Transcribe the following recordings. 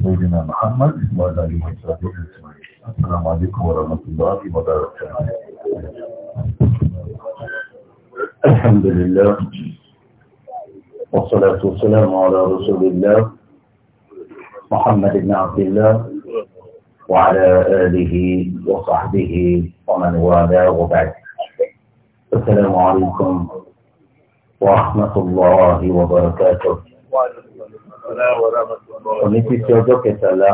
سيدنا محمد وعلى اله وصحبه اجمعين السلام عليكم ورحمه الله وبركاته الحمد لله والصلاة والسلام على رسول الله محمد بن عبد الله وعلى آله وصحبه ومن والاه وبعد السلام عليكم ورحمة الله وبركاته òní títí ọjọ́ kẹtàlá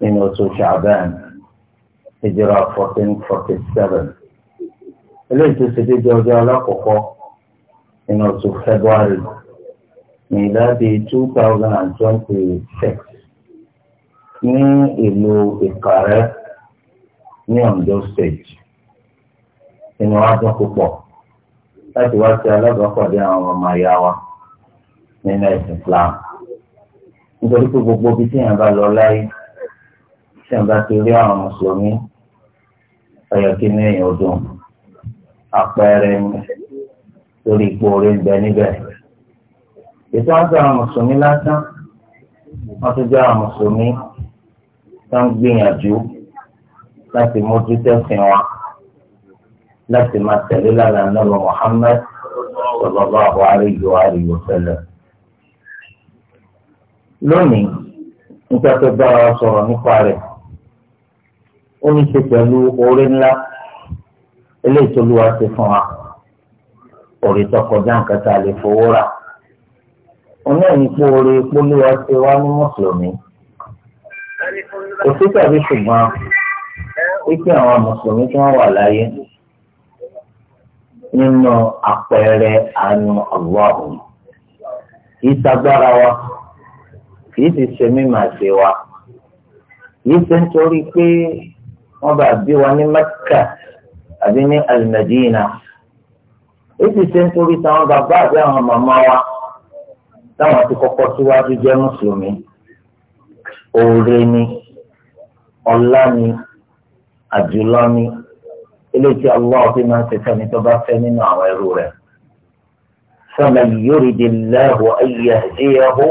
nínú oṣù ṣàbẹ́ẹ̀n ìjọra fourteen forty seven eléyìí tó ṣe déédéé ọjọ́ alákọ̀ọ́kọ́ nínú oṣù February ní ìdádi two thousand and twenty six ní ìlú Ìkàrẹ́ ní Ondo state nínú adùn púpọ̀ láti wá sí alábàápàdé àwọn ọmọ ìyá wa nínú ẹ̀sìn Islam nítorí pé gbogbo ibi tí èèyàn bá lọ láyé tí èèyàn bá ti rí àwọn mùsùlùmí ọyọ kí ní èèyàn dùn àpẹẹrẹ ni lórí ipò orí ń bẹ níbẹ̀. ètò wọn jẹ́ àwọn mùsùlùmí lásán wọ́n tún jẹ́ àwọn mùsùlùmí tó ń gbìyànjú láti mójú tẹ̀sìn wa láti máa tẹ̀lé lálàá náà Muhammad sallallahu alaihi wa alihi wa sallam lónìí nígbà tó bá wa sọ̀rọ̀ nípa rẹ̀ ó ní ṣe pẹ̀lú oore ńlá eléyìí tó lúwa ṣe fún wa oore tó kọjá nǹkan tá a lè fowó rà oní ẹ̀yìn oore polúwa ṣe wá ní mùsùlùmí kò sí tàbí ṣùgbọ́n wípé àwọn mùsùlùmí tí wọ́n wà láyé nínú àpẹẹrẹ àánú ọlọ́run kì wa kìí ti ṣe mímọ̀ àṣẹ wa yìí ṣe ń torí pé wọ́n bá bí wa ní Mẹ́kà àbí ní Al-Madina yìí ti ṣe ń torí táwọn bàbá àbí àwọn màmá wa táwọn ti kọ́kọ́ síwájú jẹ́ mùsùlùmí oore ni ọlá ni àjùlọ ni eléyìí tí Allah fi máa ń ṣe fẹ́ni tó bá fẹ́ nínú àwọn ẹrú rẹ̀. Faman yuridillahu an yahdiyahu.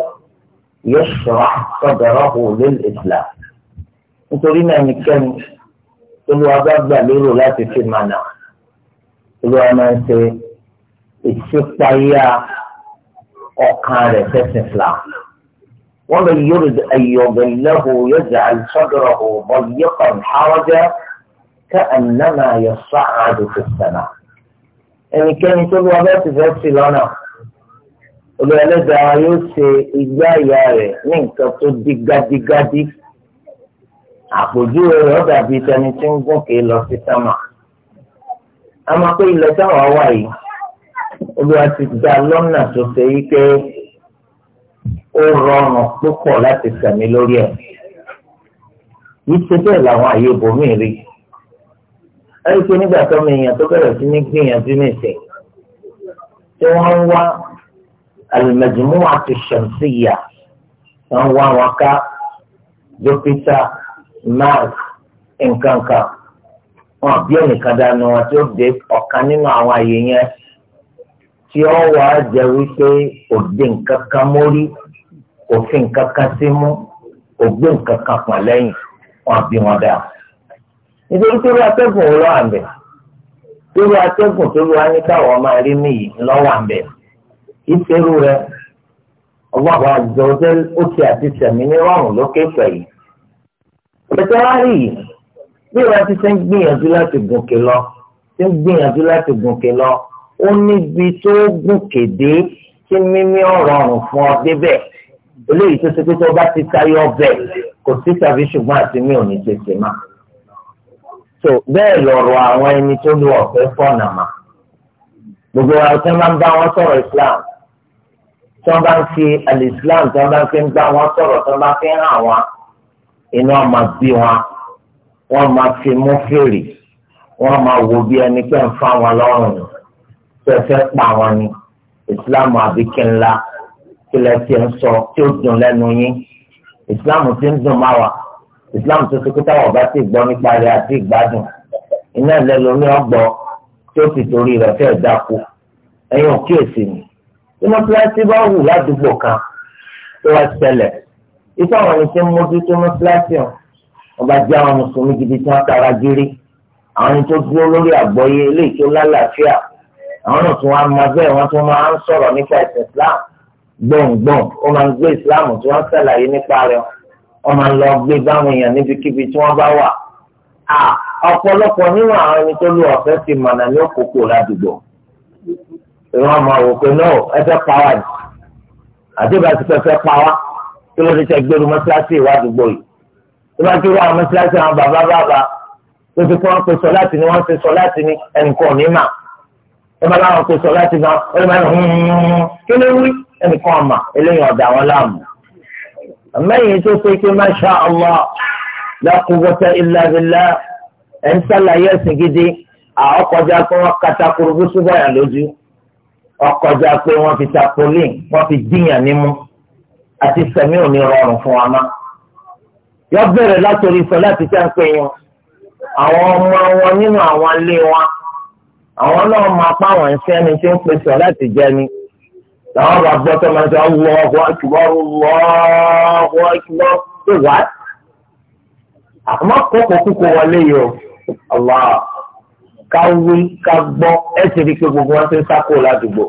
يشرح صدره للإسلام نتورينا أن كان تلو أباب لا ليلو لا في المعنى تلو أما أنت الشفتايا أقارة الإسلام ومن يرد أن يضله يجعل صدره ضيقا حرجا كأنما يصعد في السماء يعني كان تلو أباب لا في المعنى olùwà ẹlẹ́dàá yóò ṣe igbá ìyá rẹ̀ ní nǹkan tó dí gádígádí àpòjúwe rẹ̀ ó dàbí tẹni tí ń gòkè lọ sí sámà a máa pé ilẹ̀ táwa wà yìí olùwà ti dá lọ́nà tó ṣe yí pé ó rọrùn púpọ̀ láti sẹ̀mí lórí ẹ̀ yìí bẹ́ẹ̀ làwọn àyè ibòmíì rí ẹ̀rí pé nígbà tó mi èèyàn tó bẹ̀rẹ̀ sí ní gbìyànjú nìṣẹ́ tí wọ́n ń wá al-majmu'atu ash-shamsiyya wọ́n wá wọn ká dókítà mark nkankan wọn bí ẹnìkan dànù wọn tí ó dé ọ̀kan nínú àwọn àyè yẹn tí ó wà á jẹ wípé òde nǹkan kan mórí òfin nǹkan kan sí mú ògbé nǹkan kan pọ̀ lẹ́yìn wọn bí wọn dà nítorí tó lọ atẹ́gùn lọ́wọ́ àbẹ̀ tó lọ atẹ́gùn tó lọ aníkàwọ́ máa rí mí yìí lọ́wọ́ àbẹ̀ ìṣerú rẹ ọgbọ́n àjọyọ̀ òkè àti sẹ̀mí ní rọrùn lókè pẹ̀lú. ìpẹ̀tẹ́ wá rí yìí bí ìwà ti ṣe ń gbìyànjú láti gòkè lọ ti ń gbìyànjú láti gòkè lọ ó níbi tó gòkè dé tí mímí ọ̀rọ̀ ọ̀rùn fún ọ débẹ̀ eléyìí tó ṣe pé tó bá ti tayọ bẹ̀ kò sí tàbí ṣùgbọ́n àti mi ò ní tètè má. tó bẹ́ẹ̀ lọ̀rọ̀ àwọn ẹni tó lu ọ̀fẹ́ fọ̀nà gbogbo àwọn tí wọ́n bá wọn sọ̀rọ̀ Islam tí wọ́n bá ń fi alìsílám tí wọ́n bá ń fi ń gbá wọn sọ̀rọ̀ tí wọ́n bá fi ń hàn wọn inú ọmọ bí wọn wọ́n máa fi mú fèrè wọ́n máa wo bí ẹni pé ń fa wọn lọ́rùn tó pa wọn ni islam àbíkí ńlá kí lẹ ti ń sọ tí ó dùn lẹ́nu yín islam ti ń dùn má wa islam tó ti kúta wọ̀ bá ti gbọ́ nípa rẹ̀ àti ìgbádùn iná ìlẹ́lómi ọgbọ́ tí ó ti torí rẹ̀ fẹ́ dáko ẹ̀yin ò kíyèsí ni tí mọ́sálásí bá wù ládùúgbò kan tó wá ṣẹlẹ̀ ipa àwọn ẹni tí ń mójútó mọ́sálásí ọ̀ wọ́n bá jẹ́ àwọn mùsùlùmí gidi tí wọ́n tara gírí àwọn ẹni tó dúró lórí àgbọ́yé eléyìí tó lálàáfíà àwọn náà tún wá máa bẹ́ẹ̀ wọ́n tún máa ń sọ̀rọ̀ nípa ẹ̀sìn Islam gbọ̀ngbọ̀n ó máa ń gbé Islam tí wọ́n ṣàlàyé nípa rẹ̀ wọ́n máa ń lọ gbé báwọn èèyàn níbikíbi tí wọ́n bá wà. ọ̀pọ̀lọpọ̀ níwọ̀n àwọn ẹni tó lù ọ̀fẹ́ ti mọ̀nà ní òkòkò ládùúgbò ìwọ ọmọ wò pé náà ẹ fẹ́ pa wá ni àdébà ti fẹ́ fẹ́ pa wá kí ló ti tẹ gbẹrù mọ́sálásí ìwádùúgbò yìí tó bá ti wá mọ́sálásí àwọn bàbá bàbá tó ti kọ́ pé sọ láti ni wọ́n ti sọ láti ni ẹnìkan ní mà ẹ máa láwọn pé sọ láti gan ẹ máa ní hmm, hmm, hmm, kí ló wí ẹnìkan ọ̀mà eléyìí ọ̀dà wọn láàmú. àmẹ́yìn tó pé pé masha Allah la quwwata ẹ̀ ń sálàyé ẹ̀sìn gidi àwọn kọjá pé wọ́n katakuru bó túbọ̀ yà lójú ọkọjá pé wọ́n fi tapolin wọ́n fi díyàn nímú àti sẹ̀mí ò ní rọrùn fún wa má. yọ bẹ̀rẹ̀ látòrí sọ láti tẹ́ ń pè yín àwọn ọmọ wọn nínú àwọn ilé wọn àwọn náà máa pa àwọn iṣẹ́ ni tí ń pè sọ láti jẹ ni làwọn bá gbọ́ tó máa ń sọ lọ́ọ̀kọ́ àkùbọ́ lọ́ọ̀kọ́ àkùbọ́ pé wá. àmọ́ kókò kúkú wọlé yìí o Allah ká wí ká gbọ́ ẹ ti rí i pé gbogbo wọn ti ń sáko ládùúgbò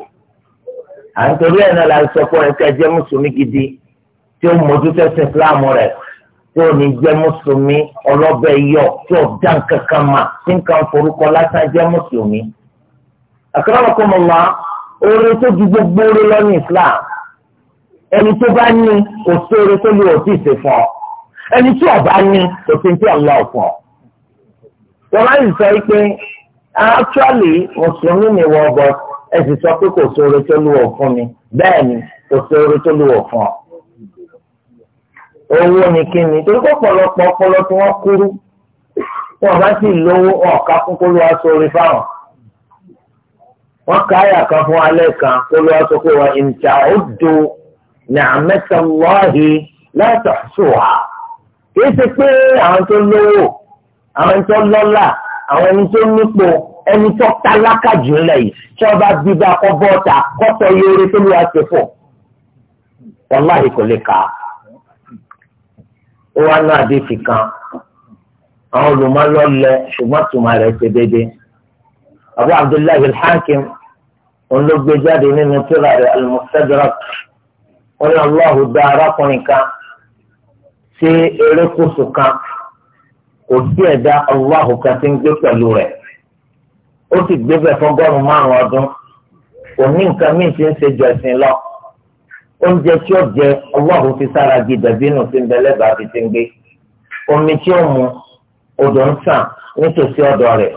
à ń torí ẹ̀ náà la sọ fún ẹ kí ẹ jẹ́ mùsùlùmí gidi tí ó mójútó ẹ̀sìn Islam rẹ̀ tí ò ní jẹ́ mùsùlùmí ọlọ́bẹ̀ yọ tí ò dá nǹkan kan mà tí nǹkan forúkọ lásán jẹ́ mùsùlùmí. àkàràwọ̀ kọ́ mọ̀ wá oore tó ju gbogbo oore lọ ní Islam ẹni tó bá ní kò sí oore tó lè òtí ìsè fún ọ ẹni tí ọba ní kò sí ní tí ọlọ́ọ̀ fún ọ. wọ́n máa ń sọ pé actually mùsùlùmí ni wọ́n bọ̀ ẹ sì sọ pé kò sóore tó lù fún mi bẹ́ẹ̀ ni kò sóore tó lù fún ọ. owó ni kí ni torí pé ọ̀pọ̀lọpọ̀ ọpọlọ tí wọ́n wọn bá sì lówó fún kó lọ́wọ́ fáwọn. wọ́n ká àyà kan fún alẹ́ kan kó lọ́wọ́ sọ pé wọ́n ìjà ó do kì í ṣe pé àwọn tó lówó àwọn tó lọ́lá àwọn ẹni tó ẹni tó tálákà jù ú lẹ́yìn tí wọ́n bá bí bá kọ́ bọ́ọ̀tà kọ́tọ̀ yóò tó lù wá ṣe fún wàláhì kò lè kà á. ó wá náà dé fi kan àwọn olùmọ̀lọ́ lẹ ṣùgbọ́n tùmọ̀ rẹ̀ ṣe déédéé. Abu Abdullahi al òun ló gbé jáde nínú tírà rẹ̀ al-Mustadrak wọ́n ní dá arákùnrin kan sí erékùsù kan kò sí ẹ̀dá Allahu kan tí ń gbé pẹ̀lú rẹ̀ ó sì gbébẹ̀ fọ́gọ́rùn márùn ọdún òní nǹkan míì ti ń ṣe jọ̀sìn lọ oúnjẹ tí ó jẹ ọlọ́run fi sára gi dàbínù sí nbẹ̀lẹ́bà fi ti ń gbé omi tí ó mu odò ń sàn nítòsí ọ̀dọ̀ rẹ̀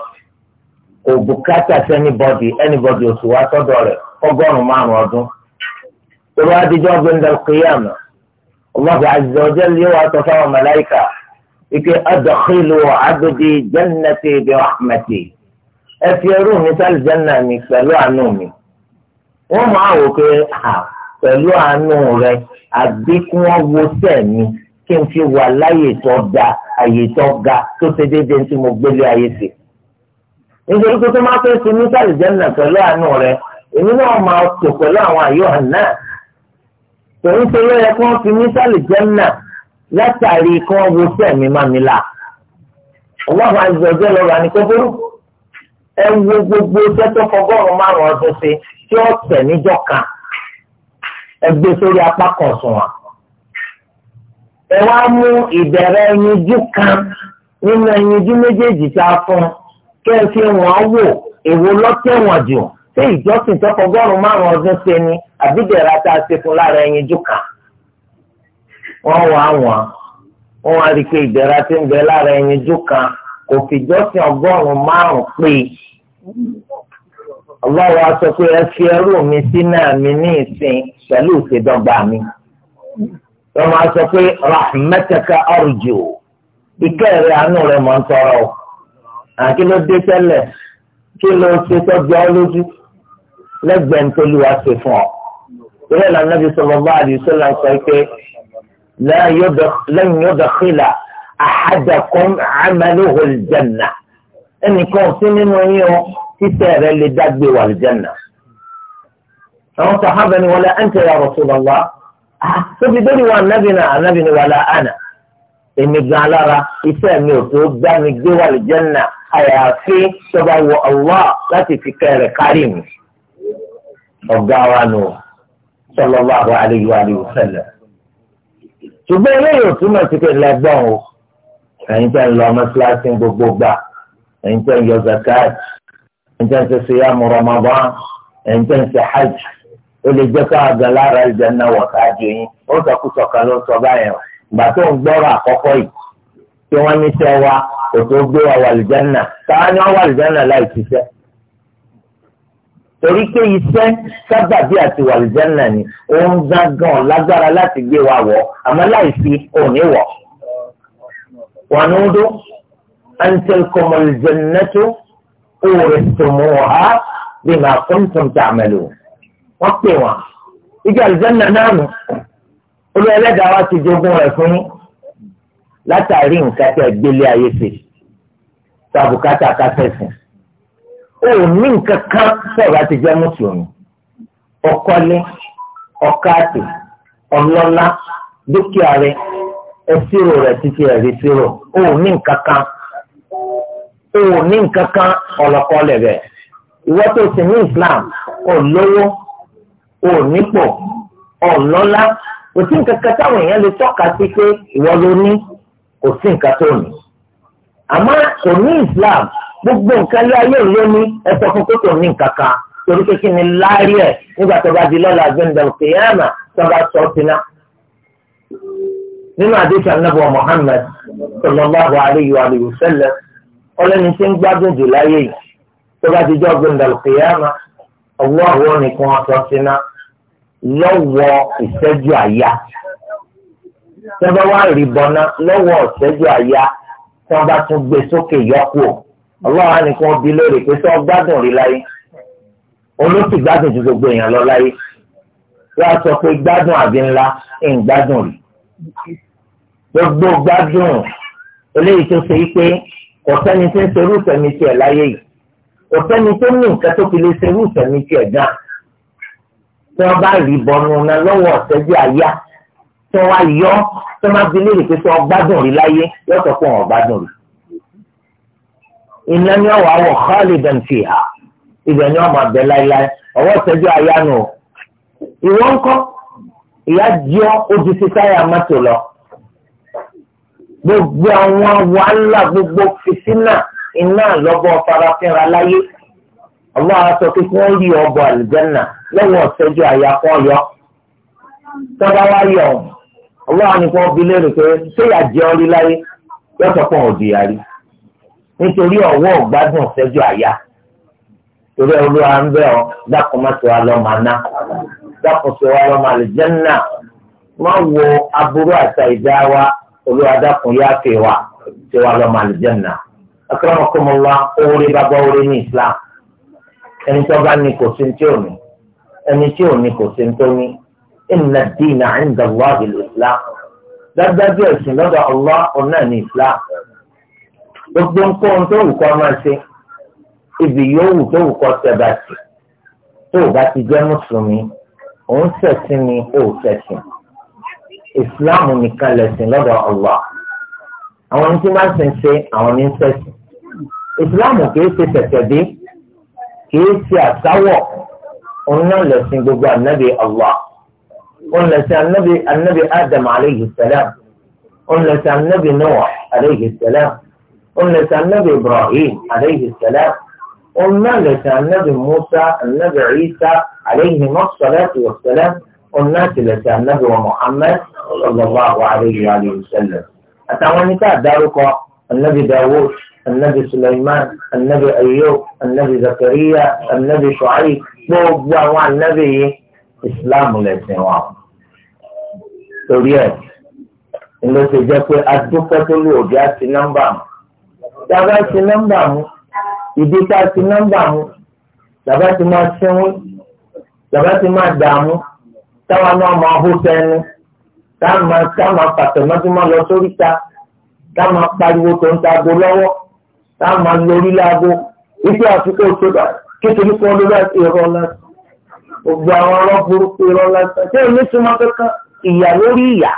kò bùkátà sí anybody anybody ò sì wá sọ́dọ̀ rẹ̀ fọ́gọ́rùn márùn ọdún ìwà àdìjọ́ gbẹ̀ndẹ̀ kéyàmù ọlọ́run àzọ̀jẹ́ lé wa sọ fáwọn màláíkà ike adkhilu abdi jannati bi rahmati ẹ fi ẹrú mi sí àlùjánnà mi pẹ̀lú àánú mi wọ́n máa wò pé pẹ̀lú àánú rẹ àbí kí wọ́n wo sẹ́ẹ̀mí kí n fi wà láyè tó ga àyè tó ga tó ṣe déédéé tí mo gbélé ayé sí. nítorí pé tó máa fẹ́ sinmi ní sí àlùjánnà pẹ̀lú àánú rẹ èmi náà máa tò pẹ̀lú àwọn àyò àná tòun ṣe ló kí wọ́n fi mí sí àlùjánnà látàrí kí wọ́n wo sẹ́ẹ̀mí má mi là. ọlọ́run àjọ̀jọ́ lọ́ba ẹ wo gbogbo sẹ́tọ́ fọgọ́rùn-ún márùn-ún ọdún sí tí ó tẹ̀ níjọ́ kan ẹ sórí apá kan sùn wà. ẹ wá mú ìbẹ̀rẹ̀ ẹyinjú kan nínú ẹyinjú méjèèjì tá a fún kẹ́ ẹ fi wọ́n wò èwo lọ́tẹ̀wọ̀n jù ṣé ìjọsìn tó fọgọ́rùn-ún márùn ọdún sí ni àbídẹ̀ra tá a ṣe fún lára ẹyinjú kan. wọ́n wá wọ́n wọ́n wá rí i pé ìbẹ̀rẹ̀ ti ń bẹ lára ẹyinjú kan. òfìjọ́sìn ọgọ́rùn-ún márùn-ún pé ọlọ́wọ́ sọ pé ẹ fi ẹrú mi sínú mi ní ìsìn pẹ̀lú ìṣèdọ́gba mi. wọ́n máa sọ pé rahmataka arju ìkẹ́ rẹ̀ àánú rẹ̀ mọ̀ ń tọrọ o. àkí ló dé tẹ́lẹ̀ kí ló ṣe tọ́jú ọ lójú lẹ́gbẹ̀ẹ́ nítorí wàá ṣe fún ọ. ìrẹ́lẹ̀ anábì sallallahu alaihi wasallam sọ pé lẹ́yìn yóò dọ̀kílà ahadakum amaluhu aljanna ẹnìkan sí nínú yín o títẹ̀ rẹ̀ lè dágbé wà aljanna. àwọn sàhábà ni wala anta ya Rasulullah tóbi dórí wa ànábì náà ànábì ni wala ana èmi gan alára iṣẹ́ mi ò tó gbá mi gbé wà aljanna àyàfi tọba wọ Allah láti fi kẹrẹ kárí mi ọ̀gá wa nù sallallahu alaihi wa sallam. ṣùgbọ́n eléyìí ò túmọ̀ sí pé lẹ́gbọ́n o ẹ̀yin tẹ́ ń lọ mọ́sálásí gbogbo gbà ẹ̀yin tẹ́ ń yọ zakat ẹ̀yin tẹ́ ń ṣe síyàmù Ramadan ẹ̀yin tẹ́ ń ṣe hajj ó lè jẹ́ ká gan lára ìjẹ́nà wọ̀káàdì yín ó sọkúsọ kan ló sọ báyẹn ìgbà tó ń gbọ́rọ̀ àkọ́kọ́ yìí tí wọ́n ní tẹ́ wa kò gbé wa wàlìjẹ́nà táwa ni wọ́n wàlìjẹ́nà láì ṣiṣẹ́ torí pé iṣẹ́ sábàbí àti wàlìjẹ́nà ni òun gángan lágbára láti gbé wa wọ̀ àmọ́ láì fi òun wọ̀. ونودوا أن تلكم الجنة أورثتموها بما كنتم تعملون وقتها إجا الجنة نعم قلوا لا دعوات جوبون يكونوا لا تعرين كاتا بلي يسي. تابو كاتا كاسسن ó ní nǹkan kan sọ̀rọ̀ àti jẹ́ mùsùlùmí ọkọ́lé ẹsírò rẹ títí ẹrí sírò ó ní nǹkankan ó ní nǹkankan ọlọkọ lẹbẹ ìwọ tó sì ní Islam ó lówó ó nípò ó lọ́lá kò sí nǹkankan táwọn èèyàn lè tọ́ka sí pé ìwọ ló ní kò sí nǹkan tó ní àmọ́ kò ní Islam gbogbo nǹkan lé ayé ló ní ẹsọ fún kó tó ní nǹkankan torí pé kí ni láàárí ẹ nígbà tó bá di lọ́la gbẹ̀ndẹ̀ òkè yẹn àmà tó bá sọ ọ́ sí náà nínú àdéhùn anábọ̀ Muhammad sallallahu alayhi wa sallam ọlẹ́ni tí ń gbádùn jù láyé yìí tó bá ti jọ́ gbẹ̀ndàlù kìyàmà ọwọ́ àwọn nìkan ọ̀tọ̀ síná lọ́wọ́ ìṣẹ́jú àyà tẹ́bá wá rìbọná lọ́wọ́ ìṣẹ́jú àyà tí wọ́n bá tún gbé sókè yọkù ọlọ́wọ́ nìkan bí lórí pé tí wọ́n gbádùn rí láyé olóṣì gbádùn ju gbogbo èèyàn lọ láyé wọ́n á sọ pé gbádùn àbí ńlá ń gbádùn rí gbogbo gbádùn eléyìí tó ṣe pé kò sẹ́ni tó ń serú ìfẹ̀mí tiẹ̀ láyé yìí kò sẹ́ni tó ní nǹkan tó fi lè serú ìfẹ̀mí tiẹ̀ gan tí wọ́n bá rí bọnu náà lọ́wọ́ ọ̀sẹ́jú àyà tí wọ́n wá yọ tí wọ́n bá fi léèrè pé tí wọ́n gbádùn rí láyé lọ́sọ̀ pé wọ́n gbádùn rí. iná ní ọ̀wọ́ àwọ̀ khalidan fiha ibẹ̀ ni ọmọ abẹ láéláé ọwọ́ ọ̀sẹ́jú àyà nù ìwọ́n kọ́ ìyá jọ ojú sí táyà mọ́tò lọ gbogbo àwọn wàhálà gbogbo fìtínà iná lọ́bọ̀ farafinra láyé ọlọ́ aṣọ ọbọ̀ àlùjẹ́nà lọ́wọ́ àyà kan yọ tọ́ba wá yọ ọ̀hún pé ṣé ìyá láyé àyà torí olúwa ń bẹ̀ ọ́ dákun mọ́tò alọ́ dákòóso wa lọ́mọ àlùjẹ́nà má wo aburú àti ìdá wa olúwa dákun yá fè wa ṣe wa lọ́mọ àlùjẹ́nà. akọ́nàmọ́kọ́mọ́lá oore bàbá oore ní Islam ẹni tó bá ní kò sí ní tí ò ní ẹni tí ò ní kò sí ní tó ní inna dina inda Allahi al-Islam dájúdájú ẹ̀sìn lọ́dọ̀ Allah ọ̀nà ní Islam gbogbo nǹkan tó wù kọ́ máa ṣe ibi yóò wù tó wù kọ́ tẹ̀ bá tó o bá ti jẹ́ mùsùlùmí òun ṣẹ̀sìn ni ó ṣẹ̀sìn islam nìkan lẹ̀sìn lọ́dọ̀ Allah àwọn ní tí máa ń sìn ṣe àwọn ní ṣẹ̀sìn islam kìí ṣe tẹ̀tẹ̀ dé kìí ṣe àtàwọ̀ òun náà lẹ̀sìn gbogbo anabi Allah òun lẹ̀sìn anabi anabi adam aleyhi salam òun lẹ̀sìn anabi noah aleyhi salam òun lẹ̀sìn anabi ibrahim aleyhi salam onáàlẹ̀sẹ̀ anábì musa anábì isa àlẹ́yìn mọ́sálẹ́tì wọ̀sẹ̀lẹ̀ onáàtìlẹ̀sẹ̀ anábì wa muhammed sallallahu alayhi wa sallam àtàwọn níta àdárúkọ anábì dawud anábì suleiman anábì ayub anábì zakariya anábì shuaib gbogbo àwọn anábì yìí islam lẹ̀sìn wọn. torí ẹ̀ ńlọ ti jẹ́ pé adúpẹ́ tó lù òbí àti mu. dábàá ti nọ́mbà mu ìdí tá a ti nọ́mbà wọn làbá ti máa sẹ́wọ́n làbá ti máa dààmú táwọn náà máa hó sẹ́nu táwọn táwọn pàtẹ́mọ́tìmọ́ lọ sórí ta táwọn pariwo tó ń ta ago lọ́wọ́ táwọn lórí láago ibi àfikún òṣèlú kékeré fún ọdún láti ìrọ̀ láti gbogbo àwọn ọ̀rọ̀ ìrọ̀ láti ṣé èmi súnmọ́ kankan ìyà lórí ìyà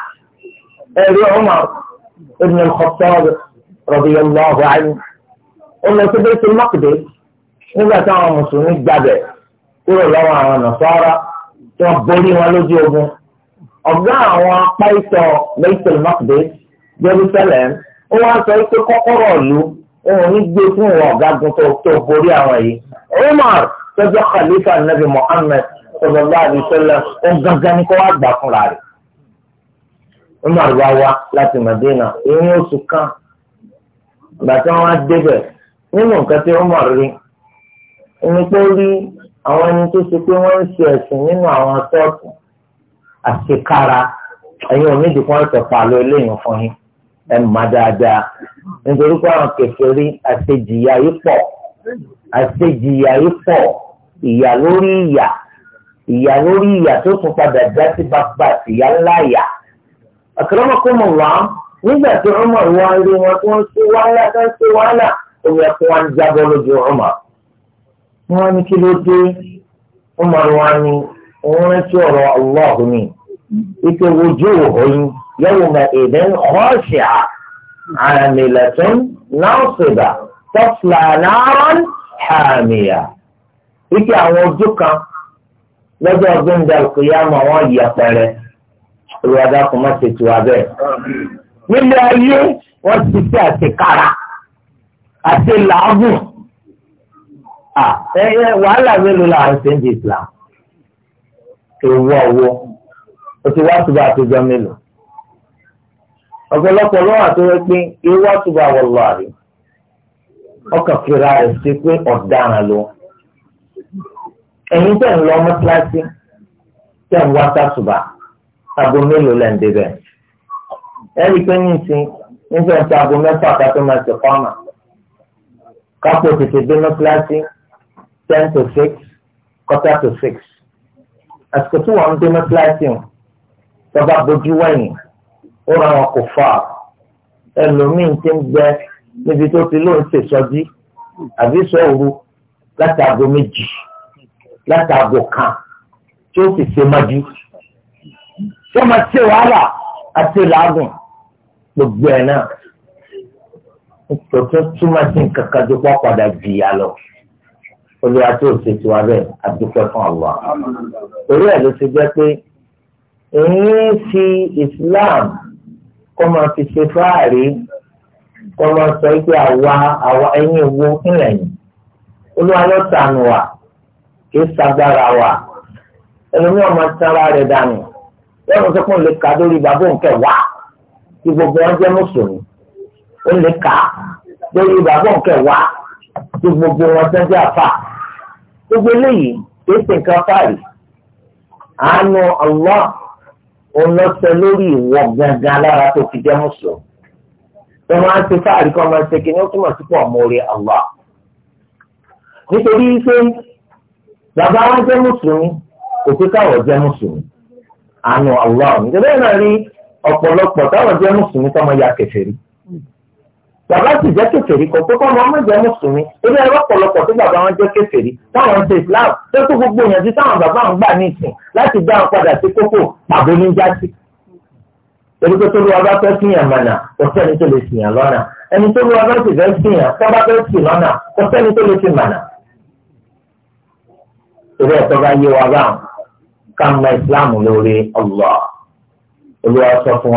ẹ̀rí ọmọ ẹ̀dùn ẹ̀kọ́ sọ́ọ̀rọ̀ rọ̀bìyàn lọ́wọ́ àyè ó lọ sí bẹ́ẹ̀ tó mọ́kìdé nígbà táwọn mùsùlùmí gbàbẹ̀ kúrò lọ́wọ́ àwọn nàṣọ́ra tí wọ́n borí wọn lójú ogun ọ̀gá àwọn apá ìtọ̀ bẹ́ẹ̀ mọ́kìdé Jerusalem ó wá sọ pé kọ́kọ́rọ́ ìlú òun ní gbé fún ìwọ̀n ọ̀gágun tó borí àwọn yìí Umar tọ́jú khalifa nabi Muhammad sọlọ́lá àdìsọ́lá ó gángan ní kó wá gbà fúnra rẹ̀ Umar wá wá láti Madina èyí oṣù kan gbàtí wọn wá débẹ̀ nínú nǹkan tí wọ́n mọ̀ rí ẹni tó rí àwọn ẹni tó ṣe pé wọ́n ń ṣe ẹ̀sìn nínú àwọn ṣọ́ọ̀tù àṣekára ẹ̀yin ò nídìí kan ṣe pàlọ́ eléyìí fún yín ẹ̀ má dáadáa nítorí pé àwọn kèfèrí àṣejìyà yìí pọ̀ àṣejìyà yìí pọ̀ ìyà lórí ìyà ìyà lórí ìyà tó tún padà já sí bàbá ìyá ńlá ìyà àkàràmọ́kọ́mọ̀ wá nígbà tí wọ́n mọ̀ rí wọn tó ń ṣe wàhálà tó ń ṣe wàhálà omi ẹkún wa ń jábọ́ lójú ọmọ wọn ní kí ló dé ọmọ wa ní òun rántí ọ̀rọ̀ ọlọ́ọ̀hún ni ìpè wojú òhún yẹ̀wò mọ èdè ń kọ́ọ̀ṣì à àmìlẹ̀tún náà ṣèdá tọ́sílà náírán hàmìyà ìpè àwọn ojú kan lọ́jọ́ ọdún dàrúkìyàmọ̀ wọn yẹpẹrẹ olùwàdà kò má ṣètò abẹ́ nílé ayé wọ́n ti fi àṣekára àti làágùn wàhálà mélòó làwọn ṣe ń di Islam èèwọ̀ ọwọ́ o ti wá tuba àtijọ́ mélòó ọ̀pọ̀lọpọ̀ lọ́wọ́ àtúwẹ́ pé ìwà tuba wọ̀lọ́ àrí ọkàn fira rẹ̀ sí pé ọ̀daràn ló ẹ̀yin tẹ̀ ń lọ mọ́tíláṣí tẹ̀ ń wá sátùbà aago mélòó lẹ́ ń débẹ̀ ẹ̀rí pé ní ìsìn nígbà tí aago mẹ́fà ká tó máa ṣe kọ́ àmà kápò tètè dénú kíláàsì ten to six quarter to six àsìkò tí wọ́n ń dénú kíláàsì o tọ́ba bójú wẹ̀yìn ó ra wọn kò fà á ẹlòmíín ti ń gbẹ níbi tó ti lóun ṣe sọjí àbí sọ̀rọ̀ láti aago méjì láti aago kan tí ó sì ṣe májú tí wọ́n máa ṣe wàhálà àti làágùn gbogbo ẹ̀ náà kò tó túmọ̀ sí nǹkan kan tó pọ̀ padà jìyà lọ olùwà tó o ṣe tiwa bẹ́ẹ̀ àdúpẹ́ fún àwa. torí ẹ̀ ló ti jẹ́ pé èyí fi Islam kọ́ máa fi ṣe fáàrí kọ́ máa sọ pé àwa àwa ẹ̀yìn wo ńlẹ̀ yìí olùwà ló tànù wà kì í ṣàgbára wà ẹlòmíràn máa tẹ́ra rẹ̀ dànù lẹ́nu tó kún lè kà lórí bàbá òǹkẹ́ wà kí gbogbo wọn jẹ́ mùsùlùmí ó lè kà á lórí bàbá òǹkẹ wá tí gbogbo wọn sẹ́jẹ́ àfà gbogbo eléyìí kìí ṣe nǹkan fàárì àánú Allah òun lọ sọ lórí ìwọ gangan lára tó fi jẹ́ mùsùlùm tó máa ń ṣe fàárì kan máa ń ṣe kíní ó túmọ̀ sí pọ̀ mórí Allah nítorí pé bàbá wa jẹ́ mùsùlùmí kò pé káwọ̀ jẹ́ mùsùlùmí àánú Allah nítorí náà rí ọ̀pọ̀lọpọ̀ táwọn jẹ́ mùsùlùmí tó máa ya kèfèrí bàbá sì jẹ́ kèfèrí kan pé kọ́mọ ọmọ ìjẹ́ mùsùlùmí ebi ẹ̀rọ pọ̀lọpọ̀ tí bàbá wọn jẹ́ kèfèrí táwọn ṣe Islam tó kó gbogbo ìyànjú táwọn bàbá wọn gbà ní ìsìn láti dá wọn padà sí kókó pàbó ní jásí. torí pé tóbi ọba fẹ́ fi yàn mọ̀nà kò sẹ́ni tó lè fi yàn lọ́nà ẹni tóbi ọba sì fẹ́ fi yàn tọ́ba fẹ́ fi lọ́nà kò sẹ́ni tó lè fi mọ̀nà. torí ẹ̀ tọ́ba yé wa báwọn ká Allah olùwà sọ fún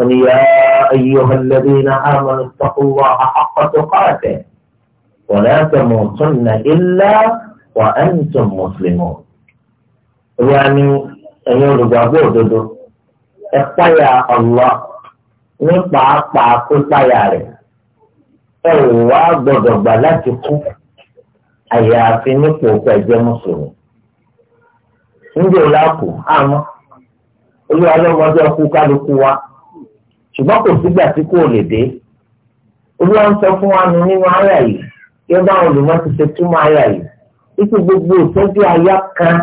قل يا أيها الذين آمنوا اتقوا الله حق تقاته ولا تموتن إلا وأنتم مسلمون يعني أيها الجابور اقتيا الله nípa pàákó páyà rẹ̀ ẹ ò wá gbọdọ̀ gbà láti kú àyàfi nípò pẹ̀jẹ́ mùsùlùmí. níjẹ́ òláàpù àmọ́ olúwa lọ́mọdé ọkú kálukú wa ṣùgbọ́n kò sígbà tí kò lè dé olúwa ń sọ fún wa nínú àyà yìí kí ẹ bá àwọn olùmọ̀ ti ṣe túmọ̀ àyà yìí wípé gbogbo ìtọ́jú àyà kan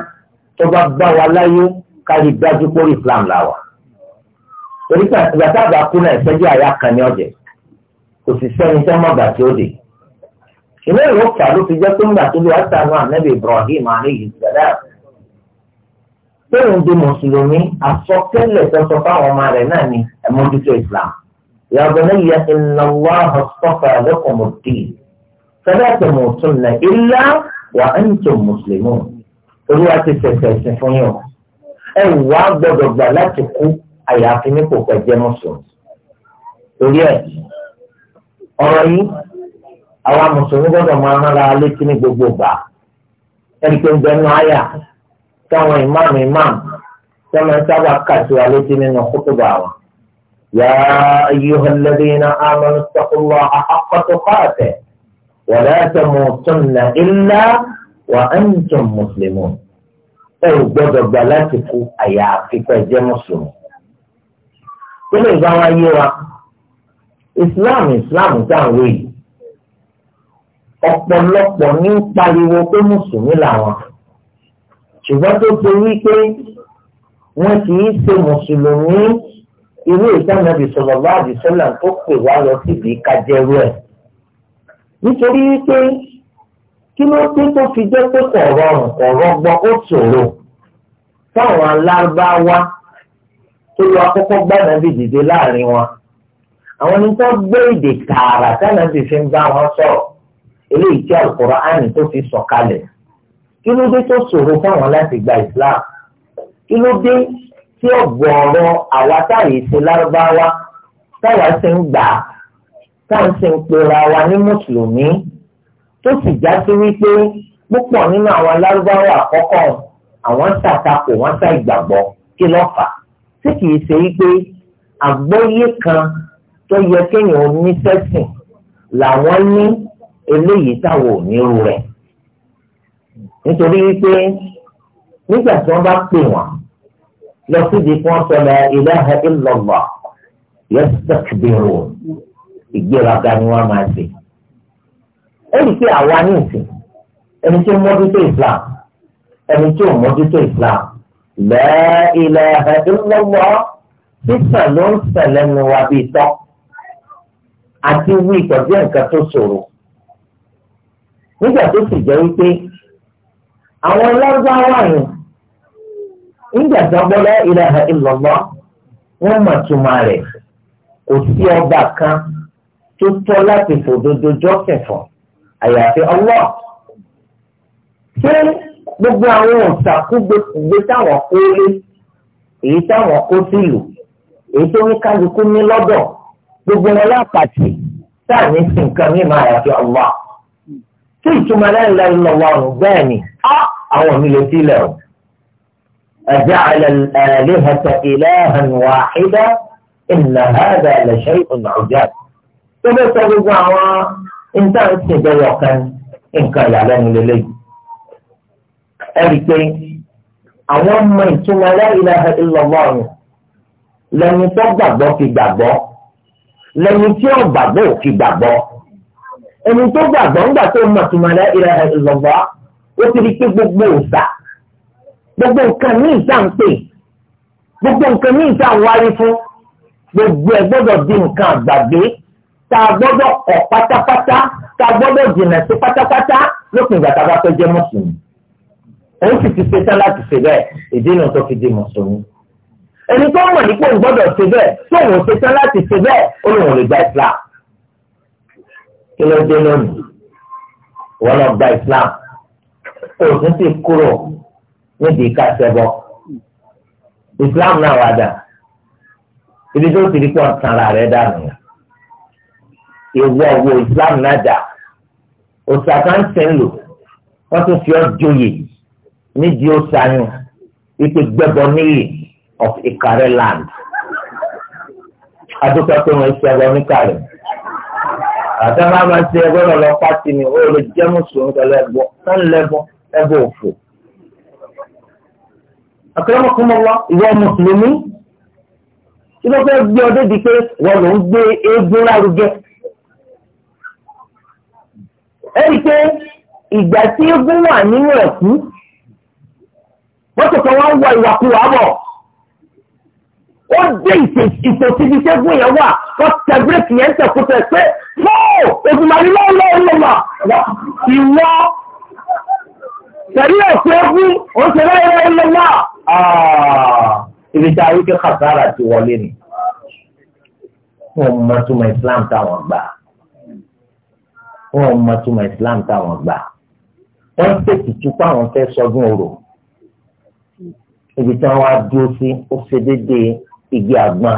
tó gbá wa láyé kárí dájú pé Islam là wà torí pé ìgbà tá a bá kú náà ìtọ́jú àyà kan ní ọ̀jẹ̀ kò sì sẹ́ni tí wọ́n má tí ó dé ìwé ìrọ̀pá ló fi jẹ́ pé ńgbà tó lè wá ànábì Ibrahim àníyí sàdáàbù tóun di mùsùlùmí àsọtẹ́lẹ̀ tọsọ fáwọn ọmọ rẹ̀ náà ni ẹmọdútó islam yàgò ní yẹ ìnáwó àhọsọfà lẹkọọmọdé fẹlẹtẹ mùsùn náà ilá wà ń tó mùsùlùmí olúwa ti fẹsẹ̀ ẹ̀sìn fún yín o ẹ wà gbọ́dọ̀ gbà láti kú àyàfi ní kò pẹjẹ mùsùlùmí torí ẹ ọ̀rọ̀ yìí àwa mùsùlùmí gbọ́dọ̀ máa ń rán létí ní gbogbo gbà ẹni pé àyà táwọn ìmáàmù ìmáàmù tí wọ́n sábà kà sí wa létí nínú kútùbà wọn. يا أيها الذين آمنوا اتقوا الله حق تقاته ولا تموتن إلا وأنتم مسلمون ẹ ò gbọ́dọ̀ gbà láti kú àyàfi pé jẹ́ mùsùlùmí. tó lè bá wa yé wa islam islam táwọn yìí ọ̀pọ̀lọpọ̀ ní pariwo pé mùsùlùmí làwọn ṣùgbọ́n tó ṣe wípé wọ́n kì í ṣe mùsùlùmí irú ìsànàbì sọ̀rọ̀ bá àdìsọ́nà tó pè wá lọ síbi kájẹ́rú ẹ̀. nítorí wípé kí ló dé tó fi jẹ́ pé kò rọrùn kò rọgbọ́n ó ṣòro fáwọn alárúbáwá tó lọ akọ́kọ́ gbànàbì dìde láàrin wọn. àwọn ẹni tó gbé èdè tààrà sànàbì fi ń bá wọn sọ̀rọ̀ eléyìí tí Al-Qur'ani tó fi sọ̀kalẹ̀. So kí ló dé tó ṣòro fáwọn láti gba islam kí ló dé tí ọ̀gọ̀ọ̀rọ̀ àwa táyì ṣe lárúbáwá táwa ṣe ń gbà táwọn ṣe ń pera wa ní mùsùlùmí tó sì já sí wípé púpọ̀ nínú àwọn lárúbáwá àkọ́kọ́ àwọn ṣàtakò wọ́n ṣá ìgbàgbọ́ kí ló fà tí kìí ṣe wípé àgbọ́yé kan tó yẹ kéèyàn oníṣẹ́sìn làwọn ní eléyìí táwọn ò ní rú rẹ̀ nítorí wípé nígbà tí wọ́n bá pè wọ́n lọ síbi kí wọ́n sọ la ilaha illallah yastakbirun ìgbéraga ni wọ́n máa ṣe. ó rí i pé àwa ní ìsìn ẹni tó mójútó islam ẹni tó mójútó islam la ilaha illallah sísà ló ń sẹ̀lẹ̀ nu wa bíi tọ́ àti wí ìtọ́jú nǹkan tó ṣòro. nígbà tó sì jẹ́ wípé àwọn lágbára yẹn nígbà tí wọ́n gbọ́ la ilaha illallah wọ́n mà túmọ̀ rẹ̀ kò sí ọba kan tó tọ́ láti fòdodo jọ́sìn fún àyàfi Allah ṣé gbogbo àwọn òṣàkúgbé táwọn kó lé èyí táwọn kó sílùú èyí tó ní kálukú ní lọ́dọ̀ gbogbo wọn lápàtì sáàní sí nǹkan mímọ́ àyàfi Allah tí ìtumọ̀ la ilaha illallah bẹ́ẹ̀ ni ah! الله ملتي لهم أجعل الآلهة إلها واحدة إن هذا لشيء عجاب ثم تبقى انت اتبعوكا إن كان يعلم للي أبكي أولا ما يتوى لا إله إلا الله لن يتوضع بو في بابو لن يتوضع بو في بابو أن يتوضع بو في إن لا إله إلا الله ó ti di pé gbogbo òòṣà gbogbo nǹkan ní ìta ń pè gbogbo nǹkan ní ìta ń wáyé fún gbogbo ẹ gbọ́dọ̀ di nǹkan àgbàgbé tá a gbọ́dọ̀ kọ̀ pátápátá tá a gbọ́dọ̀ jìnà sí pátápátá lópin ìgbà tá a bá fẹ́ jẹ́ mùsùlùmí òun sì ti ṣe tán láti ṣe bẹ́ẹ̀ ìdí nu tó fi di mùsùlùmí ẹni tó mọ̀ nípò ń gbọ́dọ̀ ṣe bẹ́ẹ̀ tó òun ṣe tán láti ṣe bẹ́ẹ̀ ó lóun ò lè gba islam kí ló dé lónìí wọn lọ gba islam òtún ti kúrò níbi ìkàsẹ̀bọ islam náà wà dà ibi tó ti di pọ̀ tanra rẹ̀ dànù ìwọ wo islam náà dà òsàkáǹtì ń lò wọ́n tún fi ọ́ joyè nídìí ó sáyún wípé gbẹ́bọ níyì of Ìkàrẹ́ land adúgbò pé wọ́n ṣe ẹgbẹ́ oníkàrẹ́ àtàwọn máa ń ṣe ẹgbẹ́ náà lọ pàtì ni ó lè jẹ́ mùsùlùmí kan lẹ́bọ ẹbọ òfò. àkàràmọ̀kúnmọ́wá ìwọ mùsùlùmí tí wọ́n fẹ́ gbé ọdẹ di pé wọ́n ló ń gbé eégún lárugẹ. ẹ rí i pé ìgbà tí eégún wà nínú ẹ̀kú wọ́n tẹ̀sán wá ń wọ ìwàkuwà bọ̀ ó dé ìtòsíbi ṣẹ́gun yẹn wà wọ́n tẹ bírèkì yẹn tẹ̀kú tẹ̀ pé fóò ètùmọ̀ ní lọ́wọ́ lọ́wọ́ lọ́wọ́ ìwọ tẹ̀lé ọ̀sẹ̀ fún oṣù láyé lọ́wọ́ ibi tí a wípé kàtàrà ti wọlé ni wọn ò mọ̀túmọ̀ Islam táwọn gbà wọn ò mọ̀túmọ̀ Islam táwọn gbà wọn tètè túpọ̀ àwọn fẹ́ sọdún orò ibi tí wọn wá dúró sí ó ṣe déédéé igi àgbọn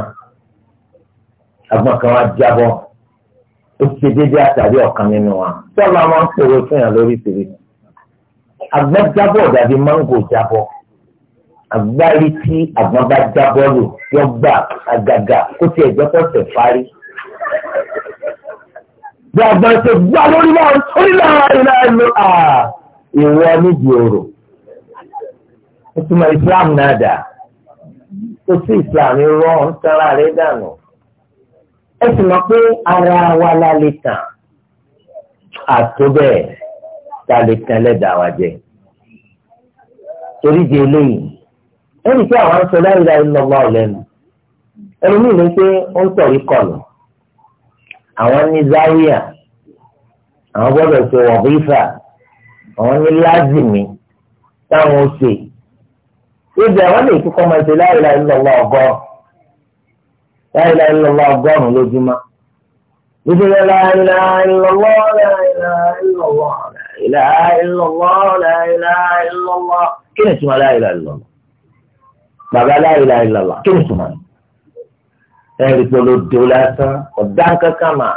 àgbọn kan wá jábọ́ ó ṣe déédéé àtàrí ọ̀kan nínú wa sọlá wọn ń pòwe fún yàn lórí ìṣèlú àgbá jábọ̀ dàbí máńgò jábọ̀ agbárí tí àgbọn bá jábọ́ lò yọ gbà àgàgà kó tiẹ̀ jẹ́ pọ̀sẹ̀ parí. bí àgbọn ṣe gbá lórí náà lórí náà iná ló à ìwọ nídìí òrò. ó túmọ̀ Islam náà dà kó sí Islam rọ ń sanra rẹ dànù. ẹ sì mọ̀ pé ara wa la lè tàn àtó tá a lè tán lẹ́dàá wa jẹ. torí di eléyìí ẹnì tí àwọn sọ láyé láyé lọ́wọ́ ọ̀lẹ́nu ẹni mi ní pé ó ń tọ̀rí kọlù àwọn ní záríà àwọn gbọ́dọ̀ ṣe wọ̀bífà àwọn ní lázìmí táwọn ó ṣe ibi àwọn lè kíkọ́ máa ṣe láyé láyé lọ́wọ́ ọgọ́rùn láyé láyé lọ́wọ́ ọgọ́rùn lójúmọ́ nítorí láyé láyé lọ́wọ́ láyé láyé lọ́wọ́ ilaha illallah la ilaha illallah kí ni ìtumọ̀ la ilaha illallah bàbá la ilaha illallah kí ni ìtumọ̀ ẹ̀rí pẹ̀lú dò lásán ọ̀dá kankan mà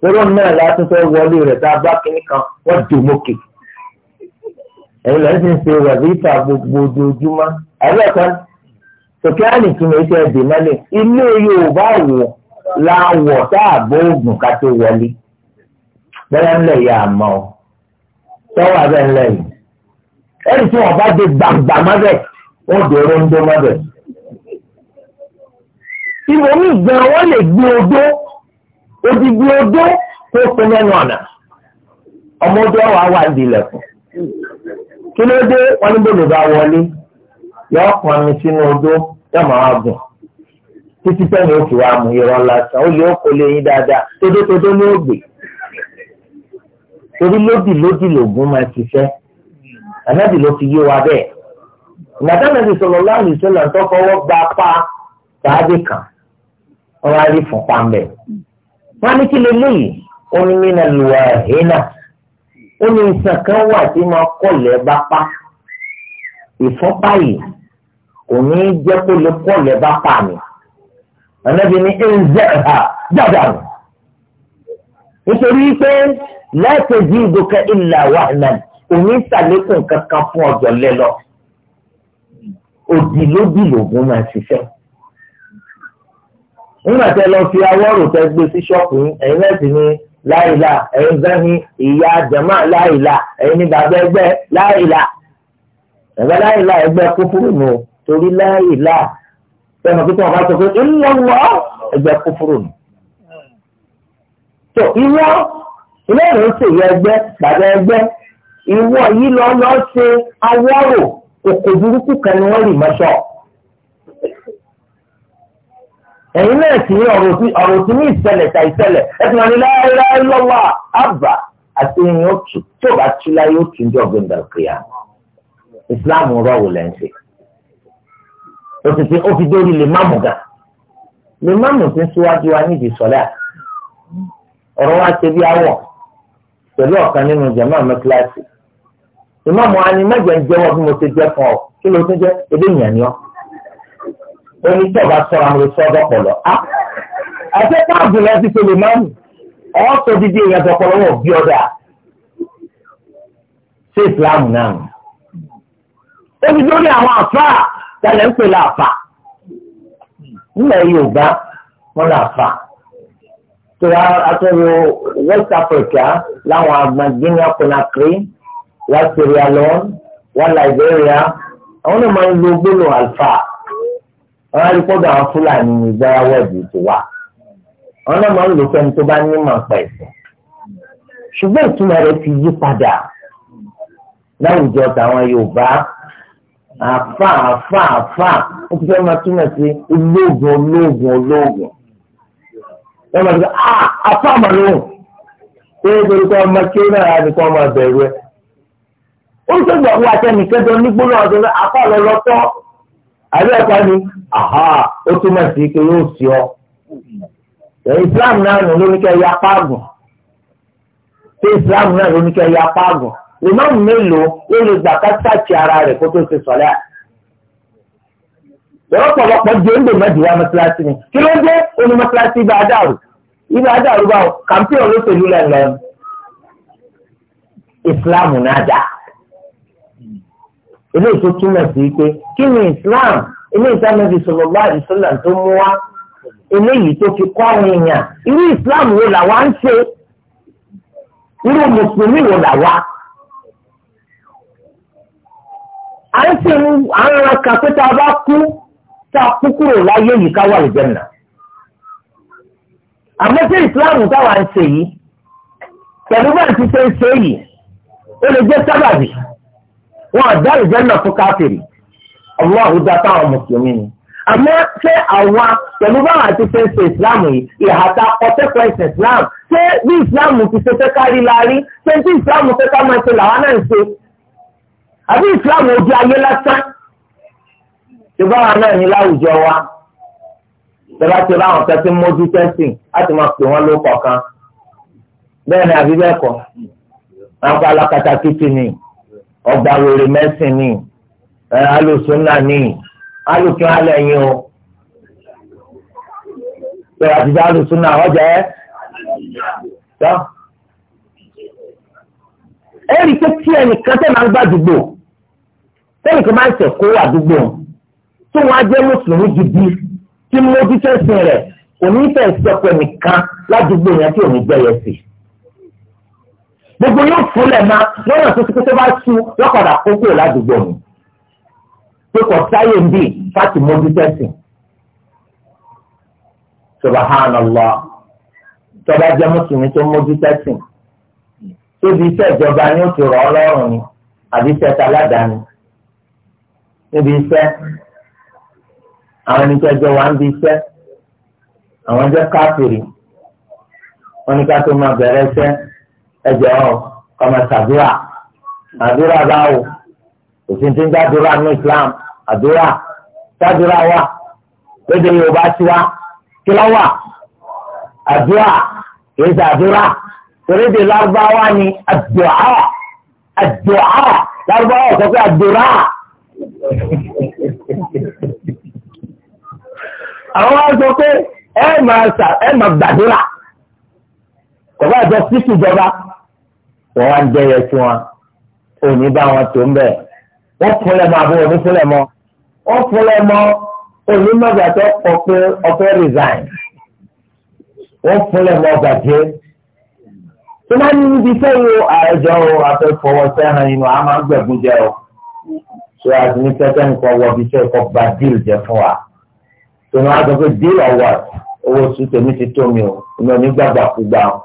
pẹ̀lú náà láti fẹ́ wọlé rẹ̀ tá a bá kíní kan wọ́n dò mókè ẹ̀yin lọ́ọ́ ti ń ṣe wàbí ìta gbogbo ojoojúmọ́ àbí ẹ̀ka àná ìtumọ̀ iṣẹ́ ẹ̀dè mẹ́lẹ̀ ilé Yorùbá wò láwọ̀ tá a bọ́ ká tó wọlé bẹ́ẹ̀ ńlẹ̀ yà á mọ́ ọ tọ́wọ́ abẹ́ ńlẹ̀ yi. ẹ̀rí tí wọ́n bá dé gbàgbà mọ́bẹ̀ wọ́n dòrò ń mọ́bẹ̀. mi gan wọ́n lè gbé odó odidi odó tó ọ̀nà ọmọ odó ọ̀wá wà ilẹ̀kùn kí ló dé wọn ní bá wọlé yọ sínú odó gùn títí mú irọ́ lásán torí lódì lódì lògùn máa ṣiṣẹ́ ànábì ló fi yé wa bẹ́ẹ̀ ìgbàdànà ti sọ̀rọ̀ láàrin ìṣẹ̀lẹ̀ tó fọwọ́ gba pa sáájú kan wọ́n wá rí fún pàmbẹ́ wọ́n ní kí lélẹ́yìí omi nínú ìwà ẹ̀hínà ó ní ìsàn kan wà tí máa kọ̀lẹ̀ bá pa ìfúnpá yìí kò ní jẹ́ kó lè kọ̀lẹ̀ bá pa mi ànábì ní ẹ̀ ń zẹ́ ẹ̀ ha dáadáa nù nítorí pé láti jí ìgbòkè ìlà wà náà òní ìsàlẹ̀kùn kankan fún ọ̀jọ̀ lẹ́lọ òdì lódì lògùn máa ṣiṣẹ́ nígbà tẹ lọ fi awọ́rò tẹ gbé sí ṣọ́ọ̀kù ẹ̀yin mẹ́sìn ni láìla ẹ̀yin gbẹ́ni ìyá jẹ̀má láìla ẹ̀yin ni bàbá ẹgbẹ́ láìla bàbá láìla ẹgbẹ́ kúfúrú nù torí láìla sẹ́nu pípọ̀ bá sọ pé ńlọ́wọ́ ẹgbẹ́ kúfúrú nù. tó ìwọ ilé ìrìn ṣèyí ẹgbẹ́ bàbá ẹgbẹ́ ìwọ yìí lọ lọ ṣe awọ́rò kòkò burúkú kan ni Eyi rì mọ́ṣọ́ ẹ̀yin náà sì ní ọ̀rọ̀ tí ní ìṣẹ̀lẹ̀ ta ìṣẹ̀lẹ̀ ẹ̀sìn wọn ni láéláé lọ́wọ́ àti ìyìn bá tú láyé jọ kìíyà rọ̀wù ó dórí lè má mú ga lè má ọ̀rọ̀ wa ṣe bí awọ̀ pẹ̀lú ọ̀kan nínú jẹ̀mọ́ mẹ́kíláàsì ìmọ̀mọ́ ani mẹ́jọ ń jẹ́wọ́ bí mo ṣe jẹ́ fún ọ kí ló tún jẹ́ ebí ìyàn ni ọ́ oní tí ọba sọ̀rọ̀ àmì sọ́dọ̀ pọ̀lọ́ á ah, àti káàbù lọ sí pẹ̀lú mọ́mù ọ̀ sọ dídí èèyàn tọpọlọ wọ̀ bí ọ̀dà sí Islam náà ó ti àwọn àfa tàlẹ́ ń pè láàfà nílẹ̀ Yorùbá wọn láàfà tó wá atọ́wò west africa láwọn agbọn guinea conakry wá sierra leone wá liberia àwọn náà máa ń lo gbólóhùn alfa àwọn arìkọ́dọ̀ àwọn fúlàní ní ìgbára wọ́ọ̀dù tó wà àwọn náà máa ń lò sẹ́ni tó bá ní màpá ẹ̀sìn ṣùgbọ́n ìtumọ̀ rẹ̀ ti yí padà láwùjọ tàwọn yorùbá àfà àfà àfà ó ti fẹ́ máa túmọ̀ sí ológun ológun ológun. ẹ máa sọ ah afọ àmàlò ṣé nítorí pé ọmọ kí ó náà ni kí wọn bẹ̀rù ẹ. ó afọ àlọ́ àbí aha ó yóò ọ. Islam náà nù ló ní kẹ́ ya páàgùn Islam náà ló ní kẹ́ ya páàgùn ìmáàmù mélòó ló lè gbà ká sàkí ara rẹ̀ kó tó lọ́wọ́ pọ̀lọpọ̀ di oúnjẹ mẹ́jọ wa mọ́tíláṣí ni kí ló dé oní mọ́tíláṣí ibà dàrú ibà dàrú báwo kàmpíọ̀n ló pẹ̀lú lẹ́nu islam náà dà eléyìí tó túmọ̀ sí pé kí ni islam eléyìí tá nàbì sallallahu alaihi wasallam tó mú wá eléyìí tó fi kọ́ àwọn èèyàn irú islam wo làwa ń ṣe irú mùsùlùmí wo làwa. à ń ṣe àwọn kan pé tá a bá kú tá a kú kúrò láyé yìí ká wà lùjẹ́nà. àmọ́ sí ìsìláàmù táwa ń ṣe yìí pẹ̀lú bá ti ṣe ń ṣe yìí ó lè jẹ́ sábàbí wọn àdá lùjẹ́nà fún káfíìrì ọ̀wọ́ àwùjọ táwọn mùsùlùmí ni. àmọ́ ṣé àwa pẹ̀lú bá wa ti ṣe ń ṣe ìsìláàmù yìí ìhàtà ọ̀tẹ́kọ̀ọ́ ìsìn ìsìláàmù ṣé bí ìsìláàmù ti ṣe fẹ́ kárí láàrí ṣé tí ìsìláàmù fẹ́ ká máa ṣe làwọn náà ń ṣe àbí ìsìláàmù ojú ayé lásán ṣùgbọ́n àwọn náà ní láwùjọ wa tẹ́lá ti ráwọn kan tí mójú tẹ́sìn láti máa pè wọ́n ló kọ̀ọ̀kan bẹ́ẹ̀ ni àbí bẹ́ẹ̀ kọ́ àwọn kan alákatá kìtì ni ọgbà wèrè mẹ́sìn ni alùsùnà ni alùkín alẹ́ yín o tẹ́lá ti dá alùsùnà ọjà ẹ́ tọ́ ẹ̀rí pé tí ẹnìkan tẹ́ máa ń gbàdúgbò tẹ́nìkan máa ń sẹ̀kó àdúgbò tó wọn á jẹ́ mùsùlùmí gidi tí mójútó ẹ̀sìn rẹ̀ kò ní fẹ́ sọpẹ́ nìkan ládùúgbò yẹn tí òun gbẹ́yẹ sí i gbogbo yóò fúnlẹ̀ ma lọ́nà tó ti pé tó bá sú lọ́kọ̀dà kókó ládùúgbò mi pé kò sáyé ń bì fáti mójútó ẹ̀sìn subhanallah tọba jẹ́ mùsùlùmí tó mójútó ẹ̀sìn tóbi iṣẹ́ ìjọba ni ti rọ̀ ọ́ lọ́rùn ni àbí iṣẹ́ àwọn ẹni tó jẹ́ wà ń bi iṣẹ́ àwọn jẹ́ káfìrí wọ́n ní ká tó máa bẹ̀rẹ̀ iṣẹ́ ẹjọ́ ọmọ sàdúrà àdúrà báwo òfin tí ń dádúrà ní Islam àdúrà sàdúrà wà lédè Yorùbá tiwa kí ló wà àdúrà kìí sàdúrà torídéé lárúbáwá ni àdúrà àdúrà lárúbáwá sọ pé àdúrà àwọn wá sọ pé ẹ máa sà ẹ máa gbàdúrà bàbá àjọ síkì ìjọba wọ́n wá ń jẹyẹ sí wọn òní bá wọn tó ń bẹ̀ wọ́n fúnlẹ̀ mọ́ àbó òní fúnlẹ̀ mọ́ wọ́n fúnlẹ̀ mọ́ òní mọ́gbà tó kọ pé ọ̀fẹ́ resign wọ́n gàdé tó ní ibi sẹ́yìn àjọ afẹ́fọwọ́sẹ́ hàn inú a gbẹ̀gùn jẹ́ o ṣé àti ní sẹ́kẹ́ nǹkan wọ ibi sẹ́yìn kọ́ bá díìl jẹ́ fún wa tòun á sọ pé deal or what owó oṣù tèmi ti tó mi o ìmọ̀ nígbàgbà kúgbà o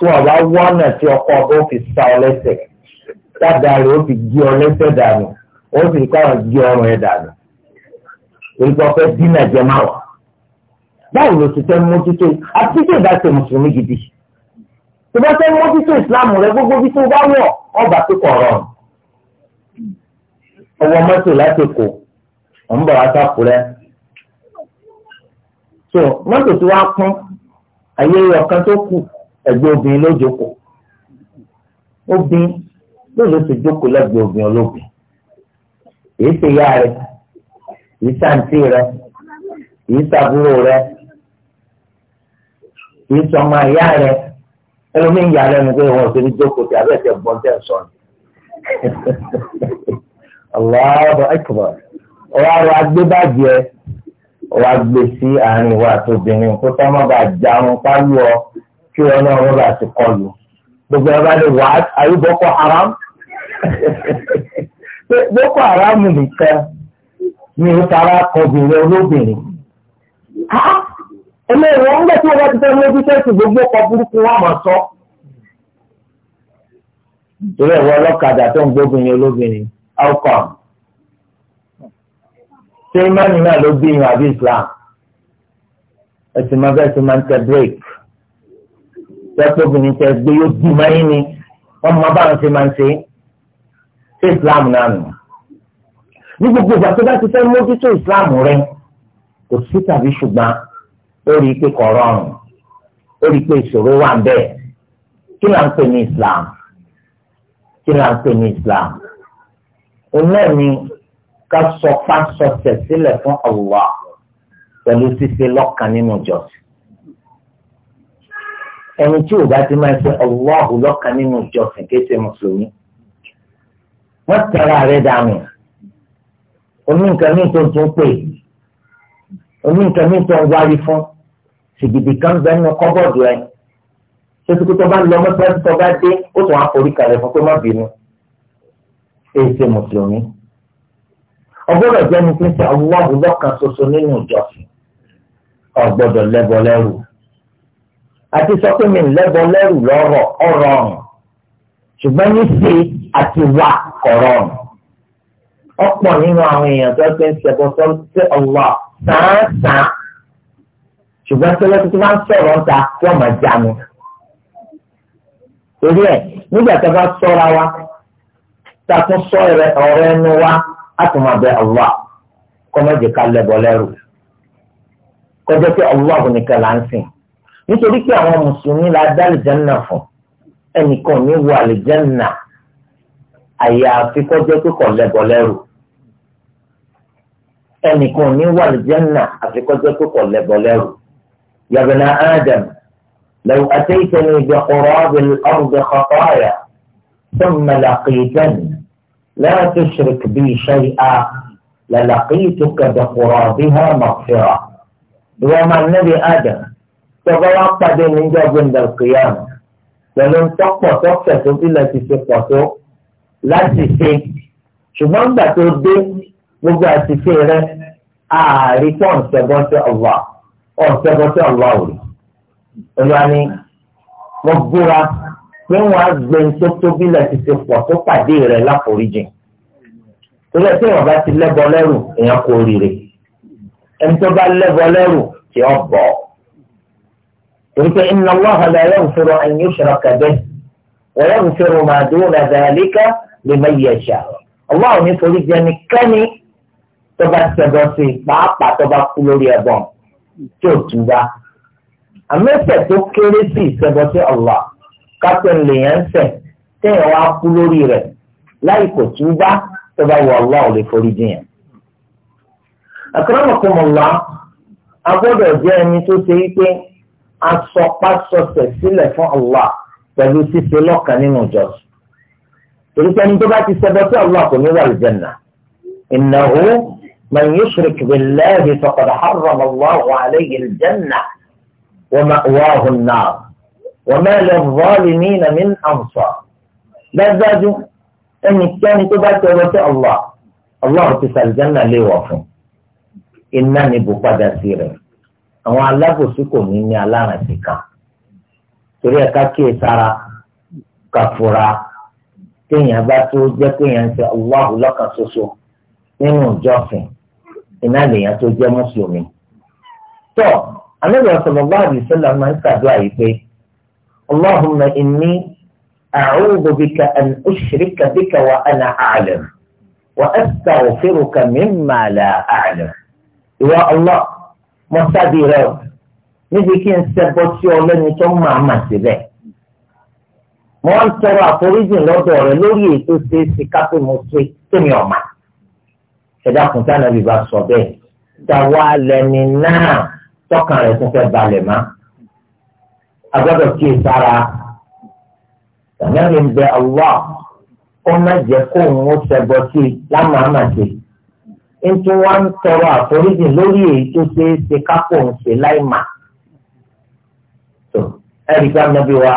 tí wọ́n bá wọ́n náà tí ọkọ ó fi sa ọ lẹ́sẹ̀ dáadáa rẹ̀ ó fi gé ọ lẹ́sẹ̀ dànù ó sì rí káwọn gé ọrùn ẹ̀ dànù torí pé ọfẹ́ dínà jẹ máa wà báwo ló ti fẹ́ mójútó àti tí ìbá ṣe mùsùlùmí gidi tó bá fẹ́ mójútó ìsìláàmù rẹ gbogbo bí tó bá wọ̀ ọba tó kọ̀ ọ̀rọ̀ ọwọ́ mọ́tò láti kò ọ̀ ń bọ̀ so mọ́tò tí wàá kún ayé ọ̀kan tó kù ẹ̀gbẹ́ obìnrin ló jókòó obìnrin lóò ló ti jókòó lẹ́gbẹ̀ẹ́ obìnrin olóbìn èyí ti yá rẹ èyí sàǹtì rẹ èyí sàbúrò rẹ èyí sọmọ ìyá rẹ ẹlòmíín yà lẹ́nu pé wọn ò ti ní jókòó tí abẹ́ tẹ bọ́n tẹ̀ sọ ni Allahu Akbar ọ̀rọ̀ àgbébàjẹ́ wá gbé sí àárín ìwà àtòbìnrin kó tó má bàa jarun pálí ọ kí ọ náà wọ́n bá ti kọlù gbogbo ẹ bá lè wá ayé boko haram boko haram nìkan ni ó tara kọbìnrin olóbìnrin ẹlẹ́yìn wọn nígbà tí wọ́n bá ti fẹ́ lójú sẹ́sì gbogbo ọkọ̀ burúkú wọn máa sọ. ìṣòro ẹ̀rọ ọlọ́kadà tó ń gbóbìnrin olóbìnrin outcome ṣé imáni náà ló bí yan àbí islam ẹsìn máa bẹ́ẹ̀ ṣe máa ń tẹ break tẹ́kọ̀bìnrin tẹ gbé yóò bí máa yín ni wọ́n máa bá wọn ṣe máa ń ṣe ṣé islam náà nù. ní gbogbo ìgbà tó bá ti fẹ́ mójútó islam rẹ kò sí tàbí ṣùgbọ́n ó rí i pé kò rọrùn ó rí i pé ìṣòro wà ń bẹ́ẹ̀ kí là ń pè ní islam kí là ń pè ní islam òun náà ni ká sọpá sọsẹ̀ sílẹ̀ fún Allah pẹ̀lú ṣíṣe lọ́kàn nínú ìjọsìn ẹni tí ò bá ti máa ṣe Allah lọ́kàn nínú ìjọsìn kéṣe mùsùlùmí wọ́n tẹ̀ra rẹ̀ dànù omi nǹkan mi tó tún pè omi nǹkan mi tó ń wárí fún sìgìdì kan bẹ́ẹ̀ nu kọ́bọ̀dù ẹ̀ sotuku tó bá lọ mọ́tò tó bá dé ó tún á forí kalẹ̀ fún pé má bínú èsì mùsùlùmí ọgbọ́dọ̀ jẹ́ ní pé Allahu lọ́kan ṣoṣo nínú ìjọsìn ọgbọ́dọ̀ lẹ́bọ lẹ́rù àti sọ pé mi lẹ́bọ lẹ́rù lọ́rọ̀ ọ̀rọ̀ ọ̀rùn ṣùgbọ́n ní ṣe àti wà kọ̀rọ̀ ọ̀rùn ọ̀pọ̀ nínú àwọn èèyàn tó ṣe ń ṣẹbọ sọ sí Allah sàǹsàn ṣùgbọ́n tẹ́lẹ̀ tuntun máa ń sọ̀rọ̀ ń ta kí wọ́n máa jánu torí ẹ̀ nígbà tá bá sọ́ra wa tá tún sọ ọ̀rọ̀ ẹnu wa á tún máa bẹ Allah kọ́mọ́jì ká lẹ́bọ̀ lẹ́rù kọjá pé Allah nìkan là ń sìn nítorí pé àwọn mùsùlùmí la dá àlìjánná fún ẹnìkan ní wo àlìjánná àyàfi kọjá pé kọ̀ lẹ́bọ̀ lẹ́rù ẹnìkan ní wo àlìjánná àfi kọjá pé kọ̀ lẹ́bọ̀ lẹ́rù ya bana Adam law ataytani bi qurabil ardi khataaya thumma laqitani. لا تشرك بي شيئا للقيتك بقرابها مغفرة دوام النبي آدم تغلق من جاب عند القيامة لأنهم تقوى تقوى تقوى التي لا تسي ṣùgbọ́n gbà tó dé gbogbo àtìsí rẹ ààrí tó ń ṣẹbọ sí ọlá pé wọn á gbẹ tó tóbi lẹ ti ṣe pọ̀ tó pàdé rẹ̀ láforíjì torí ẹ tí wọn bá ti lẹ́bọ lẹ́rù èèyàn kò rire ẹni tó bá lẹ́bọ lẹ́rù tí ó bọ̀ torí pé inna Allaha la yaghfiru an yushraka bihi wa yaghfiru ma duna dhalika liman yasha Allah ní forí jẹ nìkẹ́ni tó bá ṣẹbọ sí pàápàá tó bá kú lórí ẹbọ tí ò túbá àmẹ́sẹ̀ tó kéré sí ìṣẹbọ sí Allah kápẹ́ lèèyàn ń ṣẹ̀ téèyàn wá kú lórí rẹ̀ láì kò túbá tó bá wọ ọlọ́ ò lè forí jiyàn. akramakumullah a gbọ́dọ̀ jẹ́ ẹni tó ṣe wípé asọpasọsẹ̀ sílẹ̀ fún Allah pẹ̀lú ṣíṣe lọ́kàn nínú ìjọsìn. torí pé ẹni tó bá ti ṣẹbọ sí Allah kò ní wà lùjẹ̀nà. innahu man yushrik billahi faqad harrama Allahu alayhi al-jannah wa ma'wahu an-nar wọ́n máa lọ bọ́ọ̀lì ní ìnàmí àǹfà dájúdájú ẹnikẹ́ni tó bá tọrọ sí Allah Allah ti sàlìjánà lè wọ̀ fún iná ni bò padà sí rẹ̀ àwọn alábòsí kò ní ní aláràǹtì kan torí ẹ̀ka kíyè sára kàfùrà téèyàn bá tó jẹ́ péèyàn ń ṣe Allah lọ́kàn ṣoṣo nínú ìjọsìn iná lèèyàn tó jẹ́ mùsùlùmí. tọ́ anábìyàn sọ̀rọ̀ bá àdìsẹ́lẹ̀ máa ń ṣàdúrà yìí pé. اللهم إني أعوذ بك أن أشرك بك وأنا أعلم وأستغفرك مما لا أعلم يا الله مصدي رب níbi kí n ṣẹbọ sí ọ lẹ́ni tó máa mà síbẹ̀ mo ń tọrọ àforíjì lọ́dọ̀ rẹ lórí ètò ṣe é sí kápẹ́ mo ṣe tèmi ọ̀mà ẹ̀dá kùn tí ànábì bá sọ bẹ́ẹ̀ dáwọ́ lẹ́ni náà tọ́kàn rẹ̀ tún fẹ́ balẹ̀ máa agbọ́dọ̀ kí ìsara tàbí ń bẹ Allah ó má jẹ́ kó òun ó ṣẹbọ sí i lámàámà sí i ń tún wá ń tọrọ àforíjì lórí èyí tó ṣeé ṣe kápò ń ṣe láì mà ẹ̀rí ká nàbí wa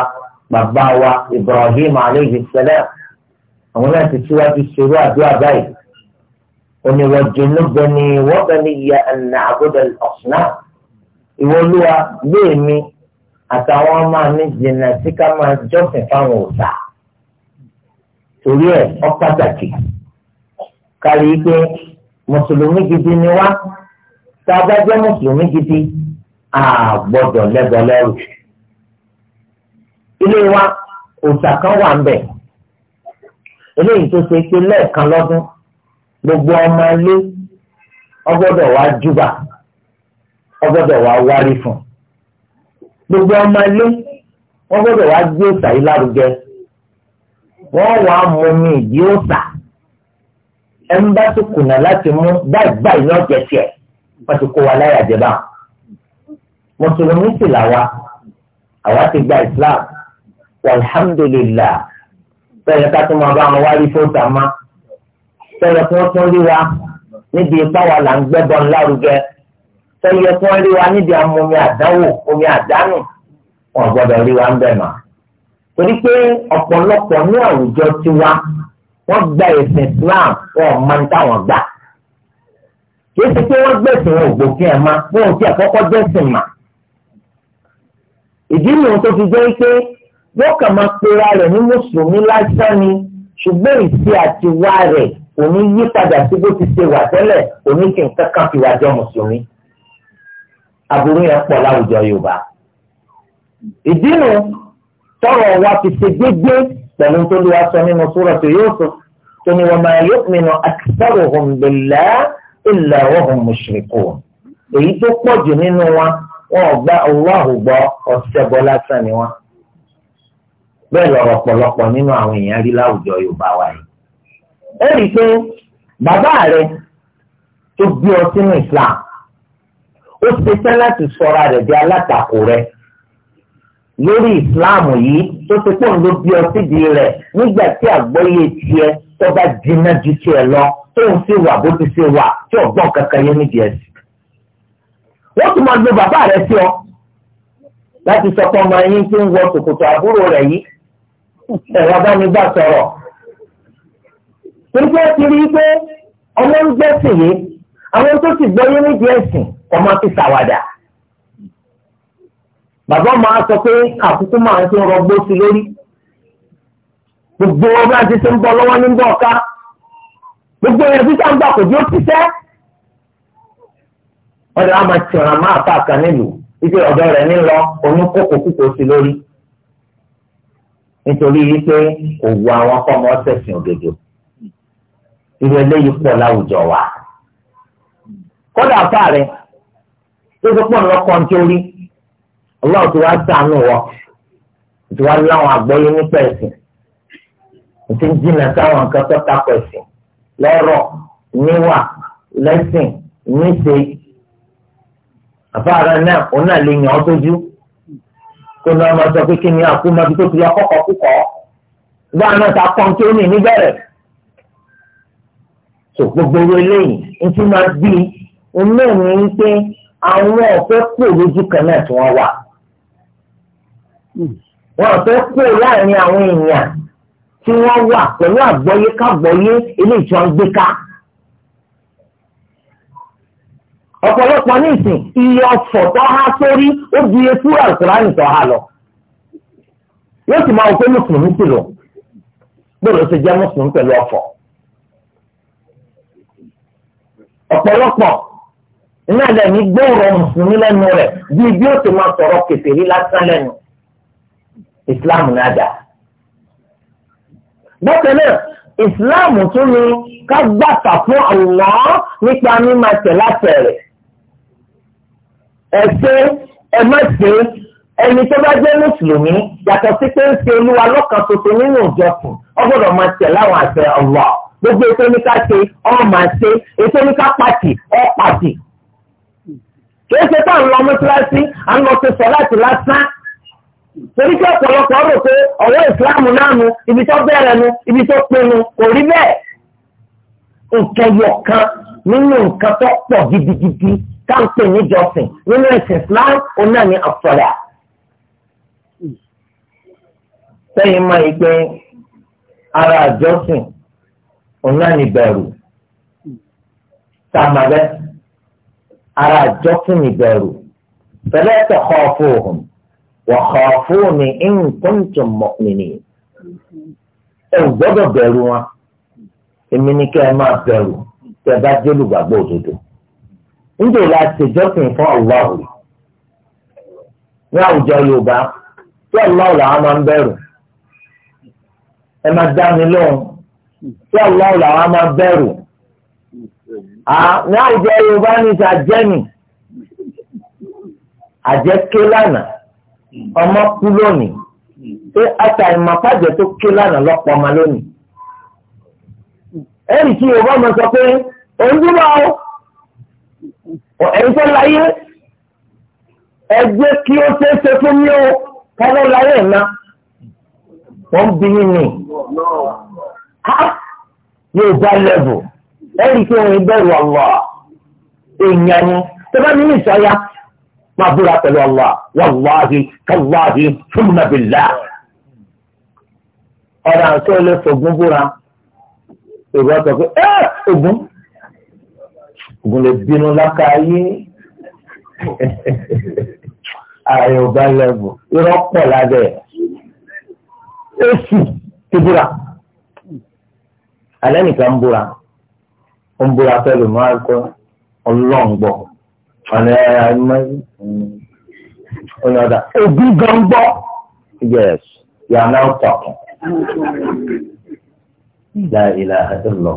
bàbá wa Ibrahim aleyhi salam àwọn náà ti síwájú ṣerú àdúrà báyìí oníwájú níbẹ̀ ni wọ́n bẹ ní ìyá ẹ̀nà àbúdá ọ̀sán ìwọ́lúwa gbé mi àtàwọn ọmọ mi jìnnà sí ká máa jọ́sìn fáwọn òòṣà torí ẹ̀ ó pàtàkì kárí pé mùsùlùmí gidi ni wá tá a bá jẹ́ mùsùlùmí gidi a gbọ́dọ̀ lẹ́bọ̀ lẹ́rù ilé wa òòṣà kan wà ń bẹ eléyìí tó ṣe pé lẹ́ẹ̀kan lọ́dún gbogbo ọmọ ilé ó gbọ́dọ̀ wá júbà ó gbọ́dọ̀ wá wárí fún un gbogbo ọmọ ilé wọ́n gbọ́dọ̀ wá gbé òòṣà yìí lárugẹ wọ́n wà á mú omi ìdí òòṣà ẹ ń bá tó kùnà láti mú báyìí báyìí ní ọ̀jẹ̀ tiẹ̀ wọ́n ti kó wa láyà jẹ mùsùlùmí sì làwa àwa ti gba islam alhamdulillah sọyẹ ká tó máa bá wọn wá rí fóòtà má sọyẹ kí wọ́n tún rí wa níbi ipá wa là ń gbẹ́bọn lárugẹ sẹ́yẹ tí wọ́n rí wa níbi àwọn omi àdánwò omi àdánù wọn gbọ́dọ̀ rí wa ń bẹ̀ mọ́. torí pé ọ̀pọ̀lọpọ̀ ní àwùjọ tiwa wọ́n gba ẹ̀sìn Islam wọn máa ń táwọn gbà. kì í ṣe pé wọ́n gbẹ̀sìn wọn ògbókin ẹ̀ máa fún òun tí àkọ́kọ́ mà. ìdí nìyẹn tó fi jẹ́ pé wọ́n kàn máa pera rẹ̀ ní mùsùlùmí lásán ni ṣùgbọ́n ìṣe àtiwá rẹ̀ òní yípadà sí bó ti ṣe wà tẹ́lẹ̀ òní kì í kankan fi wà jọ mùsùlùmí aburú yẹn pọ̀ láwùjọ yorùbá ìdí nu tọrọ wa ti ṣe gbégbé pẹ̀lú tó lè wá sọ nínú suratu Yusuf tó ní wa ma yu'minu aktharuhum billahi illa wa hum mushrikun èyí tó pọ̀ jù nínú wa wọn ò gba Allahu gbọ́ ọ̀sẹ̀bọ lásán ni wọn bẹ́ẹ̀ lọ̀rọ̀ pọ̀lọpọ̀ nínú àwọn èèyàn rí láwùjọ yorùbá wa yìí ẹ rí i pé bàbá rẹ tó gbé ọ sínú Islam ó ṣetán láti sọra rẹ̀ di alátakò rẹ̀ lórí ìsìláàmù yìí tó ti pọ̀ ló bí ọ síbi rẹ̀ nígbà tí àgbọ́yé tiẹ̀ tó bá jiná ju tiẹ̀ lọ tóun sì wà bó ti ṣe wà tí ọ̀gbọ́n kankan yé nídìí ẹ̀sìn. wọ́n tún máa lo bàbá rẹ̀ sí ọ láti sọ pé ọmọ yín tó ń wọ ṣòkòtò àbúrò rẹ̀ yìí ẹ̀rọ abánigbà sọ̀rọ̀. torí pé ti rí i pé ọmọ ń gbẹ́sìn yìí àwọn tó sì gbọ́yé nídìí ẹ̀sìn kọ́má fi sàwádà. Bàbá máa sọ pé àkókò máa ń ti rọgbó sí lórí. Gbogbo ọba ti ṣe ń bọ̀ lọ́wọ́ ní bọ̀ ọ̀ka. Gbogbo ẹ̀rọ títà ń gbà kò dé ó ti sẹ́. Wọ́n lè wá máa tìràn máa fà kan nílùú. Ibi ọ̀dọ́ rẹ̀ ní lọ òun kókò kúkò sí lórí. Nítorí wípé kò wu àwọn fọ́mọ ọ̀sẹ̀sìn òdodo. Irú pọ̀ láwùjọ wa. Kọ́dà fáà rẹ̀ tó sọ pé ọ̀nà kan tí ó rí ọlọ́run ti wá sànù wọ ti wá láwọn àgbọ́yé nípa ẹ̀sìn ti ń jìnnà sáwọn nǹkan tó takọ̀ ẹ̀sìn lọ́rọ̀ níwà lẹ́sìn níṣe àfáàrà náà òun náà lè yàn ọ́ tójú kó náà máa sọ pé kí ni àkúmọ́bí tó ti yọ kọ́kọ́ kúkọ́ báà náà ta pọ́n kí ó ní níbẹ̀rẹ̀ tó gbogbo eléyìí ń tún máa bí i òun náà ní àwọn ọ̀fẹ́ pò lójú kan náà tí wọ́n wà. Hmm. Wọ́n ọ̀fẹ́ pò láàrin àwọn èèyàn tí wọ́n wà pẹ̀lú àgbọ́yé kágbọ́yé eléyìí tí wọ́n gbé ká. ọ̀pọ̀lọpọ̀ ní ìsìn iye ọ̀fọ̀ tó há sórí ó di etí àlùkùránì tó há lọ. yóò sì máa wọ pé mùsùlùmí sì lò gbọ́dọ̀ ṣe jẹ́ mùsùlùmí pẹ̀lú ọ̀fọ̀. ọ̀pọ̀lọpọ̀ iná ẹ̀dá ní gbóòrò mùsùlùmí lẹ́nu rẹ̀ bí bí ó ti máa sọ̀rọ̀ kèfèrí lásán lẹ́nu islam náà dà. bákan náà islam tún ni ká gbàtà fún Allah nípa mímọ tẹ̀ látẹ̀rẹ̀ ẹ̀sẹ̀ ẹ̀ má ṣe ẹni tó bá jẹ́ mùsùlùmí yàtọ̀ sí pé ń ṣe olúwa lọ́kàn tuntun nínú ìjọsìn ó gbọ́dọ̀ máa tẹ̀ láwọn àṣẹ Allah gbogbo ètò oníkàṣe ọ̀ máa ṣe ètò oníkàpàtì ọ̀ pàtì kìí ṣe tá à ń lọ mọ́tíláṣí à ń lọ ṣe sọ láti lásán torí pé ọ̀pọ̀lọpọ̀ rò pé ọ̀wọ́ ìsìláàmù náà nu ibi tó bẹ̀rẹ̀ nu ibi tó pinnu kò rí bẹ́ẹ̀. nǹkan yọ̀kan nínú nǹkan tó pọ̀ gidigidi tá níjọsìn nínú ẹ̀sìn islam òun ní àfọ̀rẹ́ sẹ́yìn máa yí pé ara àjọsìn òun náà ní bẹ̀rù tá ara àjọkùn ìbẹ̀rù fẹlẹ tẹkọ fóòhùn wọkọ fóònì ìǹkóńtò mọ̀nìní ẹ gbọ́dọ̀ bẹ̀rù wọn èmi ni kẹ́ ẹ máa bẹ̀rù tẹ́ bá jólùgbàgbọ́ òdodo níjẹ́ ìlà àtẹjọ́sìn fún ọlọ́ọ̀rù ní àwùjọ yorùbá tí ọlọ́ọ̀rù làwọn máa ń bẹ̀rù ẹ máa dá mi lóhùn tí ọlọ́ọ̀rù làwọn máa bẹ̀rù àwọn àjẹ yorùbá ní ti àjẹ́ nì àjẹ́ ké lánàá ọmọ kú lónìí pé àtàìmọ̀pájẹ́ tó ké lánàá lọ́pọ̀ ọmọ lónìí. ẹ̀rì tí yorùbá máa sọ pé òun o ẹ̀yin tó láyé ẹ jẹ́ kí ó ṣeé ṣe fún mi o kálọ́ láyé ẹ̀ náà wọ́n bí yín ni. yorùbá level ẹ̀rí pé òun bẹ̀rù Allah èèyàn ni tẹ́lá mi ní ìsọ̀yà máa búra pẹ̀lú Allah wàláhi kàláhi fúnnàbìlà ọ̀rọ̀ àti olè fògùn búra ìwé ọ̀tọ̀ pé ẹ́ ogun ogun lè bínú lákà ayé ààrẹ ọba lẹ́bù irọ́ pọ̀ lábẹ́ èsì ti búra alẹ́ nìkan búra ó ń búra pẹ̀lú máa gbọ́ ọlọ́ǹgbọ̀ ọ̀nà ẹ̀rọ ẹ̀mọ́jú ọ̀nàdà òbí gan gbọ́ yes you are now talking la ilaha illallah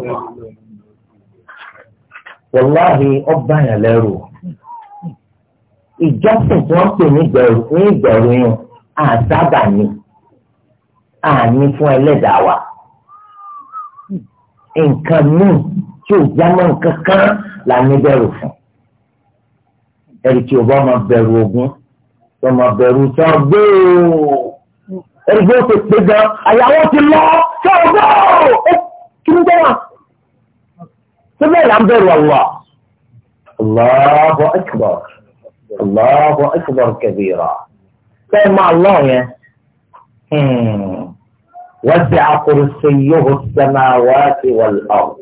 wàláhi ọba yẹn lẹ́rù ìjọsìn tí wọ́n pè ní ìgbẹ̀rù ní ìgbẹ̀rù yẹn ni àní fún ẹlẹ́dàá wa nǹkan míì. tí ò jámọ́ kankan là ní bẹ̀rù fún ẹ̀rì tí o bá máa bẹ̀rù ogun tó máa bẹ̀rù tó gbé o ẹ̀rì bí ó ti pé já gan fun ẹni ti o ba ma tó to ma beru ó o ẹni tí ń gbọ́ wà tó ki ni bee wa to ń bẹ̀rù Allah Allahu akbar Allahu akbar kabira bẹ́ẹ̀ máa lọ yẹn. وسع كرسيه السماوات والأرض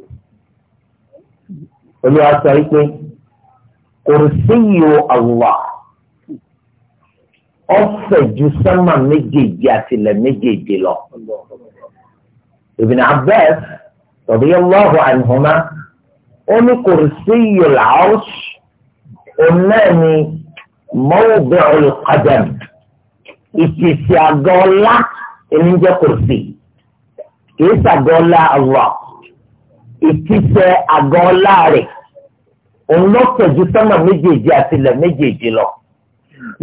olúwa sọ wípé kòrìsíyò àwùwà ọ̀fẹ́ ju sánmà méjèèjì àti ilẹ̀ méjèèjì lọ. Ibn Abbas radiyallahu anhuma ó ní kòrìsíyò al-arsh òun náà ni mawdi'ul qadam ìtìsí àgọ́ ọlá ẹni jẹ́ kòrìsí kìí sàgọ́ ọlá Allah. ìkísẹ́ àgọ́ ọlá rẹ̀ òun lọ tẹ̀jú sọ́nà méjèèjì àti ilẹ̀ méjèèjì lọ.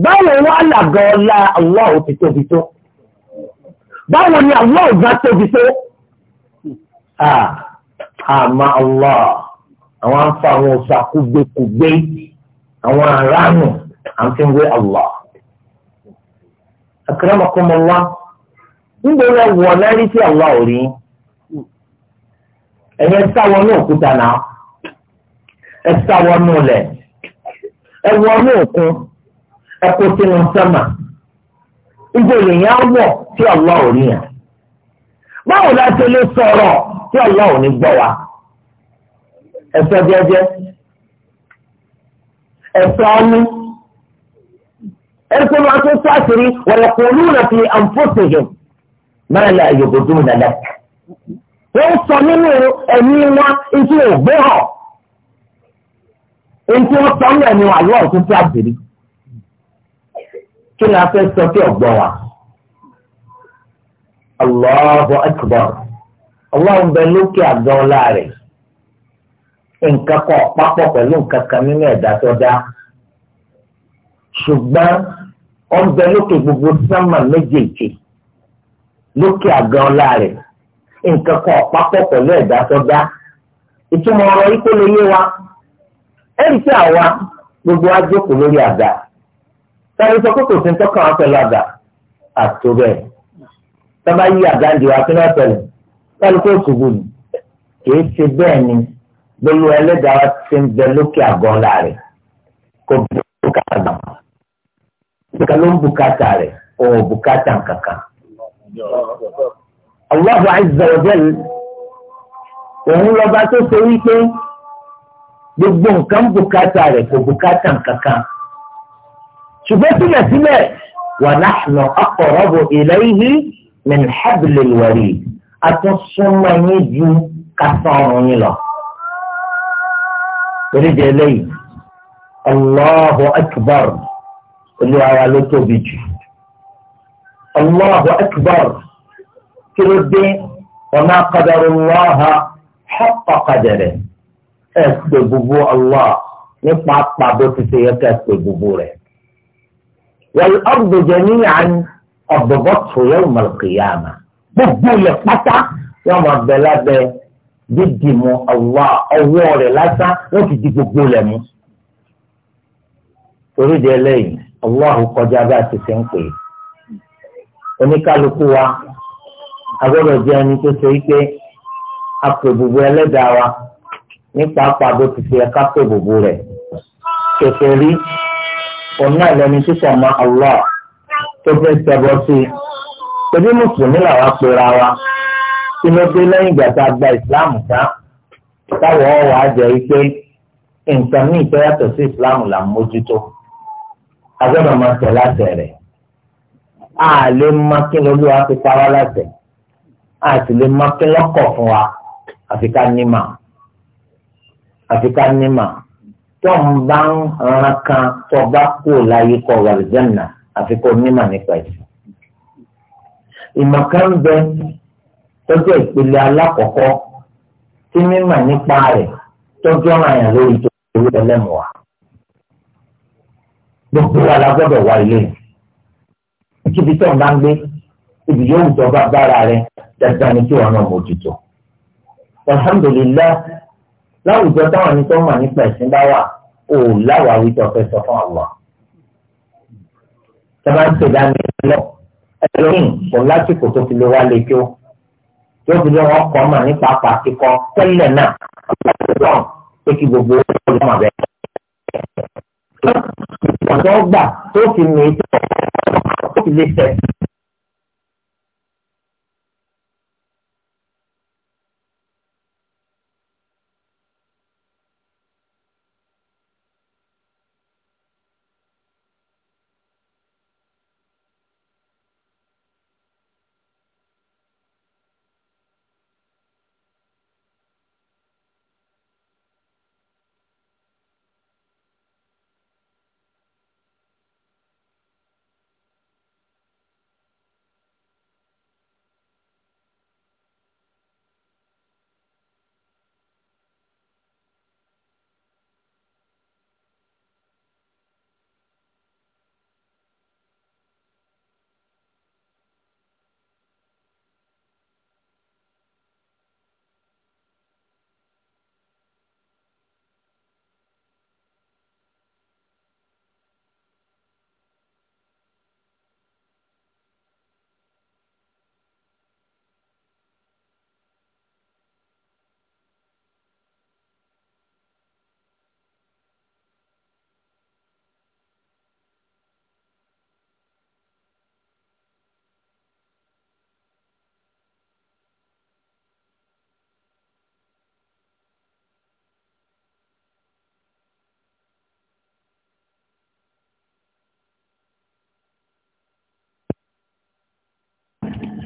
báwo wá làgọ́ ọlá Allah ti tóbi tó? báwo ni Allah bá tóbi tó? àmọ́ Allah àwọn afa àwọn òṣàkúgbèkúgbè àwọn aráàmù a ń wé Allah. akramakum Allah ń náírà sí ẹ̀yẹ sáwọn ní òkúta náà ẹ sáwọn ní ẹ wọ òkun ẹ kó sínú sẹ́mà ibo lèyìn á tí ọlọ́ ò ní yàn báwo la ṣe lè sọ̀rọ̀ tí ọlọ́ ò ní gbọ́ wa la wọ́n sọ nínú ẹ̀mí wọn etí ògbé hàn etí wọ́n sọ ẹ̀mí wọn àlọ́ ọ̀tún tí a kí ni a fẹ́ sọ kí ọ̀gbọ́n wa Allahu akbar ọlọ́run bẹ lókè àgọ́ ọlá nǹkan kan pẹ̀lú nǹkan kan nínú ẹ̀dá tó dá ṣùgbọ́n lókè gbogbo sánmà méjèèjì lókè àgọ́ ọlá nǹkan kan ọ̀pápọ̀ pẹ̀lú ẹ̀dá sọ́dá ìtumọ̀ ọ̀rọ̀ yìí kó lè yé wa ẹ̀rí tí àwa gbogbo á jókòó lórí àga sáré sọ pé kò sí tọ́kàn á pẹ̀lú àga àtò bẹ́ẹ̀ sábà yí àga ìdìbò akínú ọ̀tẹ̀lẹ̀ kálukú òṣùgbù ni kìí ṣe bẹ́ẹ̀ ni gbogbo ẹlẹ́dàá wa ti ń bẹ lókè àgọ́ ńlá rẹ̀ kò bùkátà rẹ̀ òun bùkátà kankan. Allah azza wa jalla òun lọ́ba tó ṣe wípé gbogbo nǹkan bùkátà rẹ̀ kò bùkátà kankan ṣùgbọ́n sílẹ̀sílẹ̀ wa nahnu aqrabu ilayhi min hablil warid atúnṣúnmọ́ yín ju kásán ọ̀run yín lọ. torí di eléyìí Allahu akbar olúwa wa ló tóbi jù Allahu akbar. kí ló dé ọ̀nà qadarullaha haqqa qadarihi ẹ̀ pé gbogbo Allah nípa pàbó ti ṣe yẹ ká pé gbogbo rẹ̀. wal ardu jami'an qabdathu yawm al-qiyamah gbogbo ilẹ̀ pátá yóò máa bẹ lábẹ́ dídì mu Allah ọwọ́ rẹ̀ lásán ti di gbogbo ilẹ̀ mu. torí de lẹ́yìn Allah kọjá bá ti ṣe ń pè é oníkálukú wa agbọ́dọ̀ jẹ́ ẹni tó ṣe wípé apò gbogbo ẹlẹ́dàá wa nípa pàbó ti fi ẹ̀ka pò gbogbo rẹ̀ kẹfẹ́ rí òun náà lẹni tó sọ̀mọ́ Allah tó fẹ́ sẹ́bọ̀ sí i pẹ̀lú mùsùlùmí làwọn pera wa tí ló dé lẹ́yìn ìgbà tá a gba ìsìláàmù tán táwọn ọ̀wọ́ àjẹ́ wípé nǹkan ní ìfẹ́ yàtọ̀ sí ìsìláàmù là ń mójútó agbọ́dọ̀ máa tẹ̀ láṣẹ rẹ̀ a lè má kí lóluwà fi a sì lè máa pín lọ́kọ̀ fún wa àfi ká nímà àfi ká nímà tó ń bá ń ran kan tó bá kú láyé kọ wàlìjánà àfi kó nímà nípa ẹ̀sìn. ìmọ̀ kan bẹ tọ́jú ìpele alákọ̀ọ́kọ́ tí mímà nípa rẹ̀ tọ́jú ọ̀ràn yẹn lórí tó lórí ẹlẹ́mu wa. gbogbo wa la gbọ́dọ̀ wá ilé yìí. kíbi tó ń bá ń gbé ibi yóò wù tó bá bára rẹ dandan ni kí wọn náà mójútó. alhamdulilayi láwùjọ táwọn ẹni tó mọ̀ nípa ẹ̀sìn bá wà ó láwàá wí tó fẹ́ sọ fún àwọn. sábà ń ṣèdá ní ìlọ ẹlòmíì kò lásìkò tó fi lè wá lè kí tó fi lè wọn kọ́ mà nípa pàtíkọ́ tẹ́lẹ̀ náà lọ́wọ́ pé kí gbogbo ó lè mọ̀ bẹ́ẹ̀. gbà tó fi mi tó fi lè tẹ̀.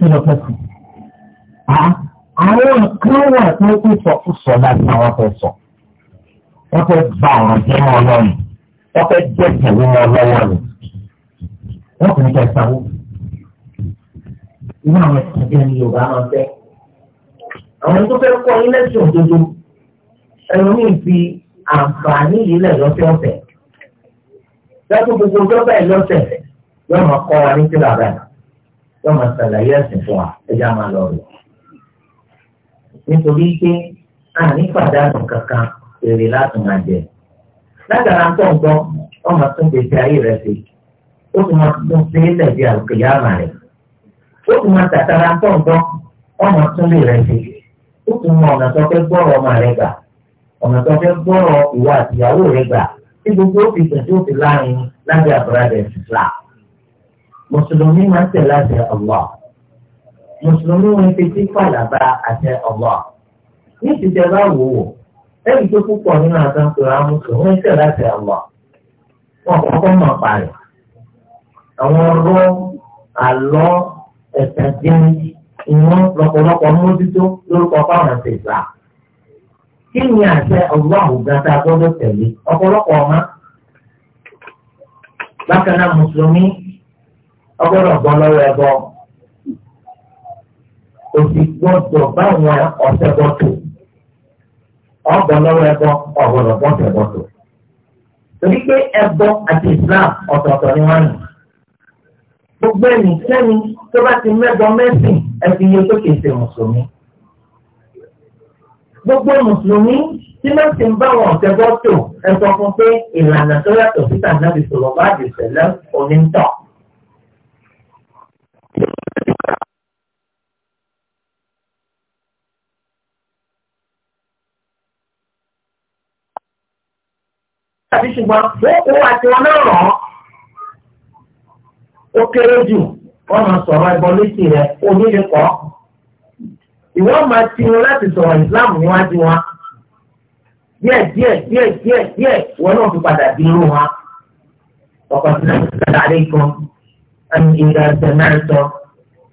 kí lọ fẹ́ sùn. àwọn kan wà tó kú sọkúsọ láti àwọn fẹ́ sọ wọ́n fẹ́ gba ọ̀rọ̀ jẹ́ wọn lọ́rùn wọ́n fẹ́ jẹ́ ìwé wọn lọ́wọ́ rẹ̀ wọ́n kì í kẹ́ sanwó. irú àwọn ìṣẹ̀lẹ̀ ní Yorùbá máa ń fẹ́. àwọn tó fẹ́ kọ́ ilé tí ò dodo ẹlòmíì fi àǹfààní yìí lẹ̀ lọ́sẹ̀ ọ̀sẹ̀. lọ́sọ̀ gbogbo ọjọ́ bẹ́ẹ̀ lọ́sẹ̀ yóò máa kọ́ wa ní sílẹ̀ àbẹ̀rẹ̀ yóò máa ṣàlàyé ẹ̀sìn fún wa ẹja máa lọ rẹ̀. nítorí pé àní pàdánù kankan èrè láti máa jẹ. látara ń tọ̀gbọ́ wọ́n máa tún gbèsè ayé rẹ̀ sí ó tún máa tún sí lẹ́bi àlùkìyà àmà rẹ̀. ó tún máa tàtara ń tọ̀gbọ́ wọ́n máa tún lè rẹ̀ sí ó tún mọ ọ̀nà tó fẹ́ gbọ́rọ̀ ọmọ rẹ̀ gbà ọ̀nà tó fẹ́ gbọ́rọ̀ ìwà àtìyàwó rẹ̀ gbà tí gbogbo òfin tẹ̀síwò mùsùlùmí máa ń tẹ̀lé àṣẹ Allah mùsùlùmí wọn fi tí pàlàbà àṣẹ Allah ní ìtìjẹ bá wò wò ẹ̀rí tó púpọ̀ nínú àtàkùn àwọn mùsùlùmí ń tẹ̀lé àṣẹ Allah wọn kọ́kọ́ mọ̀ parí àwọn ọ̀rọ̀ àlọ́ ẹ̀sẹ̀ dín ìwọ̀n lọ́pọ̀lọpọ̀ mójútó lórúkọ fáwọn àti ìgbà kí ni àṣẹ Allah gata gbọ́dọ̀ tẹ̀lé ọ̀pọ̀lọpọ̀ ọmọ ọgbọ́dọ̀ bọ́ lọ́wọ́ ẹbọ òsì gbọ́dọ̀ báwọn ọ̀sẹ̀ bọ́tò ọgbọ́n lọ́wọ́ ẹbọ ọ̀gbọ́dọ̀ bọ́tò ẹbọtò torí pé ẹbọ àti Islam ọ̀tọ̀ọ̀tọ̀ ni wọ́n ní gbogbo ẹnikẹ́ni tó bá ti mẹ́bọ mẹ́sìn ẹ̀sìn yẹn tó kèsè mùsùlùmí gbogbo mùsùlùmí tí wọ́n ti ń bá wọn ọ̀sẹ̀ bọ́tò ẹ sọ fún pé ìlànà tó yàtọ̀ síta náà ti sọ̀rọ̀ bá àdìsẹ̀lẹ̀ onítọ̀ tàbí ṣùgbọ́n wọ́n kó àti wọn náà rán ó kéré jù ọ̀nà sọ̀rọ̀ ẹ̀bọ̀n létí rẹ̀ onílé kọ́ ìwọ́n máa ti wọn láti sọ̀rọ̀ ìsìláàmù níwájú wọn díẹ̀ díẹ̀ díẹ̀ díẹ̀ díẹ̀ wọn náà fi padà di irú wọn ọkọ̀ sílẹ̀ sílẹ̀ àlékún. أن إذا سمعت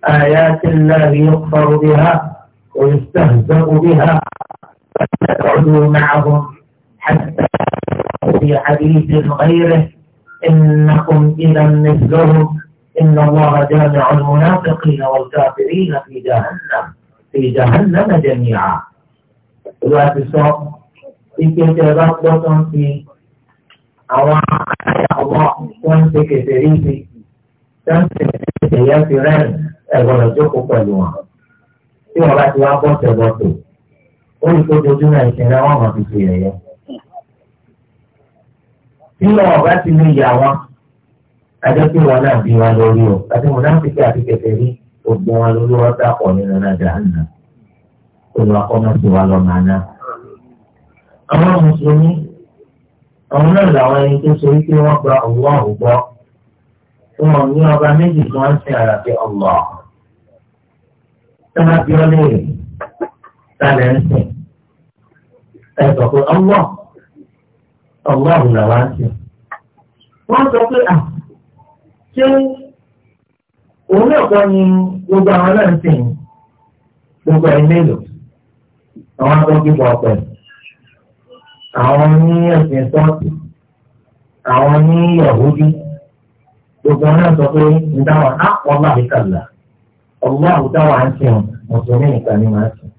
آيات الله يكفر بها ويستهزأ بها فتقعدوا معهم حتى في حديث غيره إنكم إذا مثلهم إن الله جامع المنافقين والكافرين في جهنم في جهنم جميعا الوقت الصوت يمكن تغطى في أواعي الله وانت كثيرين sáǹtì ẹ̀yẹ fi rẹ́rìn ẹ̀gbọ́dọ̀ jókòó pẹ̀lú wọn. tí wọn bá ti wá bọ́tẹ̀ bọ́tẹ̀ ó ní kó dojúmọ̀ ìṣẹ̀lẹ̀ wọn mọ̀ fi ṣe ẹ̀yẹ. tí wọn bá ti lè yà wọn adé kí wọn náà bí wọn lórí o àti wọn náà fi kí àti kẹfẹ rí gbogbo wọn lórí wọn dàpọ̀ nínú náà dáná olùwàkọ́nà sí wa lọ́mọ àná. àwọn mùsùlùmí àwọn náà làwọn ẹni tó so wípé wọ́n gba òwúrọ̀ òwúrọ̀ wọn ní ọba méjì tí wọ́n ń sin àràbí ọlọ́ ẹ máa bí ọ léèrè sálẹ̀ ń sìn ẹ sọ pé ọlọ́ ọlọ́ ọ̀hún làwọn ń sìn wọ́n sọ pé à ṣé òun náà kọ́ ni gbogbo àwọn náà ń sìn gbogbo ẹ̀ mélòó àwọn akọ́kíkọ̀ ọ̀pẹ̀ àwọn ní ẹ̀sìn sọ́ọ̀tì àwọn ní yahudi. gbogbo náà sọ pé ìdáwà á pọ̀ láàbí kàlà ọ̀gbọ́n àwùdáwà ń sìn mùsùlùmí nìkan ni màá sìn.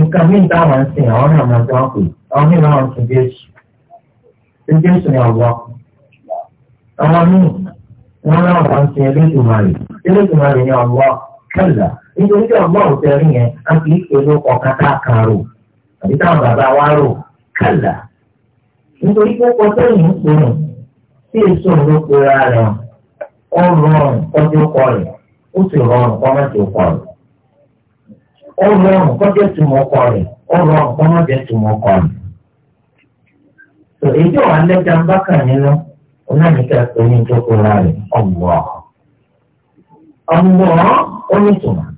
nǹkan mí dáwà ń sìn àwọn náà máa pé àwọn mí máa ń sìn ni àwọn wọn náà wà ń sìn ni kàlà nítorí pé yẹn kì í nítorí pé kọjá yìí ń pè ní tí èso ló pera rẹ̀ ó rọrùn kọjá kọ rẹ̀ ó sì rọrùn kọ́mọ́jọ kọ rẹ̀ ó rọrùn kọjá tìmọ̀ kọ rẹ̀ ó rọrùn kọ́mọ́jọ tìmọ̀ kọ rẹ̀. tò èyí ò wá lẹ́jà ń bá kà nínú onáníkà pé ní tó pera rẹ̀ ọ̀wọ́ ọ̀wọ́ onítùmọ̀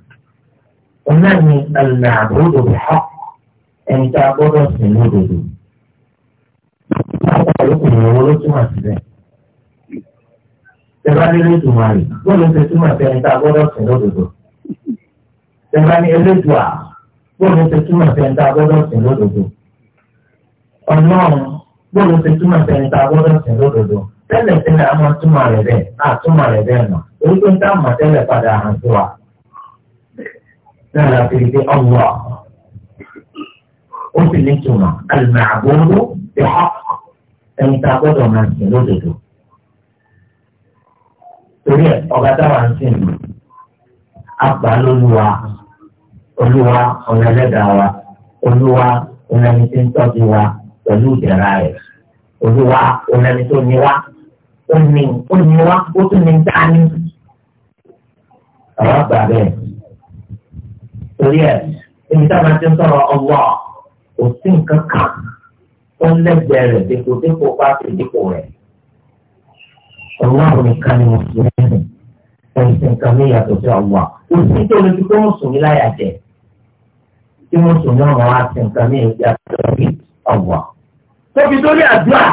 onáni alẹ́ àbúrò bí hàn gbọ́dọ̀ sìn lódodo lókùnrin owó ló túmọ̀ sí bẹ́ẹ̀. Tẹ̀bá ní elédùnmá rẹ̀ bó ló ṣe túmọ̀ sí ẹni tá a gbọ́dọ̀ sìn lódodo. Tẹ̀bá ní elédùá bó ló ṣe túmọ̀ sí ẹni tá a gbọ́dọ̀ sìn lódodo. Ọlọ́run bó ló ṣe túmọ̀ sí ẹni tá a gbọ́dọ̀ sìn lódodo. Tẹ́lẹ̀ tẹ́lẹ̀ a máa túmọ̀ rẹ̀ bẹ́ẹ̀ a túmọ̀ rẹ̀ bẹ́ẹ̀ nà orí pé ń tá àmọ̀ tẹ́lẹ̀ padà hàn sí wa. Náà la fi ọ̀wọ́ ẹni tá a gbọ́dọ̀ máa sìn lódodo. torí ẹ ọba táwa ń sìn lù apá lóluwa olúwa ọ̀nàdẹ́dàá wa olúwa ọ̀nàmí tí ń tọ́jú wa pẹ̀lú ìdẹ̀ra rẹ̀ olúwa ọ̀nàmí tó ní wa ó ní ó ní wa ó tún ní dání. àwọn àgbà bẹ́ẹ̀ torí ẹ ẹni táwa ti ń sọ̀rọ̀ ọwọ́ kò sí ó ń lẹ́gbẹ̀ẹ́ rẹ̀ dípò dípò pàṣẹ dípò rẹ̀. ọlọ́run nìkan ni mùsùlùmí nì ẹ̀sìn nǹkan mi yàtọ̀ sí ọ̀wà kò tó lè fi kó mùsùlùmí láyà jẹ kí mùsùlùmí ọ̀rọ̀ wá sí nǹkan mi yàtọ̀ sí ọ̀wà. tóbi tó ní àdúrà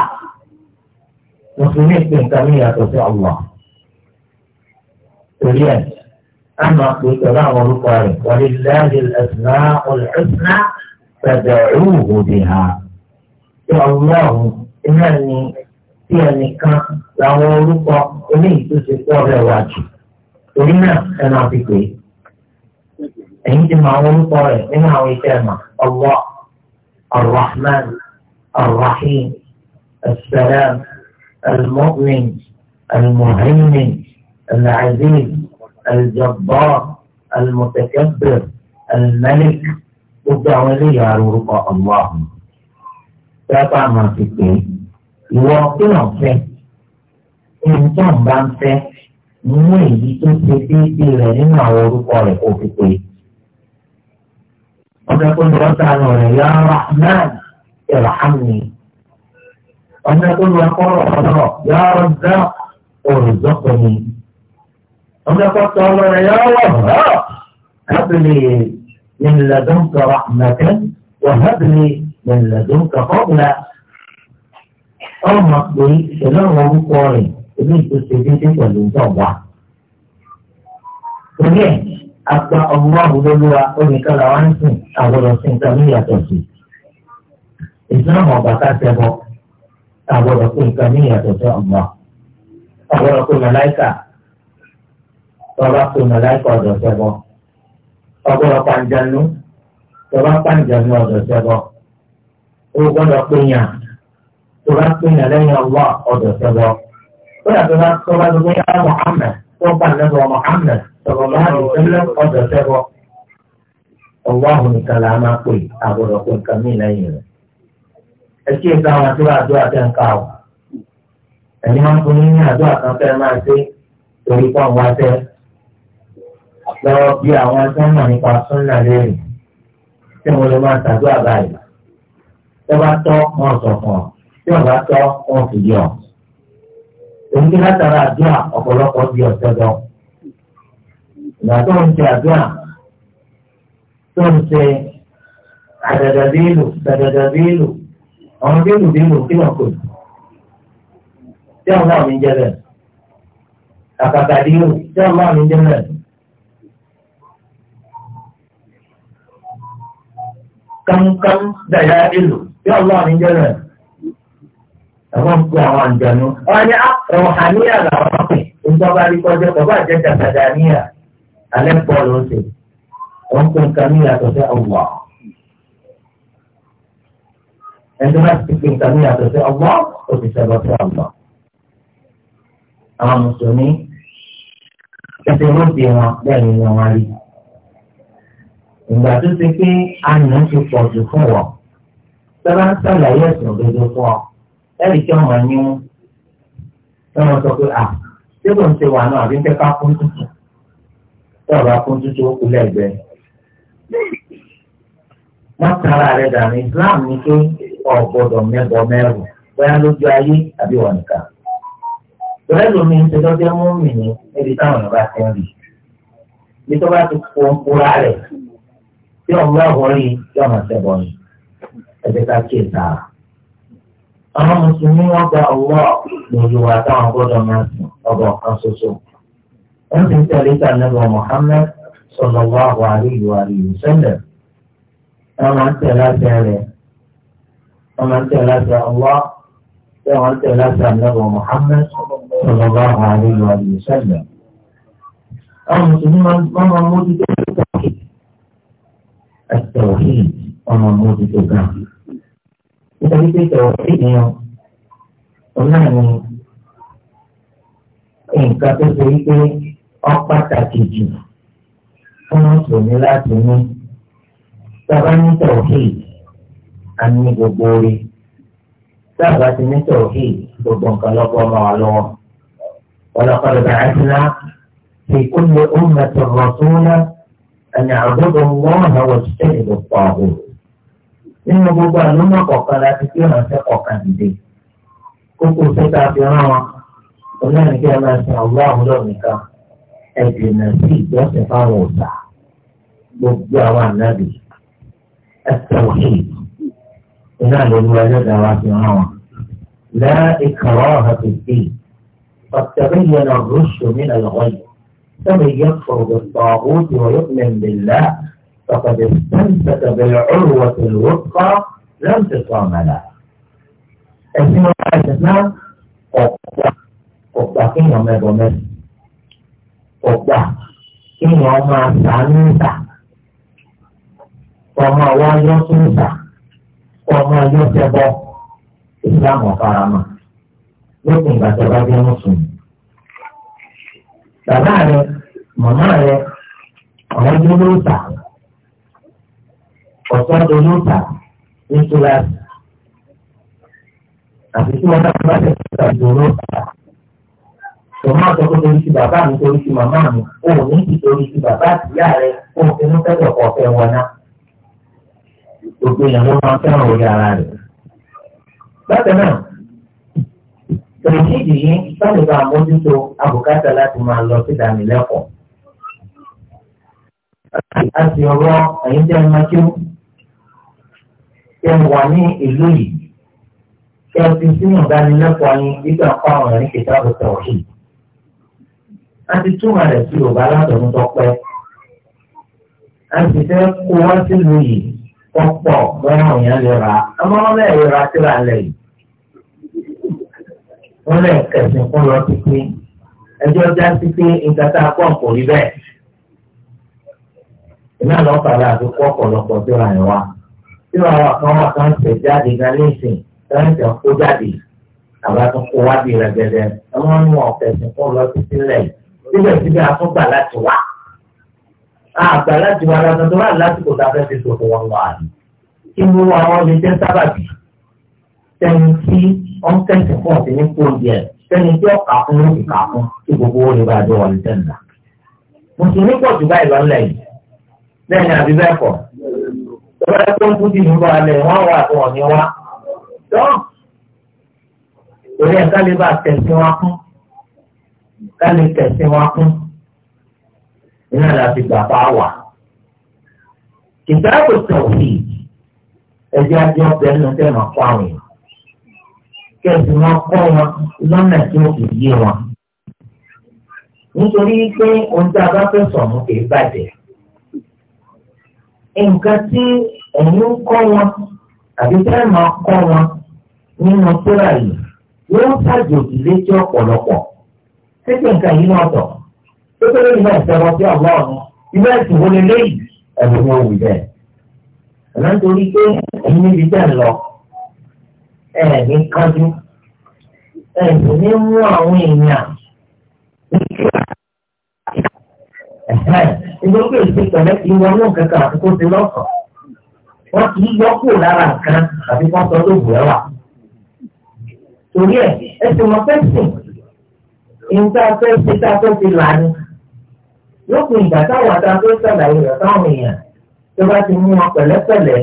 mùsùlùmí pé nǹkan mi yàtọ̀ sí ọ̀wà. torí ẹ̀ أما قلت له القارئ ولله الأسماء الحسنى فدعوه بها tí ọlọ́ ọ̀hún iná ni tí ẹnìkan làwọn orúkọ eléyìí tó ṣe pọ̀ rẹ̀ wá jù torí náà ẹ máa fi pè é ẹ̀yin ti mọ àwọn orúkọ rẹ̀ nínú àwọn iṣẹ́ ẹ̀mà ọlọ́ arrahman arrahim assalam almu'min almuhaimin alaziz aljabbar almutakabir almalik gbogbo àwọn eléyìí àrùn orúkọ ọlọ́ ọ̀hún. lápá àmọ́ ti pè é ìwọ kéèyàn fẹ́ ẹni tó ń bá ń fẹ́ mú èyí tó ṣe déédéé rẹ̀ nínú àwọn orúkọ rẹ̀ kò fi pè é. ọ̀dọ́ tó ń lọ sànù rẹ̀ yá rahman irhamni ọ̀dọ́ tó ń lọ kọ́rọ̀ ọ̀rọ̀ yá rọ̀dá òrùzọ́kùnrin ọ̀dọ́ tó tọ́ ọ lọ́rẹ̀ yá wọ̀họ́ láti lè nílẹ̀ dọ́ńtọ̀ rahmatan wọ̀họ́ lẹ́lẹ́dún kàkọ́bùlà ọmọ pé pẹ̀lú àwọn orúkọ rẹ̀ ebi tó ṣe déédé pẹ̀lú ìjọ wa. torí ẹ̀ apá ọmọláwù lóluwa oníkan làwọn ń sìn àwọn ọ̀sìn nǹkan ní ìyàtọ̀ sí. ìsìlámù ọba ká ṣẹbọ àwọn ọ̀sìn nǹkan ní ìyàtọ̀ sí ọmọ. àwọn ọ̀sìn màláìkà tọ́lá o gbọ́dọ̀ péyàn tó bá péyàn lẹ́yìn ọlọ́ ọ̀dọ̀ tẹ̀wọ́ kódà tó bá tó bá gbé yàrá Muhammad tó bá nẹ́bọ̀ Muhammad tọ̀rọ̀ máa lè tẹ́lẹ̀ ọ̀dọ̀ tẹ̀wọ́ ọlọ́hùn nìkan la máa pè àbọ̀dọ̀ pé nǹkan mí lẹ́yìn rẹ̀ ẹ kí ẹ̀ka àwọn àdúrà àdúrà tẹ̀ ń ká o ẹ̀ni máa ń fún yín ní àdúrà kan máa ṣe torí pọ̀ wá tẹ́ lọ́wọ́ bí àwọn tó ń nípa súnà lérè tí mo lè máa ṣàdúrà báyìí tó bá tọ́ wọn sọ fún ọ tí wọn bá tọ́ wọn fi yọ. èmi ní látara àdúrà ọ̀pọ̀lọpọ̀ di ọ̀sọ́dọ̀ ìgbà tó ń ṣe àdúrà tó ń ṣe àdàdàbílù àdàdàbílù àwọn bílù bílù kí wọn kò tí wọn náà mi jẹ bẹ́ẹ̀ àkàkàdílù tí wọn náà mi jẹ kankan daya ilu bí ọlọ́run ní jẹ́rẹ̀ ẹ̀wọ́n ń pe àwọn àǹjànú wọn ni ah, rọ̀hàníyà làwọn pè ìjọba àríkọ́jọ́ bàbá àjẹ́ jàkàdàníyà alẹ́ pọ̀ ló ń ṣe wọ́n pe nǹkan ní ìyàtọ̀ sí ọ̀wọ́ ẹni wọ́n ti pe nǹkan ní ìyàtọ̀ sí ọ̀wọ́ ó sí ọ̀wọ́ àwọn mùsùlùmí ẹsẹ̀ ló di wọn bẹ́ẹ̀ ni wọ́n wá rí ìgbà tó ti pé àná ti pọ̀ jù fún wọn sábà ń sàlàyé ẹ̀sìn òdodo fún ọ ẹ̀rí kí ọmọ ẹni mú ẹ wọn sọ pé à ṣé kò ń ṣe wà náà àbí ń fẹ́ fún tútù tí ọba fún tútù ó kú lẹ́gbẹ̀ẹ́. wọ́n tara rẹ̀ dànù Islam ní pé ọ̀gbọ́dọ̀ mẹ́bọ mẹ́rù bóyá lójú ayé àbí wọn nìkan. ìrẹ́ lómi ń ṣe lọ́jọ́ mú mi ní níbi táwọn èèyàn ti ń rì. bí tó bá ti kó ń kúra rẹ̀ tí ọ̀gbọ́n ọ̀hún rí yọ̀ọ̀mọ̀ ẹ̀jẹ̀ ká kí ìta. àwọn mùsùlùmí wọn gba ọwọ́ lórí wa táwọn gbọ́dọ̀ máa sùn ọgbà ọ̀kan ṣoṣo. wọ́n ti tẹ̀lé ìta nígbà Muhammad sallallahu alaihi wa alihi wasallam. wọ́n máa ń tẹ̀ láti ẹ̀rẹ̀ wọ́n máa ń tẹ̀ láti ọwọ́ tẹ̀ wọ́n tẹ̀ láti nígbà Muhammad sallallahu alaihi wa alihi wasallam. àwọn mùsùlùmí wọn máa mójútó التوحيد ọmọ mọ́tò tó ga. nítorí pé ìtọ̀wọ̀ ènìyàn ọ̀nà ni nǹkan tó ṣe wípé ọ pàtàkì jù fún mùsùlùmí láti ní sábà ní tọ̀hìn àní gbogbo orí sábà ti ní tọ̀hìn gbogbo nǹkan lọ́pọ̀ ọmọ wa lọ́wọ́. ولقد بعثنا في كل أمة رسولا أن اعبدوا الله واجتنبوا الطاغوت nínú gbogbo àlùmọ̀ kọ̀ọ̀kan láti fi ránṣẹ́ kọ̀ọ̀kan dìde kókó sẹ́ta fi rán wọn onáìníkẹ́ ẹ máa sin ọ̀gbọ́n àwọn lọ́nìkan ẹ dènà sí ìjọsìn fáwọn ọ̀tá gbogbo àwọn ànábì ẹ tẹ̀wọ̀ sí iná lórí ẹlẹ́dàá wa fi rán wọn. لا إكراه في الدين قد تبين الرشد من الغي فمن يكفر بالطاغوت ويؤمن بالله فقد استمسك بالعروة الوثقى لا انفصام لها ẹ̀sìn ọmọ ẹ̀sìn náà ọ̀pá ọ̀pá kéèyàn mẹ́bọ mẹ́sìn ọ̀pá kéèyàn ọmọ àṣàánú ìta ọmọ àwọn ayọ́sùn ìta ọmọ ayọ́sẹ̀bọ ìsìlámù ọ̀farama lókun ìgbà tó bá dé mùsùn. bàbá rẹ màmá rẹ àwọn ẹgbẹ́ ló ń ta ọ̀sán dolóò tà ní kíláàsì àti tí wọ́n bá ti bá tẹ̀ síta ìdòrò tà. Tòmá sọ pé torí ti bàbá mi torí ti màmá mi, òun ní ti torí ti bàbá àtìyá rẹ̀, òun ti ní fẹ́ tọ̀kọ̀ fẹ́ wọn náà. Gbogbo èèyàn ló máa ń fẹ́ràn orí ara rẹ̀. Bákan náà, tòmíìdì yìí sáàlì bá mójútó àbùkátà láti máa lọ sí ìdánilẹ́kọ̀ọ́. Àti ọ̀rọ̀ ẹ̀yin jẹ́ ẹ̀ma kí ó ẹ wà ní ìlú yìí ẹ fi sínú ìdánilẹ́kọ̀ọ́ yín nígbà kọ́ àwọn ẹ̀rí kìtà bùtà òhìn. a ti túmọ̀ rẹ̀ sí yorùbá látọ̀dún tó pẹ́. a sì fẹ́ kó wá sílùú yìí pọ̀pọ̀ lọ́rùn yẹn lè ra ọmọ bẹ́ẹ̀ lè ra síra lẹ̀ yìí. wọ́n lè kẹ̀sìn kún lọ títí ẹjọ́ já sí pé nǹkan tá a pọ̀ kò rí bẹ́ẹ̀. ìnáà lọ́ọ́ àti kọ́ ọ̀pọ̀lọpọ̀ síra yẹn wá nínú àwọn àkànwọ́ kan tẹ̀ jáde gan lẹ́sìn tẹ́lẹ̀tẹ̀ kó jáde àbá tó kó wá bí rẹ̀gẹ̀dẹ̀ ẹ̀wọ́n ní wọn fẹ̀sìn fún lọ títí lẹ̀ síbẹ̀síbẹ̀ àtúgbà láti wá àgbà láti wá lọ́dún tó wà lásìkò tá a fẹ́ fi sòfò wọn wà ní. kí ni wọn àwọn lè jẹ́ sábàbí sẹ́ni tí wọ́n tẹ̀sìn fún ọ̀sìn ní kóńdíẹ̀ sẹ́ni tí ọ̀kà fún ló kà fún kí gbogbo wọn lè bá a jọ wọlé tẹ̀lá. mùsùlùmí pọ̀ tọ́lá tó ń kúndì ń bọ̀ wọ́n wà tó wọ̀n ní wá. Torí ẹ̀ lè bá tẹ̀sí wọn kún. Ká lè tẹ̀sí wọn kún. Iná la fi gbà pa wà. Kìtàbù tawhid ẹjẹ́ ajé ọbẹ̀ nínú tẹ́ máa kọ́ àwọn Kẹ̀sì wọn kọ́ wọn lọ́nà tí ó kì í yé wọn. Nítorí pé ohun tí a kì í bàjẹ́ nǹkan tí ẹ̀yin ń kọ́ wọn àbí tẹ́ máa kọ́ wọn nínú tóra yìí yóò ṣàjòjì létí ọ̀pọ̀lọpọ̀ títí nǹkan yìí náà tọ̀ tó tó lórí náà ìṣẹ̀rọ sí ọlọ́run ilé ẹ̀sìn wo lè léyìí ẹ̀rọ ni ó wù bẹ́ẹ̀. ọ̀nà nítorí pé ẹ̀yin níbi tẹ́ ń lọ ẹ̀ ní kájú ẹ̀ sì ní mú àwọn èèyàn ìgbókè ìṣe pẹ̀lẹ́ kì í wọ owó nǹkan kan àkókò ti lọ́sàn. Wọ́n kì í yọ kúrò lára nǹkan àbí wọ́n sọ lóògùn ẹ̀wà. Torí ẹ̀ ẹ ti mọ fẹ́ sìn. Nǹkan afẹ́ ṣe tá a fẹ́ ti là ní. Lókun ìgbà táwọn adájọ́ ṣàlàyé rẹ̀ táwọn èèyàn tó bá ti mú wọn pẹ̀lẹ́pẹ̀lẹ́.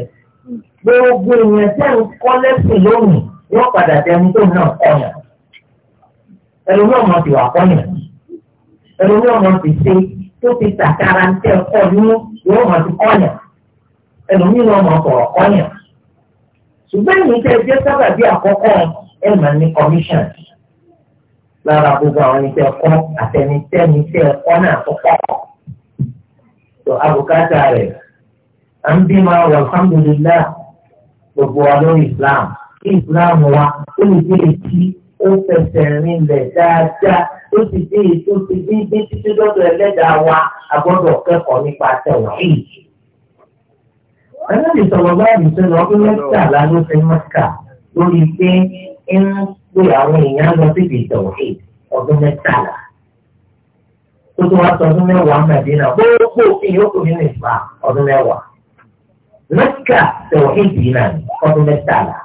Gbogbo èèyàn tẹ́ ń kọ́ lẹ́sìn lónìí yóò padà dẹni tó náà kọ̀yàn. Ẹlòmíràn mọ̀ ti wà kọ̀yàn. Ẹlòmíràn mọ̀ ti ṣe tó fi sàkàrà ń tẹ ọkọ nínú yóò hàn sí kọ́nyà ẹlòmíì náà mọ̀ sọ̀rọ̀ kọ́nyà. ṣùgbọ́n ìyìn tẹ́ jẹ́ sábàbí àkọ́kọ́ ẹ̀ mà ní commission lára gbogbo àwọn ìṣe ẹ̀kọ́ àtẹnitẹ́ni iṣẹ́ ẹ̀kọ́ náà tó pọ̀. tó abùkátà rẹ̀ à ń bímọ alhamdulillah gbogbo wa lórí Islam kí Islam wa ó lè gbé etí ó fẹsẹ̀ rinlẹ̀ dáadáa ó sì dé ètò ti dídí títí lọ́dọ̀ ẹlẹ́dàá wa agbọ́dọ̀ kẹ́kọ̀ọ́ nípa tẹ̀wọ̀n yìí. Ẹlẹ́dì sọ̀rọ̀ báyìí sọ̀rọ̀ ọdún mẹ́ta lánàá fi mọ́ta lórí pé ń pè àwọn èèyàn lọ síbi ìtẹ̀wọ̀n yìí ọdún mẹ́tàlá. Tó tó wá sọ ọdún mẹ́wàá Mẹ́dínà gbogbo òfin yòókù nínú ìfà ọdún mẹ́wàá. Mẹ́kà tẹ̀wọ̀n yìí dì í náà ọdún mẹ́tàlá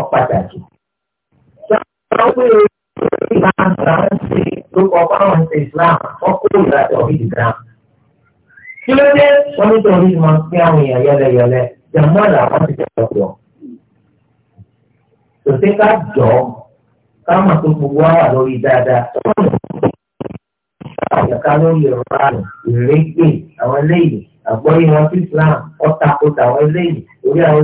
ọ̀pàtàkì wọ́n pè é islam làwọn ń ṣe lórúkọ báwọn ń ṣe islam wọ́n kó ìlà tọ̀hí islam. kí ló dé wọ́n ní tọ̀hí máa ń pín àwọn èèyàn yẹlẹyẹlẹ jàmọ́ làwọn ti tẹ̀ lọ́pọ̀. tòṣe ká jọ ká mà tó gbogbo wa wà lórí dáadáa àyàká lórí ọ̀rọ̀ àrùn ìrẹ́gbẹ̀ àwọn eléyìí àgbọ́yé wọn sí islam ọ̀tàkùn tàwọn eléyìí orí àwọn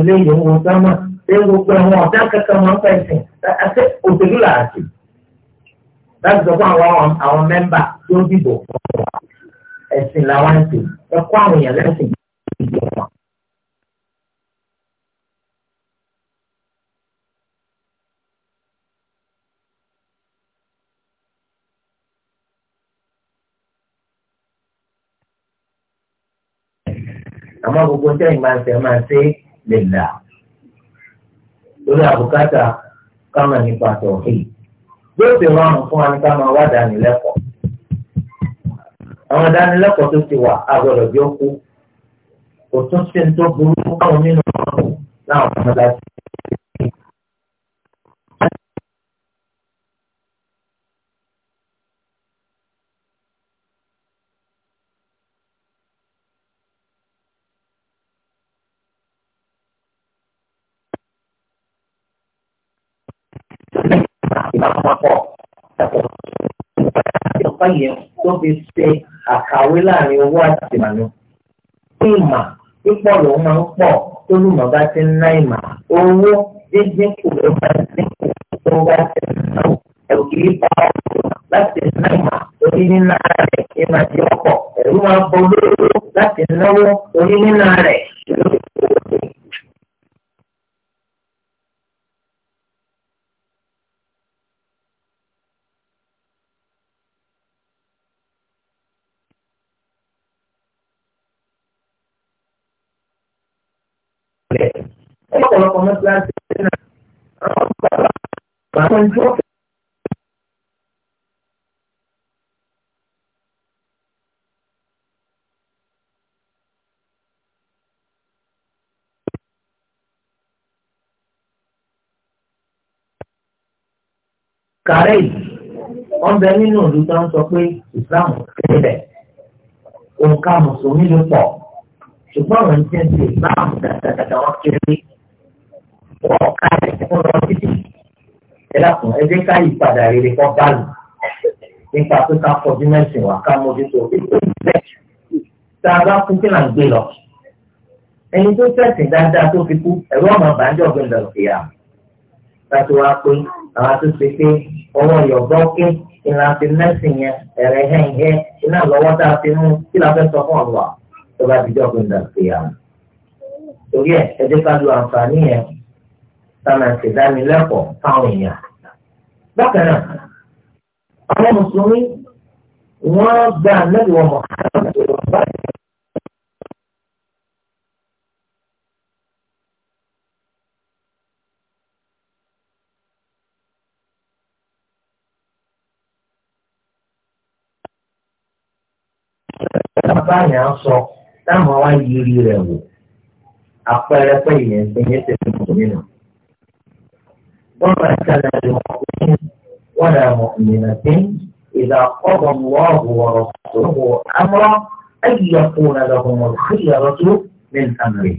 eléyìí ewu gbogbo àwọn ọ̀dà kankan máa ń fẹ́ sìn àti òṣèlú làásì láti sọ fún àwọn àwọn mẹ́mbà tó ń dìbò fún wa ẹ̀sìn làwọn ń sìn ẹ kó àwọn èèyàn lẹ́sìn ìdí wọn. àmọ́ gbogbo ń tẹ́yìn máa ń sẹ́ máa ń sẹ́ lè là lórí àbùkátà káma nípa tọ̀hìn yóò ti rọrùn fún wa ní káma wá dánilẹ́kọ̀ọ́ àwọn dánilẹ́kọ̀ọ́ tó ti wà agbọ̀dọ̀ bí ó kú kò tún sí ní tó burú káwọn nínú ọ̀rọ̀ náà wọ́n máa papọ̀ ìjọba yẹn tó fi ṣe àkàwé láàrin owó àti ìmàlú. ní ìmà pípọ̀ lòun máa ń pọ̀ tó lùmọ̀ bá ti ń ná ìmà owó dídín kù ló bá ti dín kù tó bá ti ń ná ẹ̀rù kì í pa ọ̀rọ̀ láti ná ìmà orí nínú ara rẹ̀ ìmà ti ọkọ̀ ẹ̀rù máa bọ́ lórí. kàrẹ́ yìí wọ́n bẹ nínú ìlú tó ń sọ pé islam kéré bẹ̀ òǹkà mùsùlùmí ló pọ̀ ṣùgbọ́n àwọn ìṣe ń ṣe islam dáadáa wọ́n kéré wọ́n kárẹ̀ fún lọ títì ẹlẹ́kùn ẹgbẹ́ ká ìpadà rere kọ́ báàlù nípa pé ká fọdún mẹ́sìn wá ká mójútó ètò ìfẹ́ tá a bá kún kí là ń gbé lọ ẹni tó tẹ̀sìn dáadáa tó fi kú ẹ̀rọ ọmọ bàjọ́ gbẹ̀ndọ̀ ìyá mi láti wá pé àwọn àtúnṣe pé ọwọ́ yọ̀bọ́ ké ìlànà ti mẹ́sìn yẹn ẹ̀rẹ̀ hẹ́n hẹ́ iná lọ́wọ́ tá a fi mú kí la fẹ́ sọ fún ọ̀rọ̀ tó bá dijọ́ pé nǹkan ṣe yà wọ́n. torí ẹ ẹ jẹ́ ká lo àǹfààní yẹn sáma ṣèdánilẹ́kọ̀ọ́ fáwọn èèyàn. bákan náà àwọn mùsùlùmí wọ́n gba bá yàn án sọ táwọn wá yí rí rẹ̀ wò àpẹẹrẹ pé ìyẹn ti yẹn ti fi mùsùlùmí nà. wọ́n bá sálẹ̀ ẹ wọ́n kú sí wọ́n rà mọ̀ ìyẹnà sí ìlà ọ̀bọ̀ wọ́ọ̀bù wọ̀rọ̀ sọ̀rọ̀ àmọ́ ayíyá wọn lọ́wọ́ mọ̀ kíyà lọ́tú ní àmì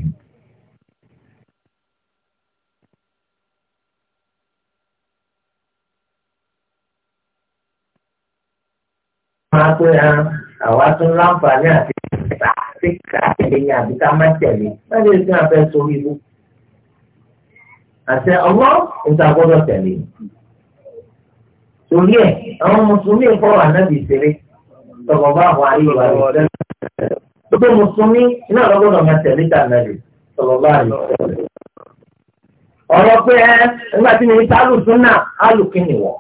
máa pé ara àwa tún láǹfààní àti ìta sí ká tẹ̀lé ní àbí ká má tẹ̀lé láti lè fún abẹ́ sórí ibú. àṣẹ ọwọ́ níta gbọ́dọ̀ tẹ̀lé. torí ẹ̀ àwọn mùsùlùmí ń fọwọ́ ànábì ìṣeré tọkọ bá àwọn ayé wa lè tẹ́lẹ̀. gbogbo mùsùlùmí iná lọ́gbọ́dọ̀ máa tẹ̀lé tànàlè tọkọ bá àlè tẹ̀lé. ọ̀rọ̀ pé ẹ nígbà tí mi ta alùsùn náà alùkìnìwọ̀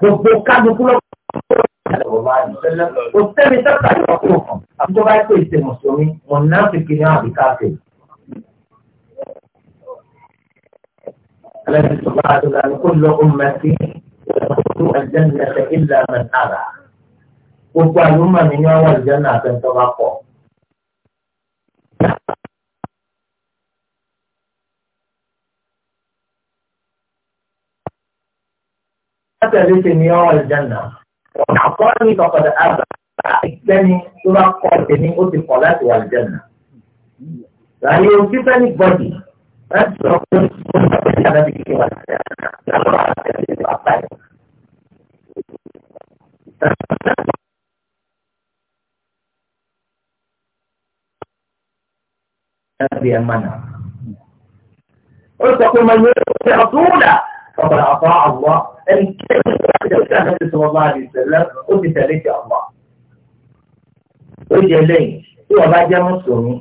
gbogbo kálukú lọ́ الله عليه وسلم والثاني تقع حقوقهم أبدو بعد كل المسلمين منافقين يعني كافر الذي صلى الله عليه وسلم كل أمتي يدخل الجنة إلا من أبى gbogbo àlùmọ̀ mi ní ọwọ́ ìjẹ́nà àtẹ̀tọ́ bá pọ̀. látẹ̀lé ti ní ọwọ́ ìjẹ́nà وأعطاني فقد أبى أعطاني تلقى من أوت الصلاة والجنة يعني يمكن anybody أن تكون النبي والجنة Nabi yang mana? Untuk menyuruh Rasulullah فقد أطاع الله أن كان النبي صلى الله عليه وسلم قلت لك الله oúnjẹ lẹ́yìn tí wọ́n bá jẹ́ mùsùlùmí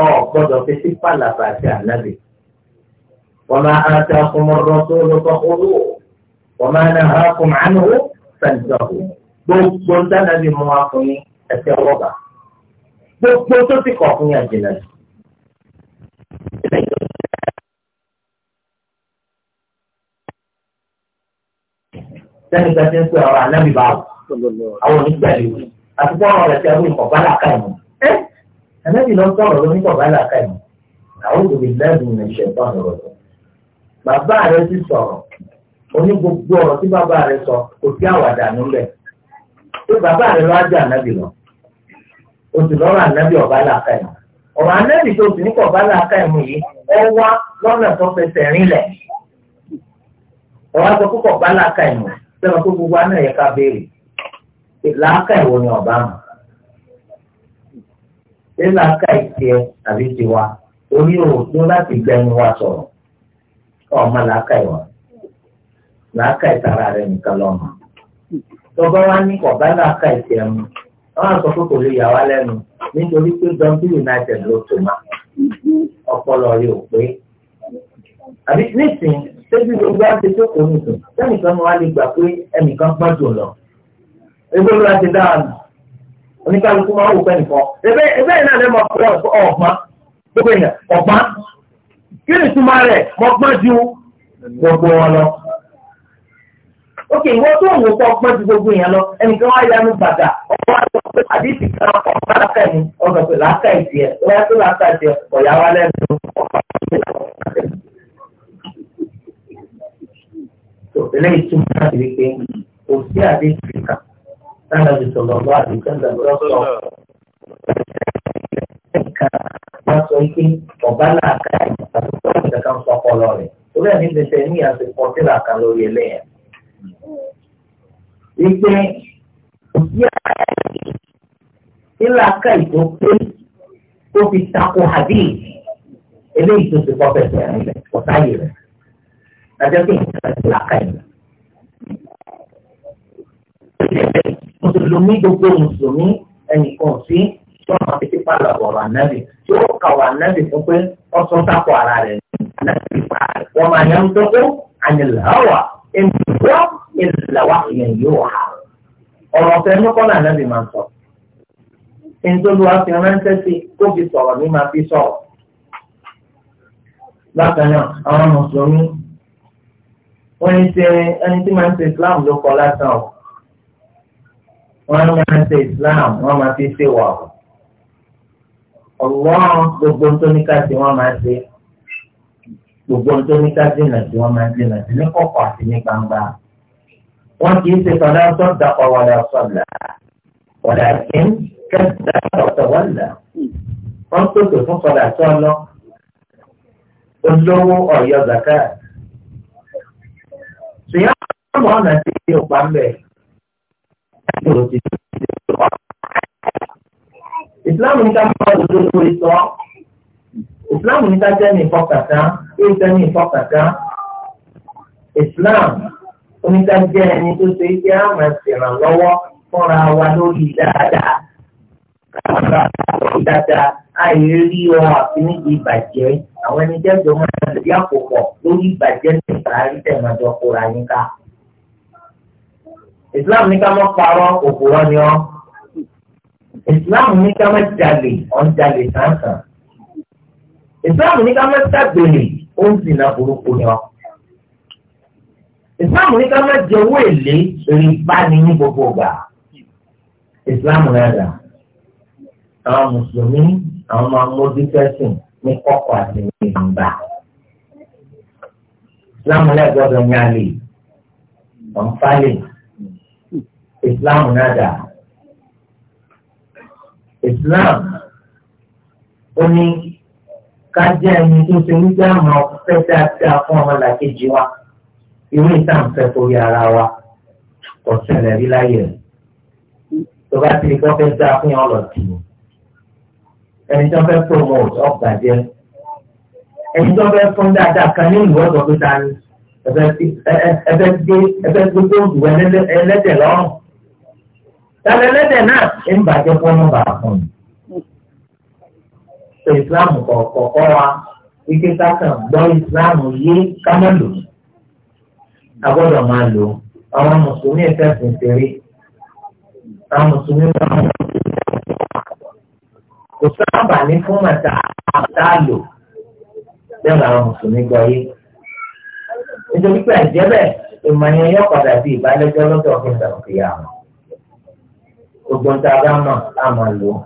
ọ gbọ́dọ̀ fi sí pàlàbà àti ànábì. wa ma atakum ar-rasulu fakhudhuhu wa ma nahakum anhu fantahu. gbogbo ń dáná bí mo wá fún yín ẹsẹ̀ wọ́gà. gbogbo tó ti kọ̀ fún yàn jìnnà sí. sẹ́ni ká ti ń pè àwọn ànábì bá wò àwọn onígbàlè wò àti fún ọ̀rọ̀ rẹ̀ tí a wí nǹkan bálà ká ìmọ̀ ẹ́ ànábì lọ sọ̀rọ̀ lọ nípa bálà ká ìmọ̀ àwọn òbí lẹ́nu ní ìṣẹ̀tọ́ ọ̀rọ̀ rẹ̀ bàbá rẹ̀ ti sọ̀rọ̀ oní gbogbo ọ̀rọ̀ tí bàbá rẹ̀ sọ kò sí àwàdà nílẹ̀ pé bàbá rẹ̀ lọ́ ajá ànábì lọ oṣù lọ́rọ̀ ànábì ọ̀bá làkà ìmọ̀ ọ̀rọ̀ ànábì tó oṣù nípa ọ̀bá làkà ìmọ̀ yìí ẹ wá lọ́nà tó fẹsẹ̀ rinlẹ̀ ọ̀rọ̀ àti ọkọ̀ ọ̀bá làkà ìmọ̀ sẹ́wọ̀n tó gbogbo aná yẹ ká béèrè làákà ìwọ ni ọ̀bá mọ̀ ṣé làákà ìtiẹ̀ àbí tiwa orí òòtú láti gbẹnu wa sọ̀rọ̀ ọmọ làákà ìwọ làákà ìtara rẹ nìkan lọ́mọ tọ́gbà wa ní ọ̀bá làákà ìtiẹ̀ mu wọ́n sọ pé kò lè yà wá lẹ́nu nítorí pé dundee united ló tó ma ọpọlọ rẹ ò àbí nísìnyí tẹ́jú gbogbo àti tó kò ní sùn sẹ́nìkan wà lè gbà pé ẹnìkan pọ́n jù lọ. Egbò ló ti dáhà nù. Oníkálukú máa ń wò pẹ́ nìkan. Ẹgbẹ́ ẹgbẹ́ yìí náà lè mọ pé ọ̀gbọ́n gbogbo èèyàn ọ̀gbọ́n. Kí ni ìtumọ̀ rẹ̀ mọ gbọ́n ju gbogbo wọn lọ? Ókè ìwọ tó ń wò pọ̀ gbọ́n ju gbogbo èèyàn lọ, ẹnìkan wá yanu bàtà ọ̀gbọ́n àti ọ̀gbọ́n àdìsí kan ọ̀gbọ́n lákàyè ọ̀gbọ́n lákàyè eléyìí túmọ̀ láti rí pé kò sí àdéhùn ìka lára ti sọ̀rọ̀ lọ́wọ́ àdéhùn ìdàgbàsọ. Ìka wá sọ pé ọ̀bá làákà àtúntò ìdàgbà ń sọ ọpọlọ rẹ̀. Orí ẹ̀mí bẹ̀sẹ̀ ní àti pọ̀tí làákà lórí ẹlẹ́yà. Wípé kò sí àdéhùn ìlàkà ìdókè tó fi takò àdéhùn eléyìí tó ti kọ́ bẹ̀sẹ̀ rẹ̀ ọ̀táyé rẹ̀ ajá pé nǹkan ti là ká ẹ̀yìn. mùsùlùmí gbogbo mùsùlùmí ẹnìkan sí tí wọn fi tipa lọ ọ̀rọ̀ ànábì tí ó kà wọ ànábì fún pé wọn sọ sápò ara rẹ̀ ànábì pa wọn máa yàn tó kó ànìláwà ènìyàn ìlàwà ìyẹn yóò hà ọ̀rọ̀ ọ̀fẹ́ ló kọ́ ànábì máa sọ ìjọba fi ránṣẹ́ sí kó sọ̀rọ̀ ní máa fi sọ̀rọ̀ bákan náà àwọn mùsùlùmí wọ́n ń ṣe ẹni tí máa ń ṣe islam ló kọ́ lásán o wọ́n máa ń ṣe islam wọ́n máa fi ṣe wà o ọ̀wọ́n gbogbo tó ní ká ṣe wọ́n máa ṣe gbogbo tó ní ká dènà tí wọ́n máa dènà sí ní kọ̀kọ̀ àti ní gbangba wọ́n kì í ṣe fọdá sọ́dà ọ̀wọ́dà sọ́dà ọ̀dà kí ń kẹ́sìdá ọ̀tọ̀ wọ́dà wọ́n pèsè fún fọdà sọ́ọ̀lọ́ olówó ọ̀yọ́ zakat sèyàn ọmọ ọ̀nà tí ìdí ọ̀pá ń bẹ̀. ìsìláàmù níta máa wò lóko ìsọ ìsìláàmù níta jẹ́ ní ìfọkàtà tí Islam jẹ́ ní ìfọkàtà ìsìláàmù oníta jẹ́ ẹni tó ṣe é jẹ́ àmọ̀ ìsìnrànlọ́wọ́ fúnra wa lórí dáadáa káàkiri àkókò dáadáa àyè rí ohun àfiníbi ìbàjẹ́ àwọn ẹni jẹ́jọ́ máa ń lè àkópọ̀ lórí ìbàjẹ́ nípa àrítẹ̀mọ́jọ́ kóra yín ká. Islam ní ká má parọ́ òpùrọ́ ni ọ́. Islam ní ká má jalè ọ̀n jalè Islam ní ká má ṣàgbèrè ó ń sìnà burúkú ni ọ́. Islam ní ká má jẹ owó èlé rí bá ní ní gbogbo ìgbà. Islam rẹ̀ rà àwọn mùsùlùmí àwọn máa mójú tẹ́sìn ní kọ́kọ́ àti ní ìgbà. Ìsìláàmù náà gbọ́dọ̀ ní àlè, ọ̀nfàlè, ìsìláàmù náà dà. Ìsìláàmù ó ní ká jẹ́ ẹni tó ṣe wípé àmọ́ fẹ́ dáadáa fún ọmọlàkejì wa. Irú ìtàǹfẹ́ torí ara wa kò ṣẹlẹ̀ rí láyé rẹ̀. Tó bá ti rí kọ́ fẹ́ dáa fún yàn ọ̀lọ́tì ni ẹni tó fẹ́ promote ọ̀gbàjẹ́ ẹni tó fẹ́ fún dáadáa kan ní ìlú ọ̀dọ̀ tó dání ẹfẹ́ gbé gbogbo òdùwọ̀ ẹlẹ́dẹ̀ lọ́rùn tàbí ẹlẹ́dẹ̀ náà ń bàjẹ́ fún ọmọ bàá fún mi. sọ ìsìláàmù kọ̀ọ̀kọ̀ wa wíkẹ́ kákan gbọ́ ìsìláàmù yé kámẹ́lò agbọ́dọ̀ máa lò àwọn mùsùlùmí ẹ̀fẹ́ fún ṣeré àwọn mùsùlùmí máa kò sábà ní fún màtá àtàlò bẹ́ẹ̀ làwọn mùsùlùmí gbọ́ yé nítorí pé àìjẹ́ bẹ́ẹ̀ ìmọ̀nyẹn yọ padà sí ìbálẹ́jọ́ lọ́dọ̀ ọ̀gbìn ìdàgbàsókè àwọn gbogbo ń ta bá mọ̀ á mọ̀ lò ó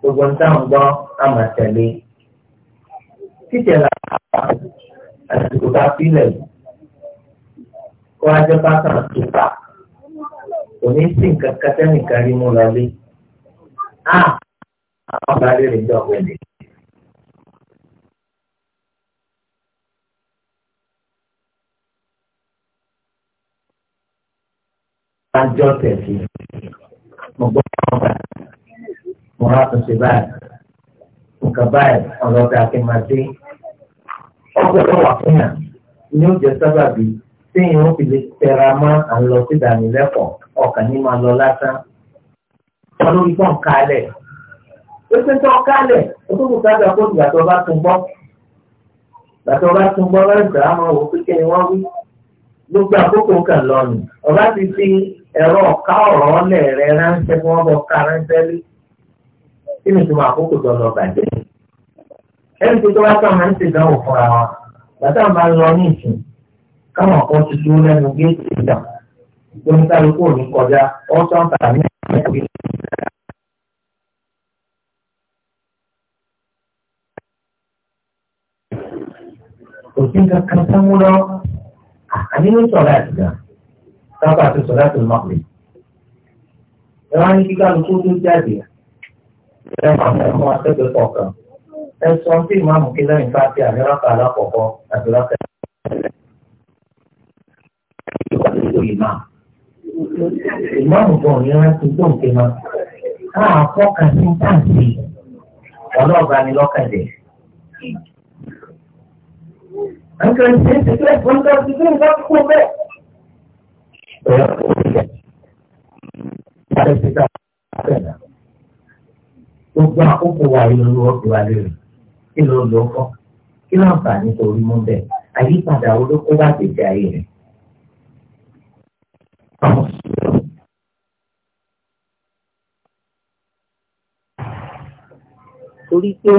gbogbo ń táwọn gbọ́ á mọ̀ tẹ̀lé títẹ̀ la àsìkò bá sílẹ̀ kó ajẹ́ bá kàn tó fà kò ní sí nǹkan kẹtẹ́nìkan rí mú lọ lé. Ah! àwọn bá lè rìn jọ ọ̀gbẹ́ni. Ajọ́ tẹ̀sí, mo gbọ́ ọ̀gá, mo wá tún ṣe báyìí, nǹkan báyìí ọlọ́dà kí n máa dé. Ọgbẹ́ni wà fún yàn ni ó jẹ́ sábàbí téèyàn ó fi lè tẹra mọ́ àwọn lọ sí ìdánilẹ́kọ̀ọ́ ọkàn ní máa lọ lásán. Wọ́n lórí pọ̀ ń kalẹ̀. pépé tó kálẹ̀ ojú kò sábà kó ìgbà bá tún gbọ́ ìgbà bá tún gbọ́ lọ́sẹ̀ ọba ti fi ẹ̀rọ ọ̀ká ọ̀rọ̀ ọ̀lẹ̀ rẹ ránṣẹ́ fún ọmọ ọ̀ká ránṣẹ́ lé kí ni ìtumọ̀ àkókò tó lọ bàjẹ́ ẹni tó wá sọ máa ń fúnra wọn bàtà máa ń lọ ní kò sí nǹkan kan tó mú lọ àní ní sọ̀rọ̀ àti gan sábà tó sọ̀rọ̀ àti mọ̀ pé ẹ wá ní kíkà lóko tó jáde ẹ máa mọ ọmọ akẹ́kọ̀ọ́ kọ̀ọ̀kan ẹ sọ fún ìmáàmù kí lẹ́yìn bá ti àmìrákà alákọ̀ọ́kọ́ àti rákà ìmáàmù bọ̀ ní rántí tó ń ma káà fọ́kà sí táǹsì ọlọ́ọ̀bá ni lọ́kàdé nǹkan ṣe ti tẹ́ nǹkan ti tẹ́ nǹkan kó bẹ́ẹ̀. Bẹ́ẹ̀ kò rí ẹ̀. Báyọ̀ ti dá àbẹ̀dà. Gbogbo àkókò wa ìlú ọ̀dọ̀ wa lè rìn. Kí ló lọ fọ́? Kí ló ń fà nítorí mú bẹ́ẹ̀? Àyípadà wo ló kó bá gbèsè ayé rẹ̀? Torí pé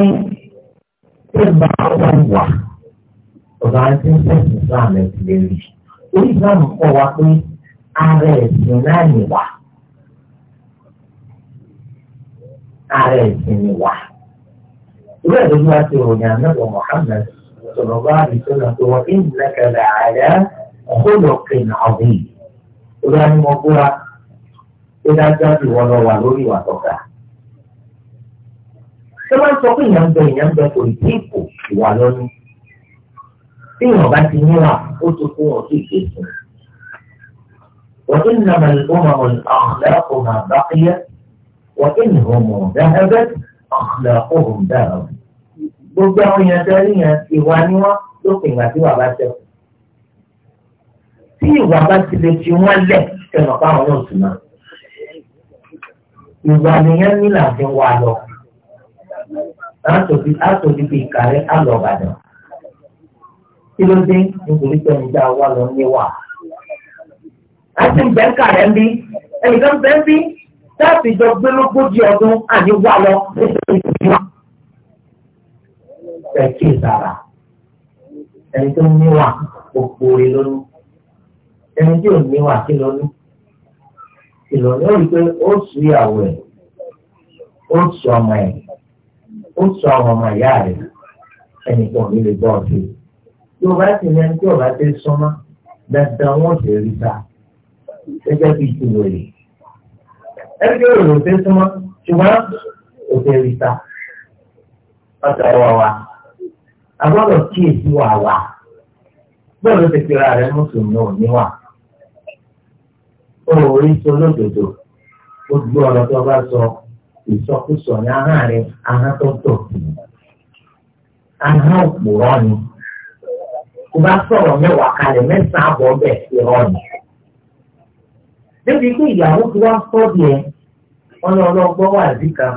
ṣé bá wà wà? ọ̀dọ̀ àwọn tí ń sẹ̀sìn Islam ẹ̀ ti lè rí orí Islam kọ́ wa pé ara ẹ̀sìn náà nì wá ara ẹ̀sìn nì wá ìwé ìdójú wa ti ròyìn ànábọ̀ Muhammad sọ̀rọ̀ bá àbísọ̀nà tó wọ́n innaka la'ala khuluqin 'azim ìwé ni mo búra pé dájúdájú wọn lọ wà lórí ìwà tọ́ka ṣé wọ́n sọ pé ìyàn bẹ ìyàn bẹ kò ì tí ìwà lọ́nù tí wọn bá ti níwà ó tó kó wọn sí ìgbésí. وإنما الأمم الأخلاق ما بقيت وإنهم ذهبت أخلاقهم ذهب gbogbo àwọn èèyàn tẹ rí yẹn ìwà ni wọn lópin ìgbà tí wàá bá ṣẹ́kù tí ìwà bá ti lè fi wọn lẹ tẹnà fáwọn náà sì máa ìwà nìyẹn ní làbí wà lọ látòbí bíi kàrí àlọ kí ló dé nítorí pé ẹni dáa wà lọ níwà. àti ìgbẹ́ǹkà rẹ̀ ń bí ẹnìkan bẹ́ẹ̀ ń bí táàpì jọ gbé lógójì ọdún àní wà lọ nítorí ìwà. ẹ kí ìtara ẹni tó níwà gbogbo rẹ lónìí ẹni tí ò níwà kí ló ní ìlọ́ni ó rí i pé ó sú ìyàwó ẹ̀ ó sú ọmọ ẹ̀ ó sú àwọn ọmọ ìyá rẹ̀ ẹnìkan ò ní lè gbọ́ ọ sí i tí o bá sì ní ẹni tí o bá ti súnmọ́ dandan wọn sì rí ta gẹ́gẹ́ bí ti wòye ẹni tí o rò ti súnmọ́ ṣùgbọ́n o ti rí ta ọ̀tọ̀ wà wá agbọ́dọ̀ kíyèsí wà wá bẹ́ẹ̀ ló ti kíra rẹ̀ mùsùlùmí ò ní wà o rí sọ lódodo o gbọ́ ọ̀rọ̀ tó bá sọ ìsọkúsọ ní ahọ́n rẹ̀ ahọ́n tó tọ̀ ahọ́n òpùrọ́ ni kò bá sọ̀rọ̀ mẹ́wàá kalẹ̀ mẹ́sàn-án àbọ̀ ọbẹ̀ ìrọ̀ ni. débi pé ìyàwó ti wá sọ́ọ̀dì ẹ̀ ọlọ́ọ̀lọ́gbọ́ wà síkà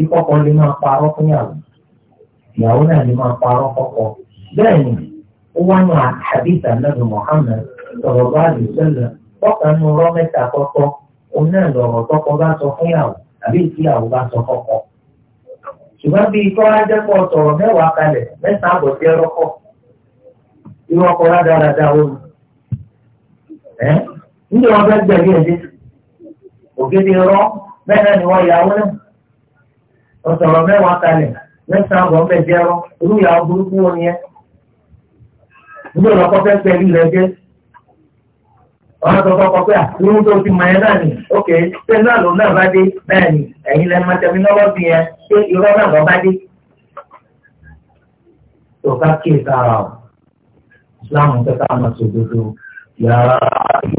ìkọ̀kọ̀ lè máa parọ́ fún yàwó ìyàwó náà lè máa parọ́ kọ́kọ́ bẹ́ẹ̀ ni ó wá ní àdìsá lẹ́nu Muhammad sọ̀rọ̀ bá lè sẹ́lẹ̀ kọ́kàn nu rọ́ mẹ́ta kọ́kọ́ òun náà lọ̀rọ̀ tọ́kọ bá sọ fún yàwó àbí ìtìyàwó bá sọ kọ́kọ́ ṣùgbọ́n bí ikọ́ ajẹ́kọ̀ọ́ sọ̀rọ̀ mẹ́wàá kalẹ̀ mẹ́ta àbọ̀ sí ẹrọ́kọ̀ọ́ irú ọkọ̀ adara o ẹ́ níbi wọn fẹ́ gbẹ̀mí ẹ̀dẹ́ ògidì rọ bẹ́ẹ̀ náà ni wọ́n yàwó náà wọ́n sọ̀rọ̀ mẹ́wàá kalẹ̀ mẹ́sàn rọ irú burúkú wọn ni ẹ́ níbi ọ̀rọ̀ kọ́ fẹ́ gbẹ̀mí rẹ̀ jẹ́ wọ́n sọ fọ́kọ pé irú tó ti mọ̀ ẹ́ náà ni ok ṣé náà ló náà bá dé ni Islam kẹta àmàṣe òdodo yà á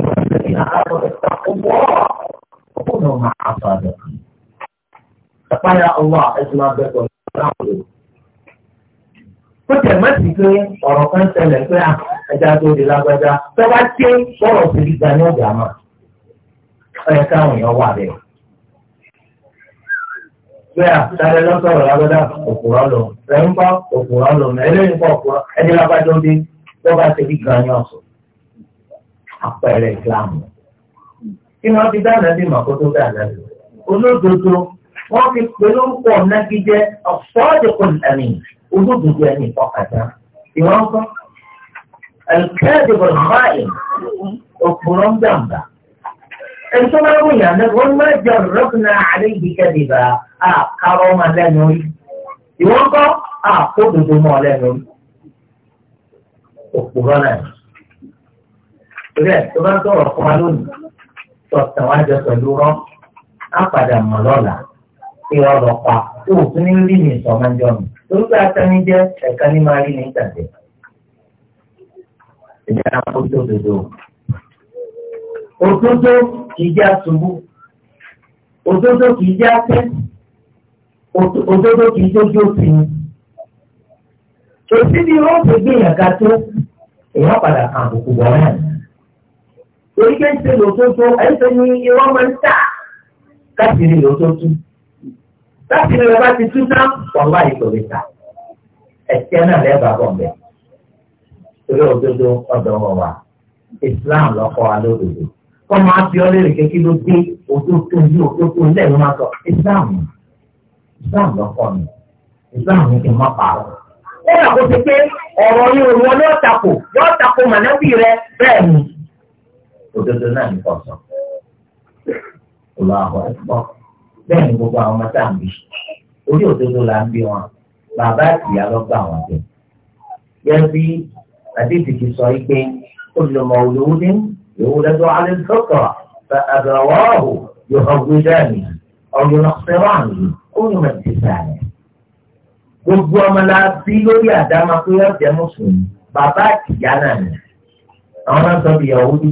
yọ ẹ̀sìn àkàtọ̀rẹ̀ takọ̀wọ́ ọkọ̀ náà máa àfàdà. Ìpáyà ọwọ́ ẹ̀sìn máa bẹ̀ pọ̀ láàbò. Ó tẹ̀ má sí pé di lágbájá tó bá dé sọ̀rọ̀ sí ìgbà ní ọ̀gá náà. Ọ̀yẹ̀ káwọn èèyàn wà bẹ́ẹ̀. Bẹ́ẹ̀ sáré lọ́sọ̀rọ̀ lágbájá òpùrọ̀ lò. tó bá ti rí gan yàn sọ àpẹẹrẹ ìsìlámù kí ni wọ́n ti dáná sí màkótó dáná sí olódodo wọ́n fi pẹ̀lú pọ̀ nágídẹ́ ọ̀sọ́dẹ̀kùn ẹ̀mí olódodo ẹni ìfọkàtà ìwọ́n kọ́ ẹ̀kẹ́dẹ̀kùn báyìí òpùrọ̀ ń dàmbà ẹni tó yàn náà wọ́n máa jẹ ọ̀rọ̀kùnrin àárẹ̀ yìí àkàrọ̀ ọmọ lẹ́nu rí ìwọ́n kọ́ àkódodo mọ́ lẹ́nu rí òpùrọ́ náà ni. Ìrẹ́ tó bá sọ̀rọ̀ fún wa lónìí, tọ̀tàn wá jẹ pẹ̀lú rọ́, á padà mọ̀ lọ́la pé ọ̀rọ̀ pa tó o tún ní rí ní ìsọ̀mọ́jọ́ mi. Torípé atẹ́ni jẹ́ ẹ̀ka ní máa rí ní ìtàgé. Ìjà àpótí òdodo. Òdodo kì í jẹ́ àtúbú. Òdodo kì í jẹ́ atẹ́. Òdodo kì í jẹ́ ojú òfin. Òsì ni wọ́n ti gbìyànjú tó èèyàn padà kan àbùkù bọ̀ náà. torí pé ń ṣe lòtótó ẹ̀ṣẹ̀ ni irọ́ máa ń tà káàkiri lòtótó. káàkiri rẹ̀ bá ti tú ná wọ́n bá ìṣòro ìta. ẹ̀ṣẹ̀ náà lẹ́ẹ̀ bá bọ̀ bẹ́ẹ̀. torí òdodo ọ̀dọ̀ wọn wà Islam lọ́kọ́ wa lódodo. kọ́ máa fi ọ́ lérè kékeré ló dé òtótó yí òtótó lẹ́nu máa sọ Islam Islam lọ́kọ́ mi Islam ni kí n má pa á. ó yà kó ti pé ọ̀rọ̀ yóò wọ́n lọ́ọ́ tako lọ́ọ́ tako mànábì rẹ bẹ́ẹ̀ ni. òdodo náà ní kò sọ ọlọ́ àwọn ẹ̀kọ́ bẹ́ẹ̀ ni gbogbo àwọn ọmọ tá à ń bí orí òdodo là ń bí wọn bàbá àtìyá lọ gbà wọn jẹ yẹn bí sọ yìí pé olùmọ̀ olówódé yòówó lẹ́tọ́ alẹ́ sọ́tọ̀ àbẹ̀wọ́ ọ̀hún yóò ọgbẹ́ dání ọ̀yọ́ náà fẹ́ràn ní mọ̀ gbogbo ọmọ la bí lórí àdámà pé yóò jẹ́ mùsùlùmí bàbá àtìyá náà ni àwọn náà sọ di yahudi